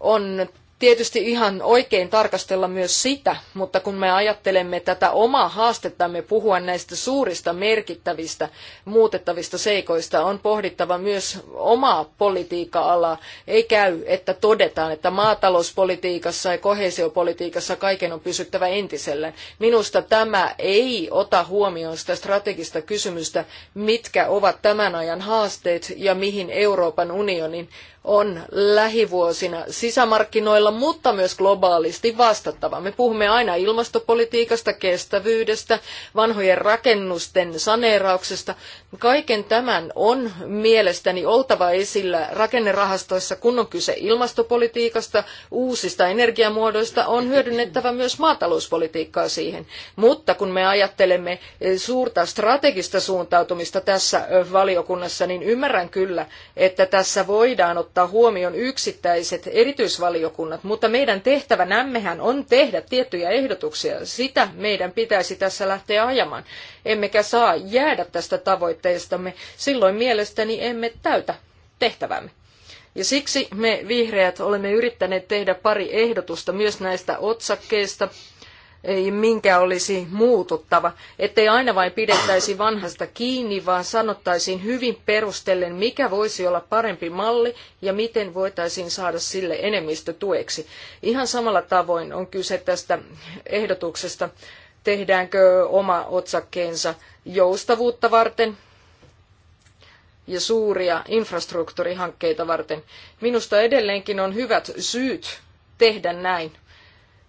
On tietysti ihan oikein tarkastella myös sitä, mutta kun me ajattelemme tätä omaa haastettamme puhua näistä suurista, merkittävistä, muutettavista seikoista, on pohdittava myös omaa politiikka-alaa. Ei käy, että todetaan, että maatalouspolitiikassa ja koheesiopolitiikassa kaiken on pysyttävä entisellään. Minusta tämä ei ota huomioon sitä strategista kysymystä, mitkä ovat tämän ajan haasteet ja mihin Euroopan unionin on lähivuosina sisämarkkinoilla, mutta myös globaalisti vastattava. Me puhumme aina ilmastopolitiikasta, kestävyydestä, vanhojen rakennusten saneerauksesta. Kaiken tämän on mielestäni oltava esillä rakennerahastoissa, kun on kyse ilmastopolitiikasta, uusista energiamuodoista, on hyödynnettävä myös maatalouspolitiikkaa siihen. Mutta kun me ajattelemme eh, suurta strategista suuntautumista tässä eh, valiokunnassa, niin ymmärrän kyllä, että tässä voidaan ottaa ottaa huomioon yksittäiset erityisvaliokunnat, mutta meidän tehtävänämmehän on tehdä tiettyjä ehdotuksia. Sitä meidän pitäisi tässä lähteä ajamaan. Emmekä saa jäädä tästä tavoitteestamme, silloin mielestäni emme täytä tehtävämme. Ja siksi me vihreät olemme yrittäneet tehdä pari ehdotusta myös näistä otsakkeista, minkä olisi muututtava. Ettei aina vain pidettäisi vanhasta kiinni, vaan sanottaisiin hyvin perustellen, mikä voisi olla parempi malli ja miten voitaisiin saada sille enemmistö tueksi. Ihan samalla tavoin on kyse tästä ehdotuksesta, tehdäänkö oma otsakkeensa joustavuutta varten ja suuria infrastruktuurihankkeita varten. Minusta edelleenkin on hyvät syyt tehdä näin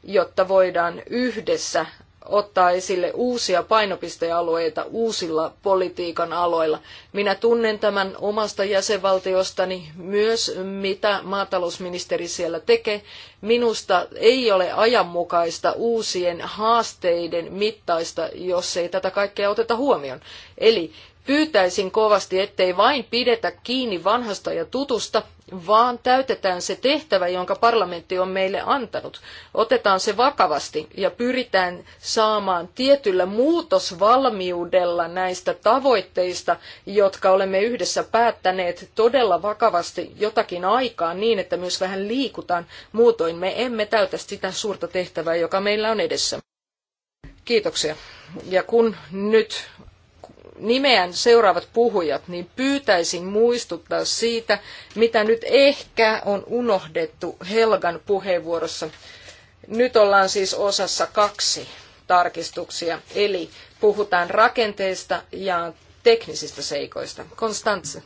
jotta voidaan yhdessä ottaa esille uusia painopistealueita uusilla politiikan aloilla. Minä tunnen tämän omasta jäsenvaltiostani myös, mitä maatalousministeri siellä tekee. Minusta ei ole ajanmukaista uusien haasteiden mittaista, jos ei tätä kaikkea oteta huomioon. Eli Pyytäisin kovasti, ettei vain pidetä kiinni vanhasta ja tutusta, vaan täytetään se tehtävä, jonka parlamentti on meille antanut. Otetaan se vakavasti ja pyritään saamaan tietyllä muutosvalmiudella näistä tavoitteista, jotka olemme yhdessä päättäneet todella vakavasti jotakin aikaa niin, että myös vähän liikutaan. Muutoin me emme täytä sitä suurta tehtävää, joka meillä on edessä. Kiitoksia. Ja kun nyt nimeän seuraavat puhujat, niin pyytäisin muistuttaa siitä, mitä nyt ehkä on unohdettu Helgan puheenvuorossa. Nyt ollaan siis osassa kaksi tarkistuksia, eli puhutaan rakenteista ja teknisistä seikoista. Konstantse.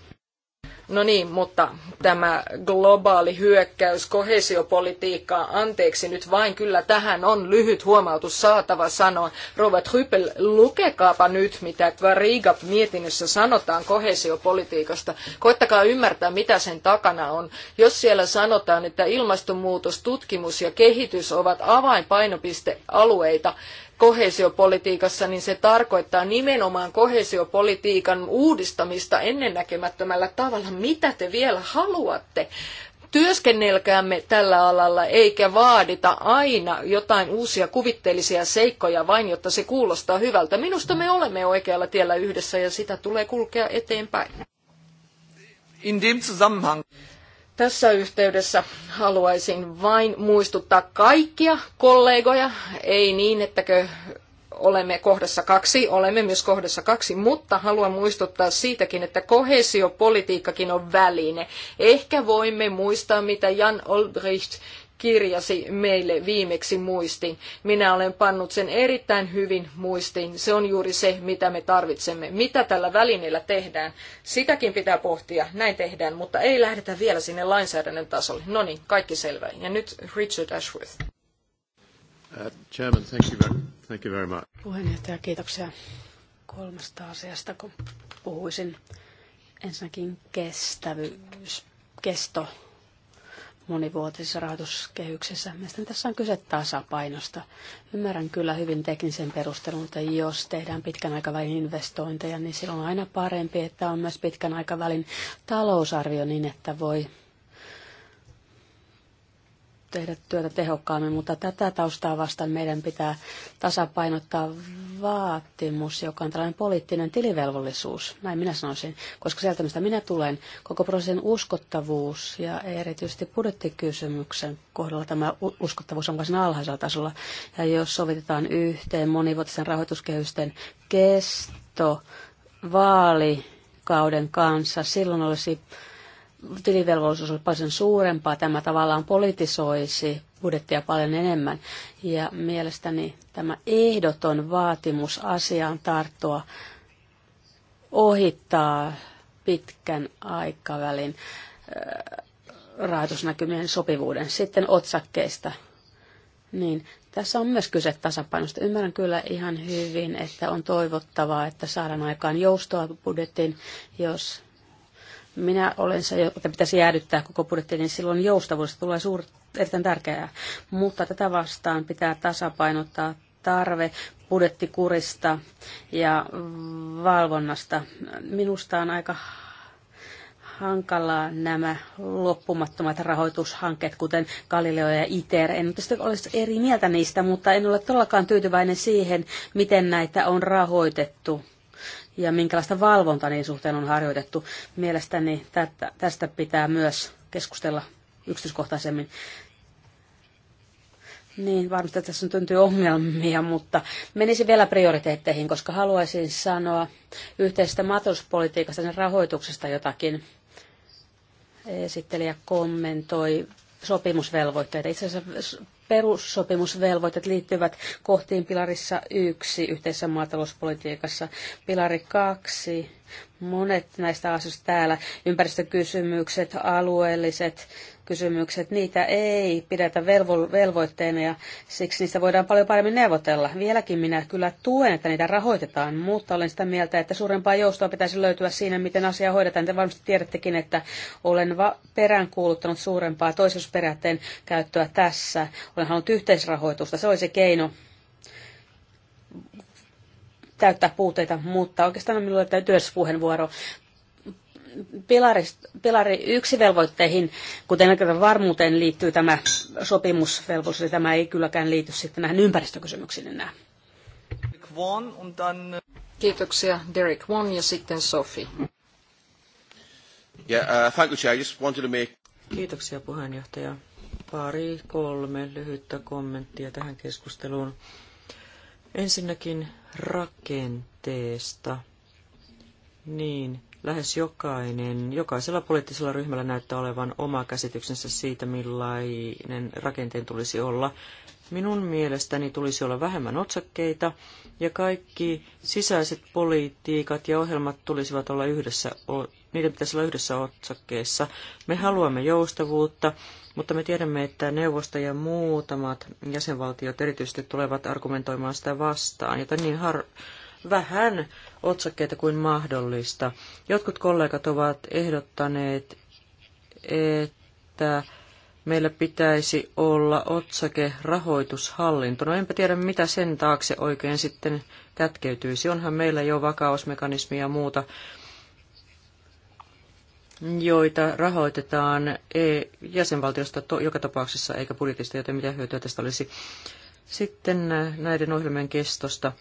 No niin, mutta tämä globaali hyökkäys kohesiopolitiikkaa, anteeksi nyt vain, kyllä tähän on lyhyt huomautus saatava sanoa. Robert Hyppel, lukekaapa nyt, mitä Riga mietinnössä sanotaan kohesiopolitiikasta. Koittakaa ymmärtää, mitä sen takana on. Jos siellä sanotaan, että ilmastonmuutos, tutkimus ja kehitys ovat avainpainopistealueita, kohesiopolitiikassa, niin se tarkoittaa nimenomaan kohesiopolitiikan uudistamista ennennäkemättömällä tavalla. Mitä te vielä haluatte? Työskennelkäämme tällä alalla eikä vaadita aina jotain uusia kuvitteellisia seikkoja vain, jotta se kuulostaa hyvältä. Minusta me olemme oikealla tiellä yhdessä ja sitä tulee kulkea eteenpäin.
In dem Zusammenhang.
Tässä yhteydessä haluaisin vain muistuttaa kaikkia kollegoja, ei niin, ettäkö olemme kohdassa kaksi, olemme myös kohdassa kaksi, mutta haluan muistuttaa siitäkin, että kohesiopolitiikkakin on väline. Ehkä voimme muistaa, mitä Jan Olbricht kirjasi meille viimeksi muistiin. Minä olen pannut sen erittäin hyvin muistiin. Se on juuri se, mitä me tarvitsemme. Mitä tällä välineellä tehdään, sitäkin pitää pohtia. Näin tehdään, mutta ei lähdetä vielä sinne lainsäädännön tasolle. No niin, kaikki selvä. Ja nyt Richard Ashworth.
Uh, chairman, thank you very, thank you very much.
Puheenjohtaja, kiitoksia kolmesta asiasta, kun puhuisin. Ensinnäkin kestävyys, kesto, monivuotisessa rahoituskehyksessä. Mielestäni tässä on kyse tasapainosta. Ymmärrän kyllä hyvin teknisen perustelun, että jos tehdään pitkän aikavälin investointeja, niin silloin on aina parempi, että on myös pitkän aikavälin talousarvio niin, että voi tehdä työtä tehokkaammin, mutta tätä taustaa vastaan meidän pitää tasapainottaa vaatimus, joka on tällainen poliittinen tilivelvollisuus, näin minä sanoisin, koska sieltä mistä minä tulen, koko prosessin uskottavuus ja erityisesti budjettikysymyksen kohdalla tämä uskottavuus on varsin alhaisella tasolla, ja jos sovitetaan yhteen monivuotisen rahoituskehysten kesto, vaalikauden kanssa, silloin olisi tilivelvollisuus olisi paljon suurempaa. Tämä tavallaan politisoisi budjettia paljon enemmän. Ja mielestäni tämä ehdoton vaatimus asiaan tarttua ohittaa pitkän aikavälin rahoitusnäkymien sopivuuden. Sitten otsakkeista. Niin, tässä on myös kyse tasapainosta. Ymmärrän kyllä ihan hyvin, että on toivottavaa, että saadaan aikaan joustoa budjettiin, jos minä olen se, jota pitäisi jäädyttää koko budjetti, niin silloin joustavuudesta tulee suur, erittäin tärkeää. Mutta tätä vastaan pitää tasapainottaa tarve budjettikurista ja valvonnasta. Minusta on aika hankalaa nämä loppumattomat rahoitushankkeet, kuten Galileo ja ITER. En tietysti olisi eri mieltä niistä, mutta en ole todellakaan tyytyväinen siihen, miten näitä on rahoitettu ja minkälaista valvontaa niin suhteen on harjoitettu. Mielestäni tästä pitää myös keskustella yksityiskohtaisemmin. Niin, varmasti tässä on tuntuu ongelmia, mutta menisin vielä prioriteetteihin, koska haluaisin sanoa yhteisestä maatalouspolitiikasta sen rahoituksesta jotakin. Esittelijä kommentoi sopimusvelvoitteita. Itse asiassa perussopimusvelvoitteet liittyvät kohtiin pilarissa yksi yhteisessä maatalouspolitiikassa. Pilari kaksi monet näistä asioista täällä, ympäristökysymykset, alueelliset kysymykset, niitä ei pidetä velvo- velvoitteena ja siksi niistä voidaan paljon paremmin neuvotella. Vieläkin minä kyllä tuen, että niitä rahoitetaan, mutta olen sitä mieltä, että suurempaa joustoa pitäisi löytyä siinä, miten asia hoidetaan. Te varmasti tiedättekin, että olen va- peräänkuuluttanut suurempaa toisuusperiaatteen käyttöä tässä. Olen halunnut yhteisrahoitusta, se olisi keino täyttää puutteita, mutta oikeastaan minulla täytyy edes puheenvuoro pilari, pilari yksi velvoitteihin, kuten varmuuteen liittyy tämä sopimusvelvollisuus, eli tämä ei kylläkään liity sitten näihin ympäristökysymyksiin enää.
Kiitoksia Derek Won ja sitten Sophie.
Yeah, uh, thank you, Chair. I just wanted to make... Kiitoksia puheenjohtaja. Pari, kolme lyhyttä kommenttia tähän keskusteluun. Ensinnäkin rakenteesta, niin lähes jokainen, jokaisella poliittisella ryhmällä näyttää olevan oma käsityksensä siitä, millainen rakenteen tulisi olla. Minun mielestäni tulisi olla vähemmän otsakkeita ja kaikki sisäiset politiikat ja ohjelmat tulisivat olla yhdessä, niiden pitäisi olla yhdessä otsakkeessa. Me haluamme joustavuutta, mutta me tiedämme, että neuvosto ja muutamat jäsenvaltiot erityisesti tulevat argumentoimaan sitä vastaan, joten niin har- vähän otsakkeita kuin mahdollista. Jotkut kollegat ovat ehdottaneet, että meillä pitäisi olla otsake rahoitushallinto. No enpä tiedä, mitä sen taakse oikein sitten kätkeytyisi. Onhan meillä jo vakausmekanismi ja muuta, joita rahoitetaan e jäsenvaltiosta joka tapauksessa eikä budjetista, joten mitä hyötyä tästä olisi. Sitten äh, näiden ohjelmien kestosta.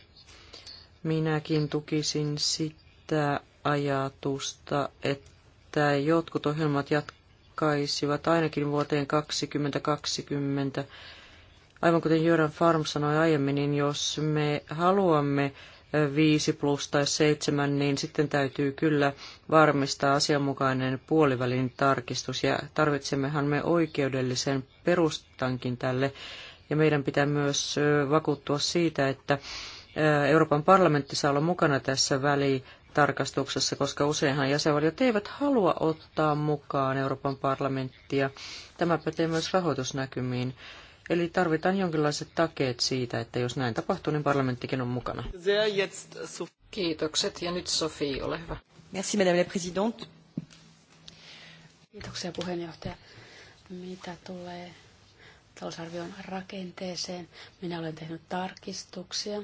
Minäkin tukisin sitä ajatusta, että jotkut ohjelmat jatkuvat jatkaisivat ainakin vuoteen 2020. Aivan kuten Jörän Farm sanoi aiemmin, niin jos me haluamme 5 plus tai 7, niin sitten täytyy kyllä varmistaa asianmukainen puolivälin tarkistus. Ja tarvitsemmehan me oikeudellisen perustankin tälle. Ja meidän pitää myös vakuuttua siitä, että Euroopan parlamentti saa olla mukana tässä väli, tarkastuksessa, koska useinhan jäsenvaltiot eivät halua ottaa mukaan Euroopan parlamenttia. Tämä pätee myös rahoitusnäkymiin. Eli tarvitaan jonkinlaiset takeet siitä, että jos näin tapahtuu, niin parlamenttikin on mukana.
Kiitokset. Ja nyt Sofi, ole hyvä.
Merci, madame la présidente.
Kiitoksia puheenjohtaja. Mitä tulee talousarvion rakenteeseen, minä olen tehnyt tarkistuksia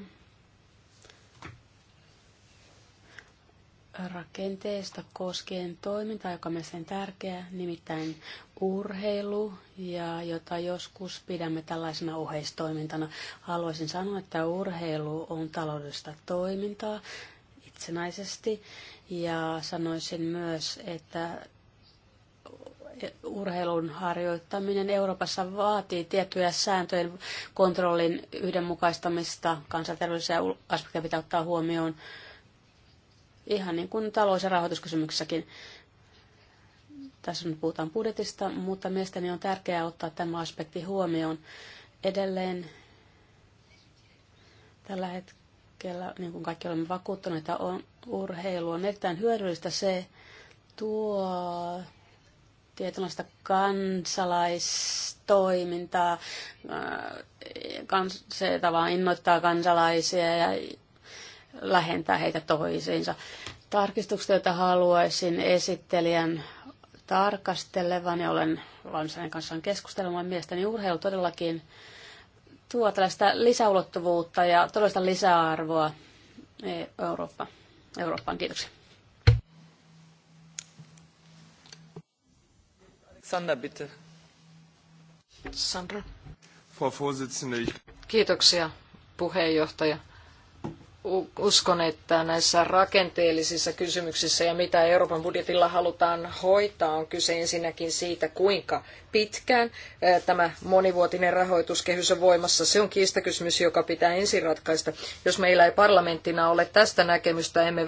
rakenteesta koskien toiminta, joka on sen tärkeää, nimittäin urheilu, ja jota joskus pidämme tällaisena oheistoimintana. Haluaisin sanoa, että urheilu on taloudellista toimintaa itsenäisesti, ja sanoisin myös, että urheilun harjoittaminen Euroopassa vaatii tiettyjä sääntöjen kontrollin yhdenmukaistamista. Kansanterveellisiä aspekteja pitää ottaa huomioon Ihan niin kuin talous- ja rahoituskysymyksessäkin. Tässä nyt puhutaan budjetista, mutta mielestäni on tärkeää ottaa tämä aspekti huomioon. Edelleen tällä hetkellä, niin kuin kaikki olemme vakuuttuneita, on urheilu on erittäin hyödyllistä. Se tuo tietynlaista kansalaistoimintaa, se tavallaan innoittaa kansalaisia ja lähentää heitä toisiinsa. Tarkistukset, joita haluaisin esittelijän tarkastelevan ja olen valmis kanssaan keskustelemaan, niin urheilu todellakin tuo tällaista lisäulottuvuutta ja todellista lisäarvoa Eurooppa, Eurooppaan. Kiitoksia.
Sandra, bitte. Sandra.
Kiitoksia, puheenjohtaja uskon, että näissä rakenteellisissa kysymyksissä ja mitä Euroopan budjetilla halutaan hoitaa, on kyse ensinnäkin siitä, kuinka pitkään tämä monivuotinen rahoituskehys on voimassa. Se on kiistakysymys, joka pitää ensin ratkaista. Jos meillä ei parlamenttina ole tästä näkemystä, emme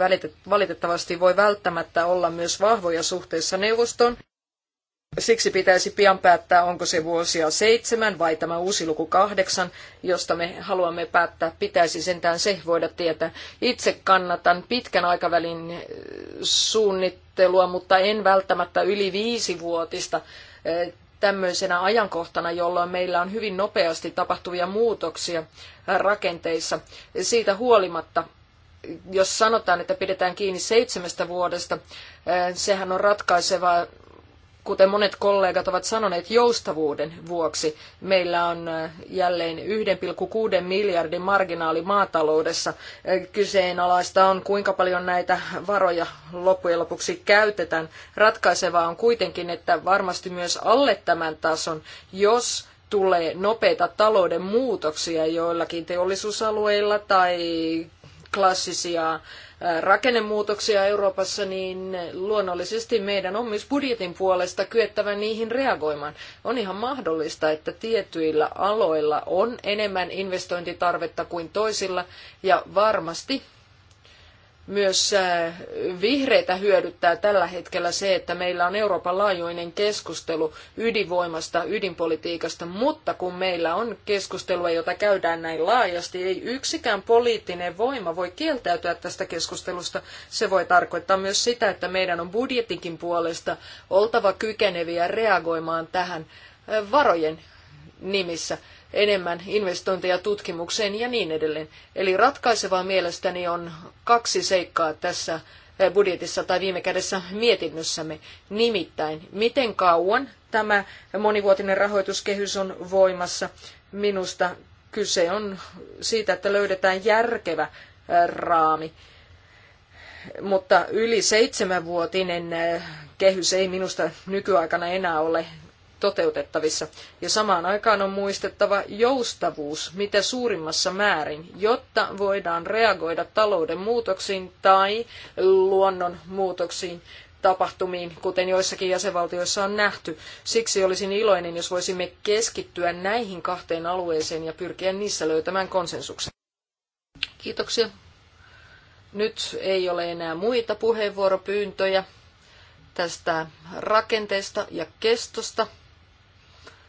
valitettavasti voi välttämättä olla myös vahvoja suhteessa neuvostoon. Siksi pitäisi pian päättää, onko se vuosia seitsemän vai tämä uusi luku kahdeksan, josta me haluamme päättää. Pitäisi sentään se voida tietää. Itse kannatan pitkän aikavälin eh, suunnittelua, mutta en välttämättä yli viisivuotista eh, tämmöisenä ajankohtana, jolloin meillä on hyvin nopeasti tapahtuvia muutoksia eh, rakenteissa. Siitä huolimatta jos sanotaan, että pidetään kiinni seitsemästä vuodesta, sehän on ratkaisevaa kuten monet kollegat ovat sanoneet, joustavuuden vuoksi meillä on äh, jälleen 1,6 miljardin marginaali maataloudessa. Äh, kyseenalaista on, kuinka paljon näitä varoja loppujen lopuksi käytetään. Ratkaisevaa on kuitenkin, että varmasti myös alle tämän tason, jos tulee nopeita talouden muutoksia joillakin teollisuusalueilla tai klassisia äh, rakennemuutoksia Euroopassa, niin luonnollisesti meidän on myös budjetin puolesta kyettävä niihin reagoimaan. On ihan mahdollista, että tietyillä aloilla on enemmän investointitarvetta kuin toisilla, ja varmasti myös äh, vihreitä hyödyttää tällä hetkellä se, että meillä on Euroopan laajuinen keskustelu ydinvoimasta, ydinpolitiikasta, mutta kun meillä on keskustelua, jota käydään näin laajasti, ei yksikään poliittinen voima voi kieltäytyä tästä keskustelusta. Se voi tarkoittaa myös sitä, että meidän on budjetinkin puolesta oltava kykeneviä reagoimaan tähän äh, varojen nimissä enemmän investointeja tutkimukseen ja niin edelleen. Eli ratkaisevaa mielestäni on kaksi seikkaa tässä eh, budjetissa tai viime kädessä mietinnössämme. Nimittäin, miten kauan tämä monivuotinen rahoituskehys on voimassa? Minusta kyse on siitä, että löydetään järkevä eh, raami. Mutta yli seitsemänvuotinen eh, kehys ei minusta nykyaikana enää ole toteutettavissa. Ja samaan aikaan on muistettava joustavuus mitä suurimmassa määrin, jotta voidaan reagoida talouden muutoksiin tai luonnon muutoksiin tapahtumiin, kuten joissakin jäsenvaltioissa on nähty. Siksi olisin iloinen, jos voisimme keskittyä näihin kahteen alueeseen ja pyrkiä niissä löytämään konsensuksen. Kiitoksia. Nyt ei ole enää muita puheenvuoropyyntöjä tästä rakenteesta ja kestosta.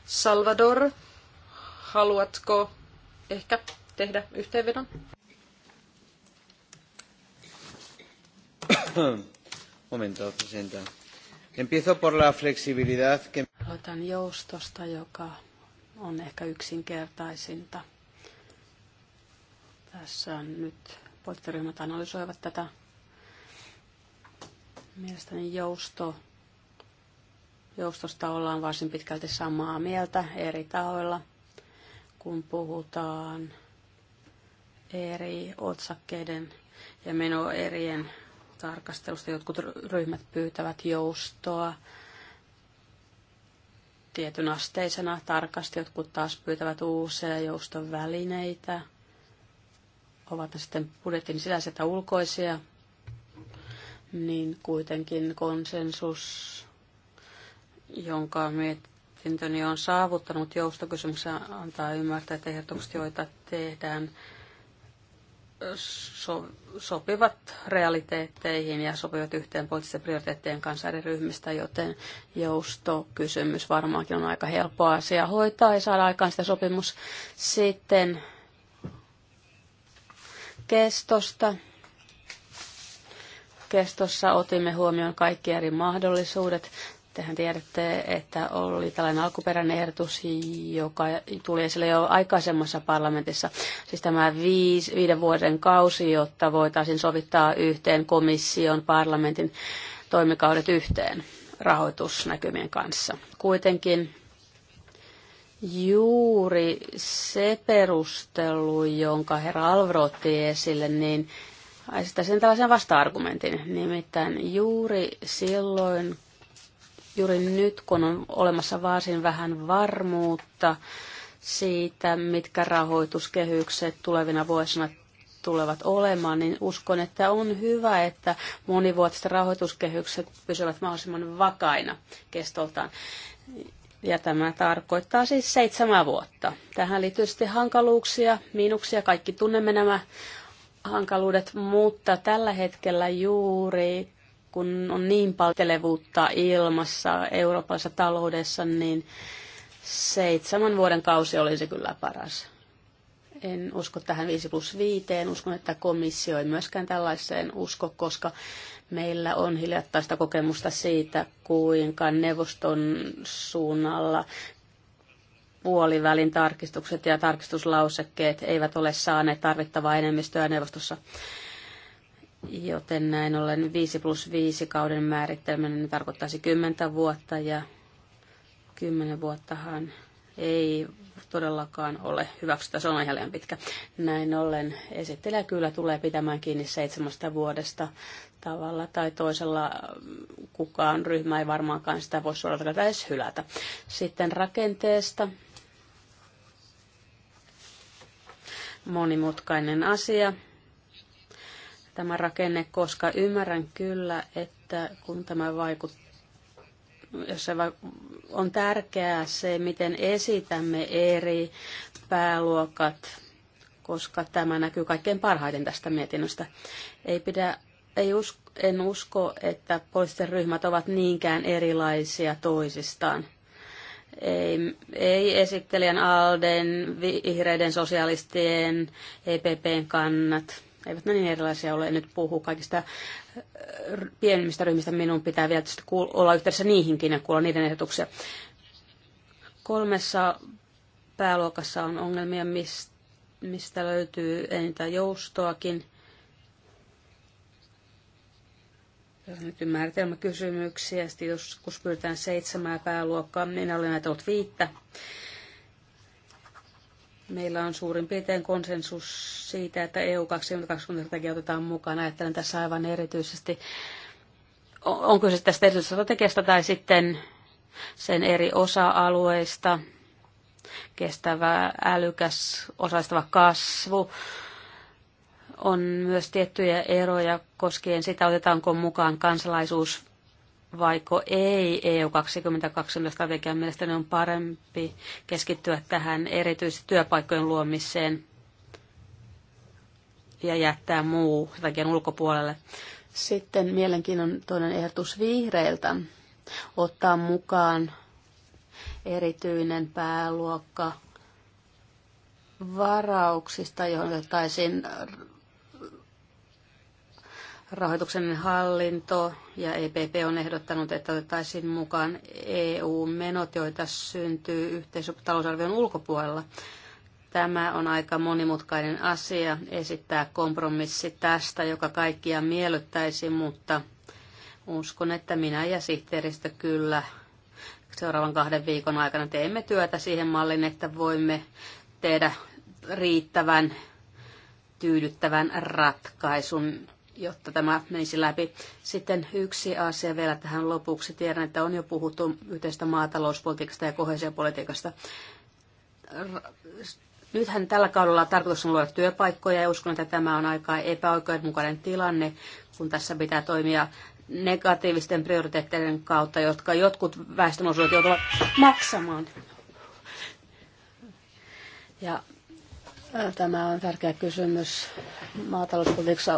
Salvador, haluatko ehkä tehdä yhteenvedon?
<coughs> Momento, presidenta. Empiezo por la flexibilidad que...
Aloitan joustosta, joka on ehkä yksinkertaisinta. Tässä on nyt poliittiryhmät analysoivat tätä. Mielestäni jousto Joustosta ollaan varsin pitkälti samaa mieltä eri tahoilla, kun puhutaan eri otsakkeiden ja menoerien tarkastelusta. Jotkut ryhmät pyytävät joustoa tietyn asteisena tarkasti, jotkut taas pyytävät uusia jouston välineitä, ovat ne sitten budjetin sisäisiä ulkoisia, niin kuitenkin konsensus jonka mietintöni on saavuttanut joustokysymyksessä, antaa ymmärtää, että ehdotukset, joita tehdään, so- sopivat realiteetteihin ja sopivat yhteen poliittisten prioriteettien kanssa eri ryhmistä, joten joustokysymys varmaankin on aika helppo asia hoitaa ja saada aikaan sitä sopimus sitten kestosta. Kestossa otimme huomioon kaikki eri mahdollisuudet. Tehän tiedätte, että oli tällainen alkuperäinen ehdotus, joka tuli esille jo aikaisemmassa parlamentissa. Siis tämä viisi, viiden vuoden kausi, jotta voitaisiin sovittaa yhteen komission, parlamentin toimikaudet yhteen rahoitusnäkymien kanssa. Kuitenkin juuri se perustelu, jonka herra Alvro otti esille, niin esittäisin tällaisen vasta-argumentin. Nimittäin juuri silloin, juuri nyt, kun on olemassa varsin vähän varmuutta siitä, mitkä rahoituskehykset tulevina vuosina tulevat olemaan, niin uskon, että on hyvä, että monivuotiset rahoituskehykset pysyvät mahdollisimman vakaina kestoltaan. Ja tämä tarkoittaa siis seitsemän vuotta. Tähän liittyy sitten hankaluuksia, miinuksia, kaikki tunnemme nämä hankaluudet, mutta tällä hetkellä juuri kun on niin paltelevuutta ilmassa Euroopassa taloudessa, niin seitsemän vuoden kausi olisi kyllä paras. En usko tähän 5 plus 5, uskon, että komissio ei myöskään tällaiseen usko, koska meillä on hiljattaista kokemusta siitä, kuinka neuvoston suunnalla puolivälin tarkistukset ja tarkistuslausekkeet eivät ole saaneet tarvittavaa enemmistöä neuvostossa. Joten näin ollen 5 plus 5 kauden määritteleminen tarkoittaisi 10 vuotta ja 10 vuottahan ei todellakaan ole hyväksytä, se on ihan liian pitkä. Näin ollen esittelijä kyllä tulee pitämään kiinni seitsemästä vuodesta tavalla tai toisella. Kukaan ryhmä ei varmaankaan sitä voi suorata edes hylätä. Sitten rakenteesta. Monimutkainen asia tämä rakenne, koska ymmärrän kyllä, että kun tämä vaikuttaa, jos se on tärkeää se, miten esitämme eri pääluokat, koska tämä näkyy kaikkein parhaiten tästä mietinnöstä. Ei pidä, ei usko, en usko, että poisten ryhmät ovat niinkään erilaisia toisistaan. Ei, ei esittelijän Alden, vihreiden sosialistien, EPPn kannat – eivät ne niin erilaisia ole. En nyt puhu kaikista äh, pienimmistä ryhmistä. Minun pitää vielä tietysti olla yhteydessä niihinkin ja kuulla niiden ehdotuksia. Kolmessa pääluokassa on ongelmia, mistä löytyy enintään joustoakin. nyt määritelmäkysymyksiä. Sitten joskus pyritään seitsemää pääluokkaa. Minä olen näitä ollut viittä meillä on suurin piirtein konsensus siitä, että EU 2020-strategia otetaan mukaan. Ajattelen tässä aivan erityisesti, onko se tästä erityisestä strategiasta tai sitten sen eri osa-alueista, kestävä, älykäs, osaistava kasvu. On myös tiettyjä eroja koskien sitä, otetaanko mukaan kansalaisuus, vaiko ei EU 2020 strategian mielestäni on parempi keskittyä tähän erityisesti työpaikkojen luomiseen ja jättää muu strategian ulkopuolelle. Sitten toinen ehdotus vihreiltä ottaa mukaan erityinen pääluokka varauksista, johon otettaisiin rahoituksen hallinto ja EPP on ehdottanut, että otettaisiin mukaan EU-menot, joita syntyy yhteisötalousarvion ulkopuolella. Tämä on aika monimutkainen asia esittää kompromissi tästä, joka kaikkia miellyttäisi, mutta uskon, että minä ja sihteeristö kyllä seuraavan kahden viikon aikana teemme työtä siihen mallin, että voimme tehdä riittävän tyydyttävän ratkaisun jotta tämä menisi läpi. Sitten yksi asia vielä tähän lopuksi. Tiedän, että on jo puhuttu yhteistä maatalouspolitiikasta ja kohesiopolitiikasta. Nythän tällä kaudella tarkoitus on luoda työpaikkoja ja uskon, että tämä on aika epäoikeudenmukainen tilanne, kun tässä pitää toimia negatiivisten prioriteetteiden kautta, jotka jotkut väestönosuudet joutuvat maksamaan. Ja Tämä on tärkeä kysymys. Maatalouspolitiikassa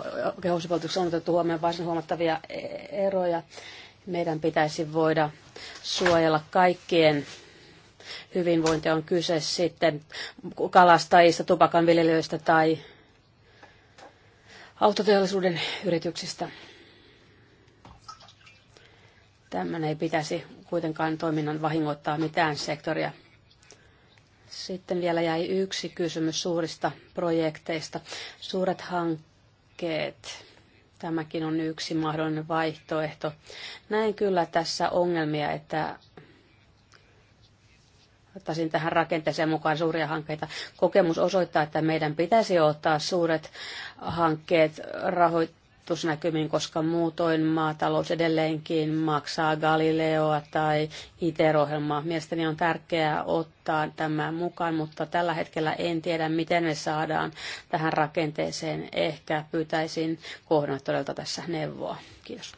ja on otettu huomioon varsin huomattavia e- eroja. Meidän pitäisi voida suojella kaikkien hyvinvointia on kyse sitten kalastajista, tupakanviljelijöistä tai
autoteollisuuden
yrityksistä. Tämän ei pitäisi kuitenkaan toiminnan vahingoittaa mitään sektoria. Sitten vielä jäi yksi kysymys suurista projekteista. Suuret hankkeet. Tämäkin on yksi mahdollinen vaihtoehto. Näin kyllä tässä ongelmia, että ottaisin tähän rakenteeseen mukaan suuria hankkeita. Kokemus osoittaa, että meidän pitäisi ottaa suuret hankkeet rahoit- rahoitusnäkymiin, koska muutoin maatalous edelleenkin maksaa Galileoa tai ITER-ohjelmaa. Mielestäni on tärkeää ottaa tämä mukaan, mutta tällä hetkellä en tiedä, miten me saadaan tähän rakenteeseen. Ehkä pyytäisin todella tässä neuvoa. Kiitos.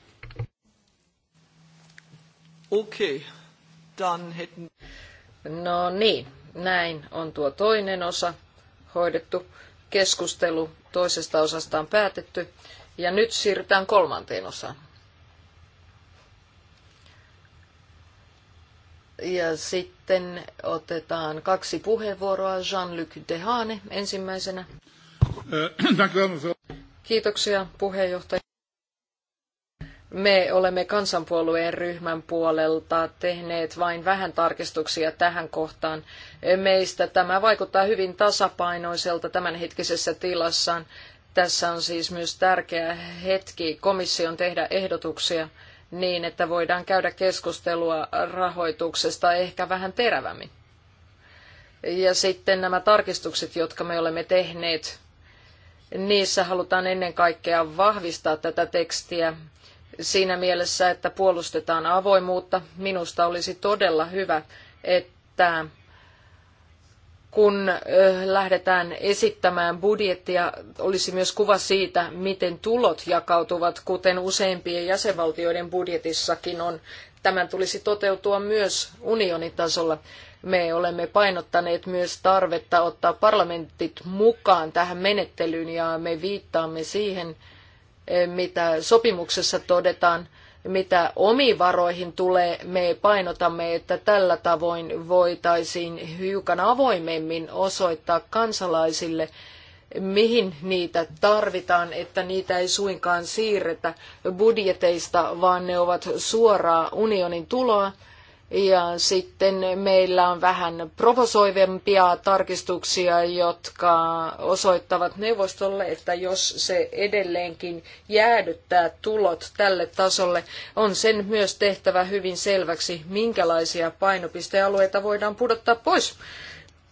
Okei, okay. dann
No niin, näin on tuo toinen osa hoidettu. Keskustelu toisesta osasta on päätetty. Ja nyt siirrytään kolmanteen osaan. Ja sitten otetaan kaksi puheenvuoroa. Jean-Luc Dehane ensimmäisenä. Kiitoksia puheenjohtaja. Me olemme kansanpuolueen ryhmän puolelta tehneet vain vähän tarkistuksia tähän kohtaan. Meistä tämä vaikuttaa hyvin tasapainoiselta tämänhetkisessä tilassaan. Tässä on siis myös tärkeä hetki komission tehdä ehdotuksia niin, että voidaan käydä keskustelua rahoituksesta ehkä vähän terävämmin. Ja sitten nämä tarkistukset, jotka me olemme tehneet, niissä halutaan ennen kaikkea vahvistaa tätä tekstiä siinä mielessä, että puolustetaan avoimuutta. Minusta olisi todella hyvä, että kun lähdetään esittämään budjettia, olisi myös kuva siitä, miten tulot jakautuvat, kuten useimpien jäsenvaltioiden budjetissakin on. Tämän tulisi toteutua myös unionitasolla. Me olemme painottaneet myös tarvetta ottaa parlamentit mukaan tähän menettelyyn ja me viittaamme siihen, mitä sopimuksessa todetaan – mitä omiin varoihin tulee, me painotamme, että tällä tavoin voitaisiin hiukan avoimemmin osoittaa kansalaisille, mihin niitä tarvitaan, että niitä ei suinkaan siirretä budjeteista, vaan ne ovat suoraa unionin tuloa ja sitten meillä on vähän provosoivempia tarkistuksia, jotka osoittavat neuvostolle, että jos se edelleenkin jäädyttää tulot tälle tasolle, on sen myös tehtävä hyvin selväksi, minkälaisia painopistealueita voidaan pudottaa pois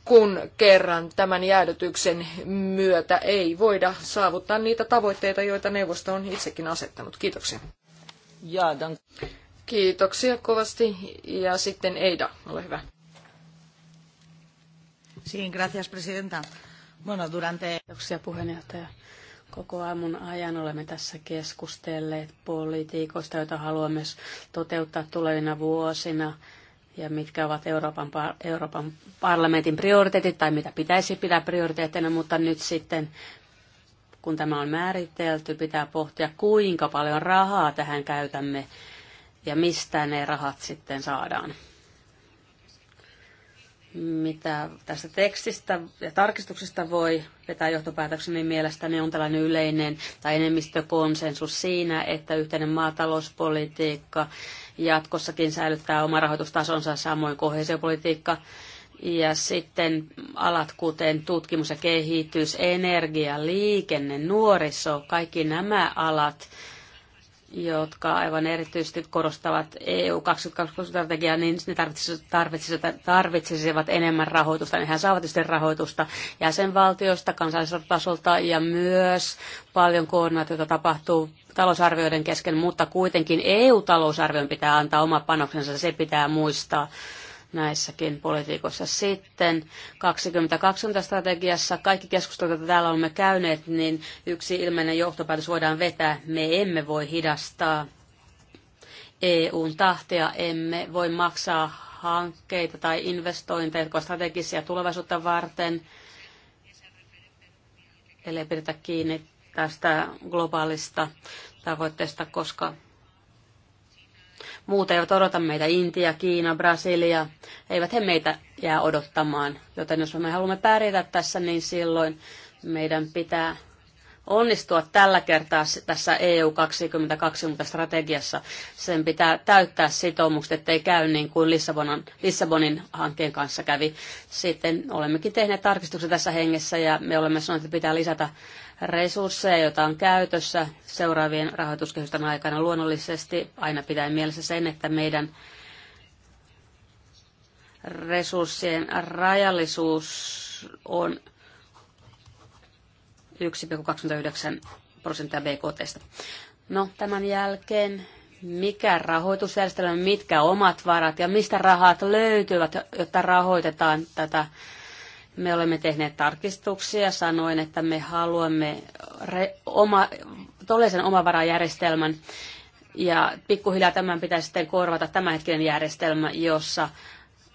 kun kerran tämän jäädytyksen myötä ei voida saavuttaa niitä tavoitteita, joita neuvosto on itsekin asettanut. Kiitoksia. Kiitoksia kovasti. Ja sitten Eida, ole hyvä.
Siin, gracias, presidenta. Bueno, durante... Kiitoksia puheenjohtaja. Koko aamun ajan olemme tässä keskustelleet politiikoista, joita haluamme toteuttaa tulevina vuosina ja mitkä ovat Euroopan, Euroopan parlamentin prioriteetit tai mitä pitäisi pitää prioriteetteina, mutta nyt sitten kun tämä on määritelty, pitää pohtia kuinka paljon rahaa tähän käytämme ja mistä ne rahat sitten saadaan. Mitä tästä tekstistä ja tarkistuksesta voi vetää johtopäätöksen, niin mielestäni on tällainen yleinen tai enemmistökonsensus siinä, että yhteinen maatalouspolitiikka jatkossakin säilyttää oma rahoitustasonsa, samoin kohesiopolitiikka ja sitten alat kuten tutkimus ja kehitys, energia, liikenne, nuoriso, kaikki nämä alat – jotka aivan erityisesti korostavat EU 2020-strategiaa, niin ne tarvitsisivat, tarvitsisivat, tarvitsisivat enemmän rahoitusta. Nehän saavat sitten rahoitusta jäsenvaltioista, kansalliselta tasolta ja myös paljon koordinaatiota tapahtuu talousarvioiden kesken, mutta kuitenkin EU-talousarvion pitää antaa oma panoksensa, se pitää muistaa näissäkin politiikoissa. Sitten 2020 strategiassa kaikki keskustelut, joita täällä olemme käyneet, niin yksi ilmeinen johtopäätös voidaan vetää. Me emme voi hidastaa EUn tahtia, emme voi maksaa hankkeita tai investointeja, jotka ovat strategisia tulevaisuutta varten, Ei pidetä kiinni tästä globaalista tavoitteesta, koska Muut eivät odota meitä, Intia, Kiina, Brasilia, eivät he meitä jää odottamaan. Joten jos me haluamme pärjätä tässä, niin silloin meidän pitää onnistua tällä kertaa tässä EU 2020 strategiassa. Sen pitää täyttää sitoumukset, ettei käy niin kuin Lissabonin, Lissabonin hankkeen kanssa kävi. Sitten olemmekin tehneet tarkistuksen tässä hengessä ja me olemme sanoneet, että pitää lisätä resursseja, joita on käytössä seuraavien rahoituskehysten aikana. Luonnollisesti aina pitää mielessä sen, että meidän resurssien rajallisuus on 1,29 prosenttia BKT. No, tämän jälkeen mikä rahoitusjärjestelmä, mitkä omat varat ja mistä rahat löytyvät, jotta rahoitetaan tätä me olemme tehneet tarkistuksia, sanoin, että me haluamme re- oma, omavarajärjestelmän, ja pikkuhiljaa tämän pitäisi sitten korvata tämänhetkinen järjestelmä, jossa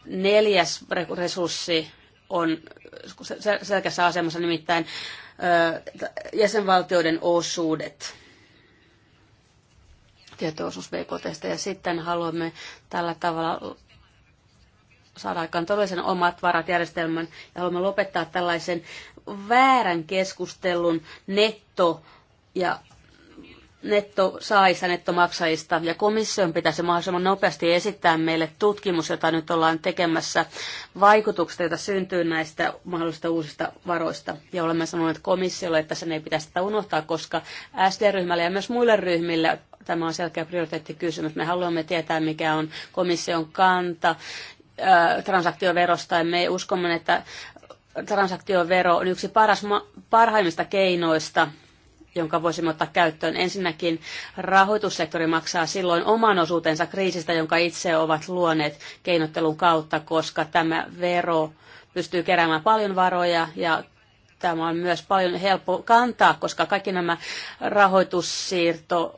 neljäs resurssi on selkeässä asemassa, nimittäin jäsenvaltioiden osuudet tietoisuus BKT. ja sitten haluamme tällä tavalla saada aikaan todellisen omat varat järjestelmän ja haluamme lopettaa tällaisen väärän keskustelun netto- ja netto netto nettomaksajista, ja komission pitäisi mahdollisimman nopeasti esittää meille tutkimus, jota nyt ollaan tekemässä, vaikutuksista, joita syntyy näistä mahdollisista uusista varoista. Ja olemme sanoneet komissiolle, että sen ei pitäisi tätä unohtaa, koska SD-ryhmälle ja myös muille ryhmille tämä on selkeä prioriteettikysymys. Me haluamme tietää, mikä on komission kanta Äh, transaktioverosta ja me uskomme, että transaktiovero on yksi paras, parhaimmista keinoista jonka voisimme ottaa käyttöön. Ensinnäkin rahoitussektori maksaa silloin oman osuutensa kriisistä, jonka itse ovat luoneet keinottelun kautta, koska tämä vero pystyy keräämään paljon varoja ja tämä on myös paljon helppo kantaa, koska kaikki nämä rahoitussiirto,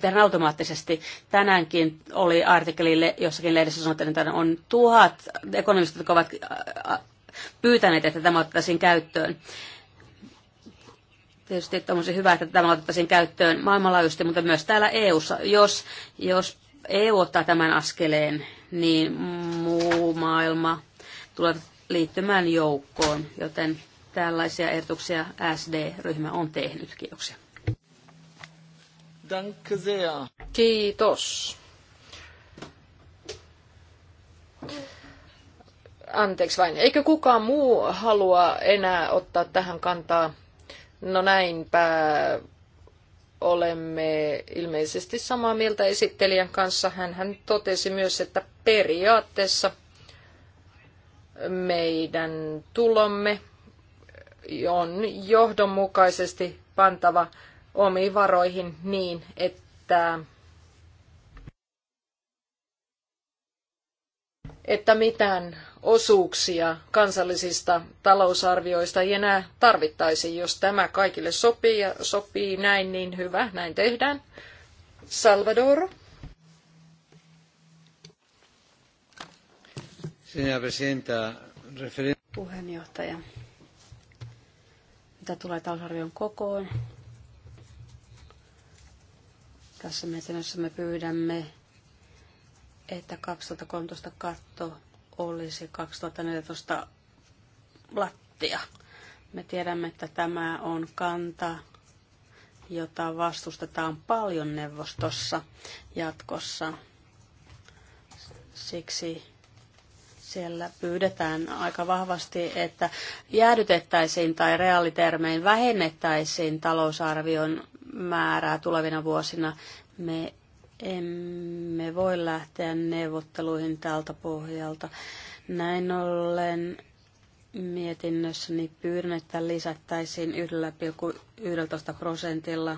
tehdään automaattisesti. Tänäänkin oli artikkelille jossakin lehdessä sanottiin, että on tuhat ekonomista, jotka ovat pyytäneet, että tämä otettaisiin käyttöön. Tietysti on hyvä, että tämä otettaisiin käyttöön maailmanlaajuisesti, mutta myös täällä EU:ssa. Jos, jos EU ottaa tämän askeleen, niin muu maailma tulee liittymään joukkoon, joten tällaisia ehdotuksia SD-ryhmä on tehnyt. Kiitoksia.
Kiitos. Anteeksi vain. Eikö kukaan muu halua enää ottaa tähän kantaa? No näinpä olemme ilmeisesti samaa mieltä esittelijän kanssa. Hän, hän totesi myös, että periaatteessa meidän tulomme on johdonmukaisesti pantava omiin varoihin niin, että että mitään osuuksia kansallisista talousarvioista ei enää tarvittaisi. Jos tämä kaikille sopii ja sopii näin, niin hyvä, näin tehdään. Salvador.
Puheenjohtaja, mitä tulee talousarvion kokoon? Tässä mietinnössä me pyydämme, että 2013 katto olisi 2014 lattia. Me tiedämme, että tämä on kanta, jota vastustetaan paljon neuvostossa jatkossa. Siksi siellä pyydetään aika vahvasti, että jäädytettäisiin tai reaalitermein vähennettäisiin talousarvion määrää tulevina vuosina. Me emme voi lähteä neuvotteluihin tältä pohjalta. Näin ollen mietinnössäni pyydän, että lisättäisiin 1,11 prosentilla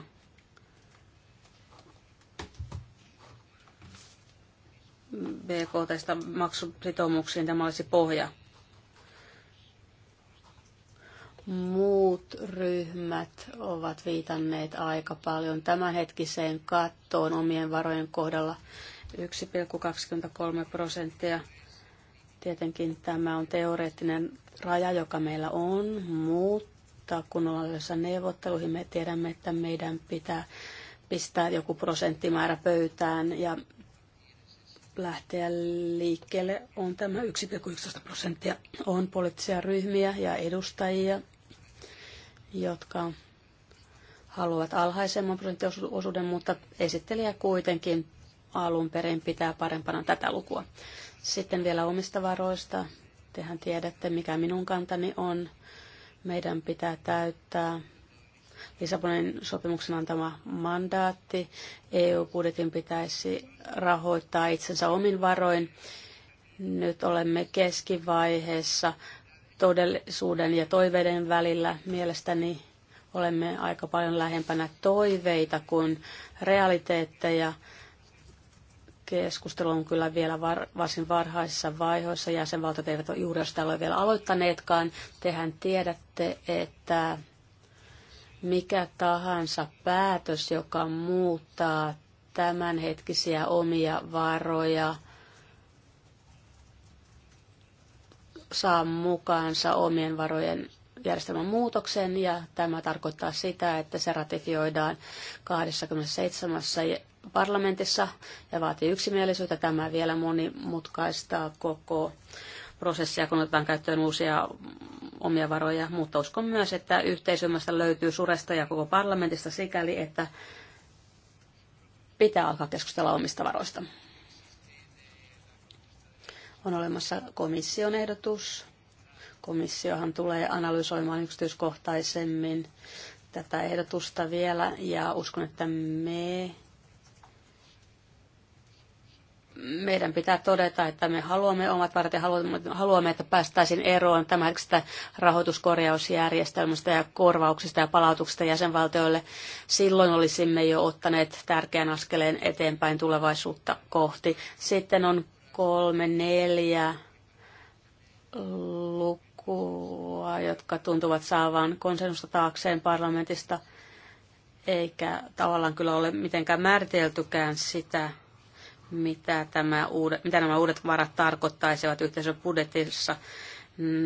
BKTstä maksusitoumuksiin tämä olisi pohja. Muut ryhmät ovat viitanneet aika paljon tämänhetkiseen kattoon omien varojen kohdalla 1,23 prosenttia. Tietenkin tämä on teoreettinen raja, joka meillä on, mutta kun ollaan yhdessä neuvotteluihin, me tiedämme, että meidän pitää pistää joku prosenttimäärä pöytään ja lähteä liikkeelle on tämä 1,11 prosenttia. On poliittisia ryhmiä ja edustajia, jotka haluavat alhaisemman prosenttiosuuden, mutta esittelijä kuitenkin alun perin pitää parempana tätä lukua. Sitten vielä omista varoista. Tehän tiedätte, mikä minun kantani on. Meidän pitää täyttää Lissabonin sopimuksen antama mandaatti. EU-budjetin pitäisi rahoittaa itsensä omin varoin. Nyt olemme keskivaiheessa todellisuuden ja toiveiden välillä. Mielestäni olemme aika paljon lähempänä toiveita kuin realiteetteja. Keskustelu on kyllä vielä var, varsin varhaisissa vaiheissa. Jäsenvaltiot eivät ole juuri sitä ole vielä aloittaneetkaan. Tehän tiedätte, että mikä tahansa päätös, joka muuttaa tämänhetkisiä omia varoja, saa mukaansa omien varojen järjestelmän muutoksen ja tämä tarkoittaa sitä, että se ratifioidaan 27 parlamentissa ja vaatii yksimielisyyttä. Tämä vielä monimutkaistaa koko prosessia, kun otetaan käyttöön uusia omia varoja, mutta uskon myös, että yhteisymmästä löytyy suresta ja koko parlamentista sikäli, että pitää alkaa keskustella omista varoista. On olemassa komission ehdotus. Komissiohan tulee analysoimaan yksityiskohtaisemmin tätä ehdotusta vielä ja uskon, että me meidän pitää todeta, että me haluamme omat ja haluamme, että päästäisiin eroon tämästä rahoituskorjausjärjestelmästä ja korvauksista ja palautuksista jäsenvaltioille. Silloin olisimme jo ottaneet tärkeän askeleen eteenpäin tulevaisuutta kohti. Sitten on kolme, neljä lukua, jotka tuntuvat saavan konsensusta taakseen parlamentista, eikä tavallaan kyllä ole mitenkään määriteltykään sitä, mitä, tämä uude, mitä nämä uudet varat tarkoittaisivat yhteisön budjetissa.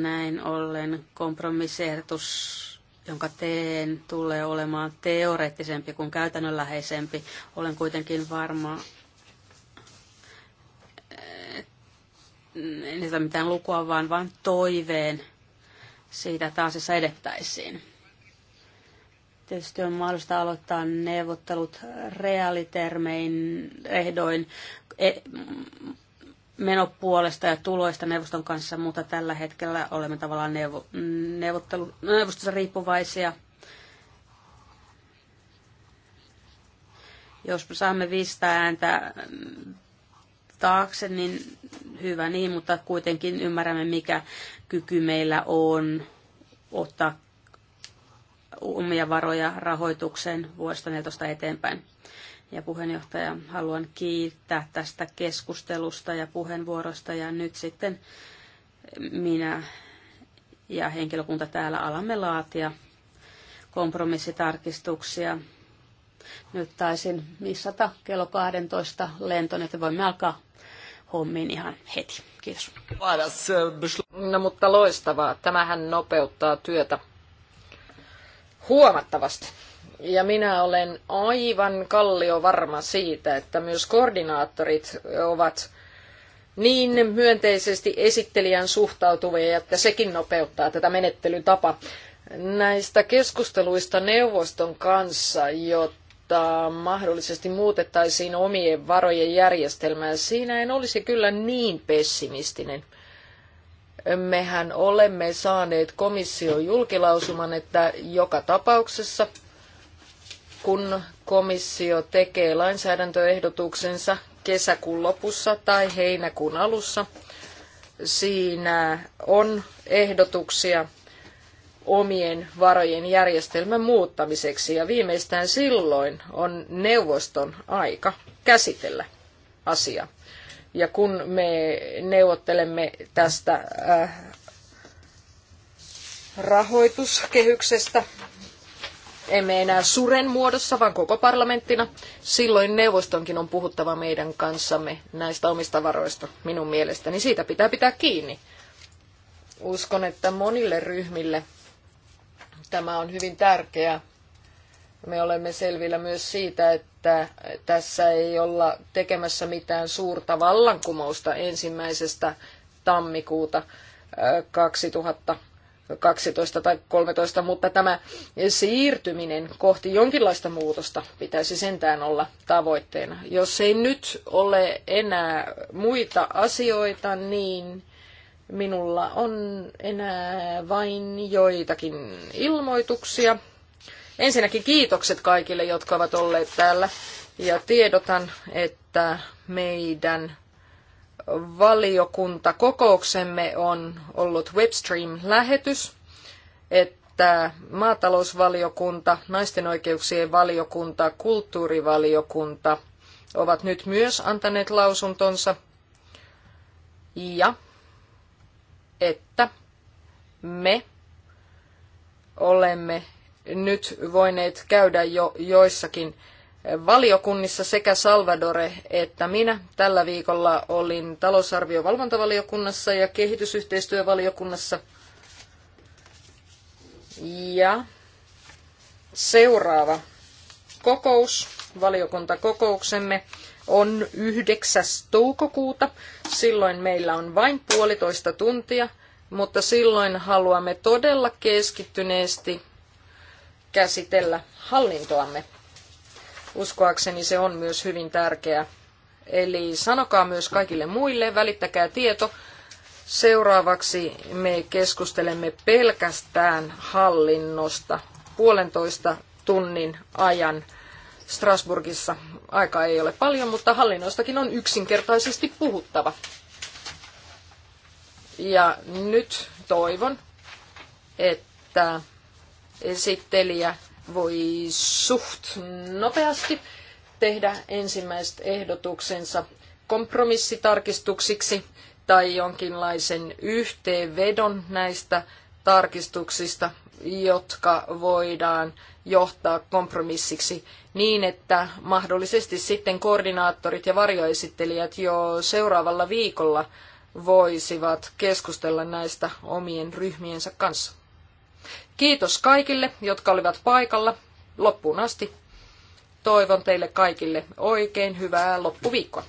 Näin ollen kompromisseertus, jonka teen, tulee olemaan teoreettisempi kuin käytännönläheisempi. Olen kuitenkin varma, en sitä mitään lukua, vaan vain toiveen siitä, että asiassa edettäisiin. Tietysti on mahdollista aloittaa neuvottelut reaalitermein ehdoin e, menopuolesta ja tuloista neuvoston kanssa, mutta tällä hetkellä olemme tavallaan neuvo, neuvottelu, neuvostossa riippuvaisia. Jos saamme 500 ääntä taakse, niin hyvä niin, mutta kuitenkin ymmärrämme, mikä kyky meillä on ottaa omia varoja rahoitukseen vuodesta 14 eteenpäin. Ja puheenjohtaja, haluan kiittää tästä keskustelusta ja puheenvuorosta ja nyt sitten minä ja henkilökunta täällä alamme laatia kompromissitarkistuksia. Nyt taisin missata kello 12 lentoon, että voimme alkaa hommiin ihan heti. Kiitos.
No mutta loistavaa. Tämähän nopeuttaa työtä huomattavasti. Ja minä olen aivan kallio varma siitä, että myös koordinaattorit ovat niin myönteisesti esittelijän suhtautuvia, että sekin nopeuttaa tätä menettelytapaa näistä keskusteluista neuvoston kanssa, jotta mahdollisesti muutettaisiin omien varojen järjestelmää. Siinä en olisi kyllä niin pessimistinen. Mehän olemme saaneet komission julkilausuman, että joka tapauksessa, kun komissio tekee lainsäädäntöehdotuksensa kesäkuun lopussa tai heinäkuun alussa, siinä on ehdotuksia omien varojen järjestelmän muuttamiseksi ja viimeistään silloin on neuvoston aika käsitellä asia. Ja kun me neuvottelemme tästä äh, rahoituskehyksestä, emme enää suren muodossa, vaan koko parlamenttina, silloin neuvostonkin on puhuttava meidän kanssamme näistä omista varoista, minun mielestäni. Siitä pitää pitää kiinni. Uskon, että monille ryhmille tämä on hyvin tärkeää. Me olemme selvillä myös siitä, että että tässä ei olla tekemässä mitään suurta vallankumousta ensimmäisestä tammikuuta 2000 tai 13, mutta tämä siirtyminen kohti jonkinlaista muutosta pitäisi sentään olla tavoitteena. Jos ei nyt ole enää muita asioita, niin minulla on enää vain joitakin ilmoituksia. Ensinnäkin kiitokset kaikille, jotka ovat olleet täällä. Ja tiedotan, että meidän valiokuntakokouksemme on ollut Webstream-lähetys, että maatalousvaliokunta, naisten oikeuksien valiokunta, kulttuurivaliokunta ovat nyt myös antaneet lausuntonsa ja että me olemme nyt voineet käydä jo joissakin valiokunnissa sekä Salvadore että minä. Tällä viikolla olin talousarviovalvontavaliokunnassa ja kehitysyhteistyövaliokunnassa. Ja seuraava kokous, valiokuntakokouksemme on 9. toukokuuta. Silloin meillä on vain puolitoista tuntia, mutta silloin haluamme todella keskittyneesti käsitellä hallintoamme. Uskoakseni se on myös hyvin tärkeä. Eli sanokaa myös kaikille muille, välittäkää tieto. Seuraavaksi me keskustelemme pelkästään hallinnosta puolentoista tunnin ajan Strasburgissa. Aika ei ole paljon, mutta hallinnoistakin on yksinkertaisesti puhuttava. Ja nyt toivon, että esittelijä voi suht nopeasti tehdä ensimmäiset ehdotuksensa kompromissitarkistuksiksi tai jonkinlaisen yhteenvedon näistä tarkistuksista, jotka voidaan johtaa kompromissiksi niin, että mahdollisesti sitten koordinaattorit ja varjoesittelijät jo seuraavalla viikolla voisivat keskustella näistä omien ryhmiensä kanssa. Kiitos kaikille, jotka olivat paikalla loppuun asti. Toivon teille kaikille oikein hyvää loppuviikkoa.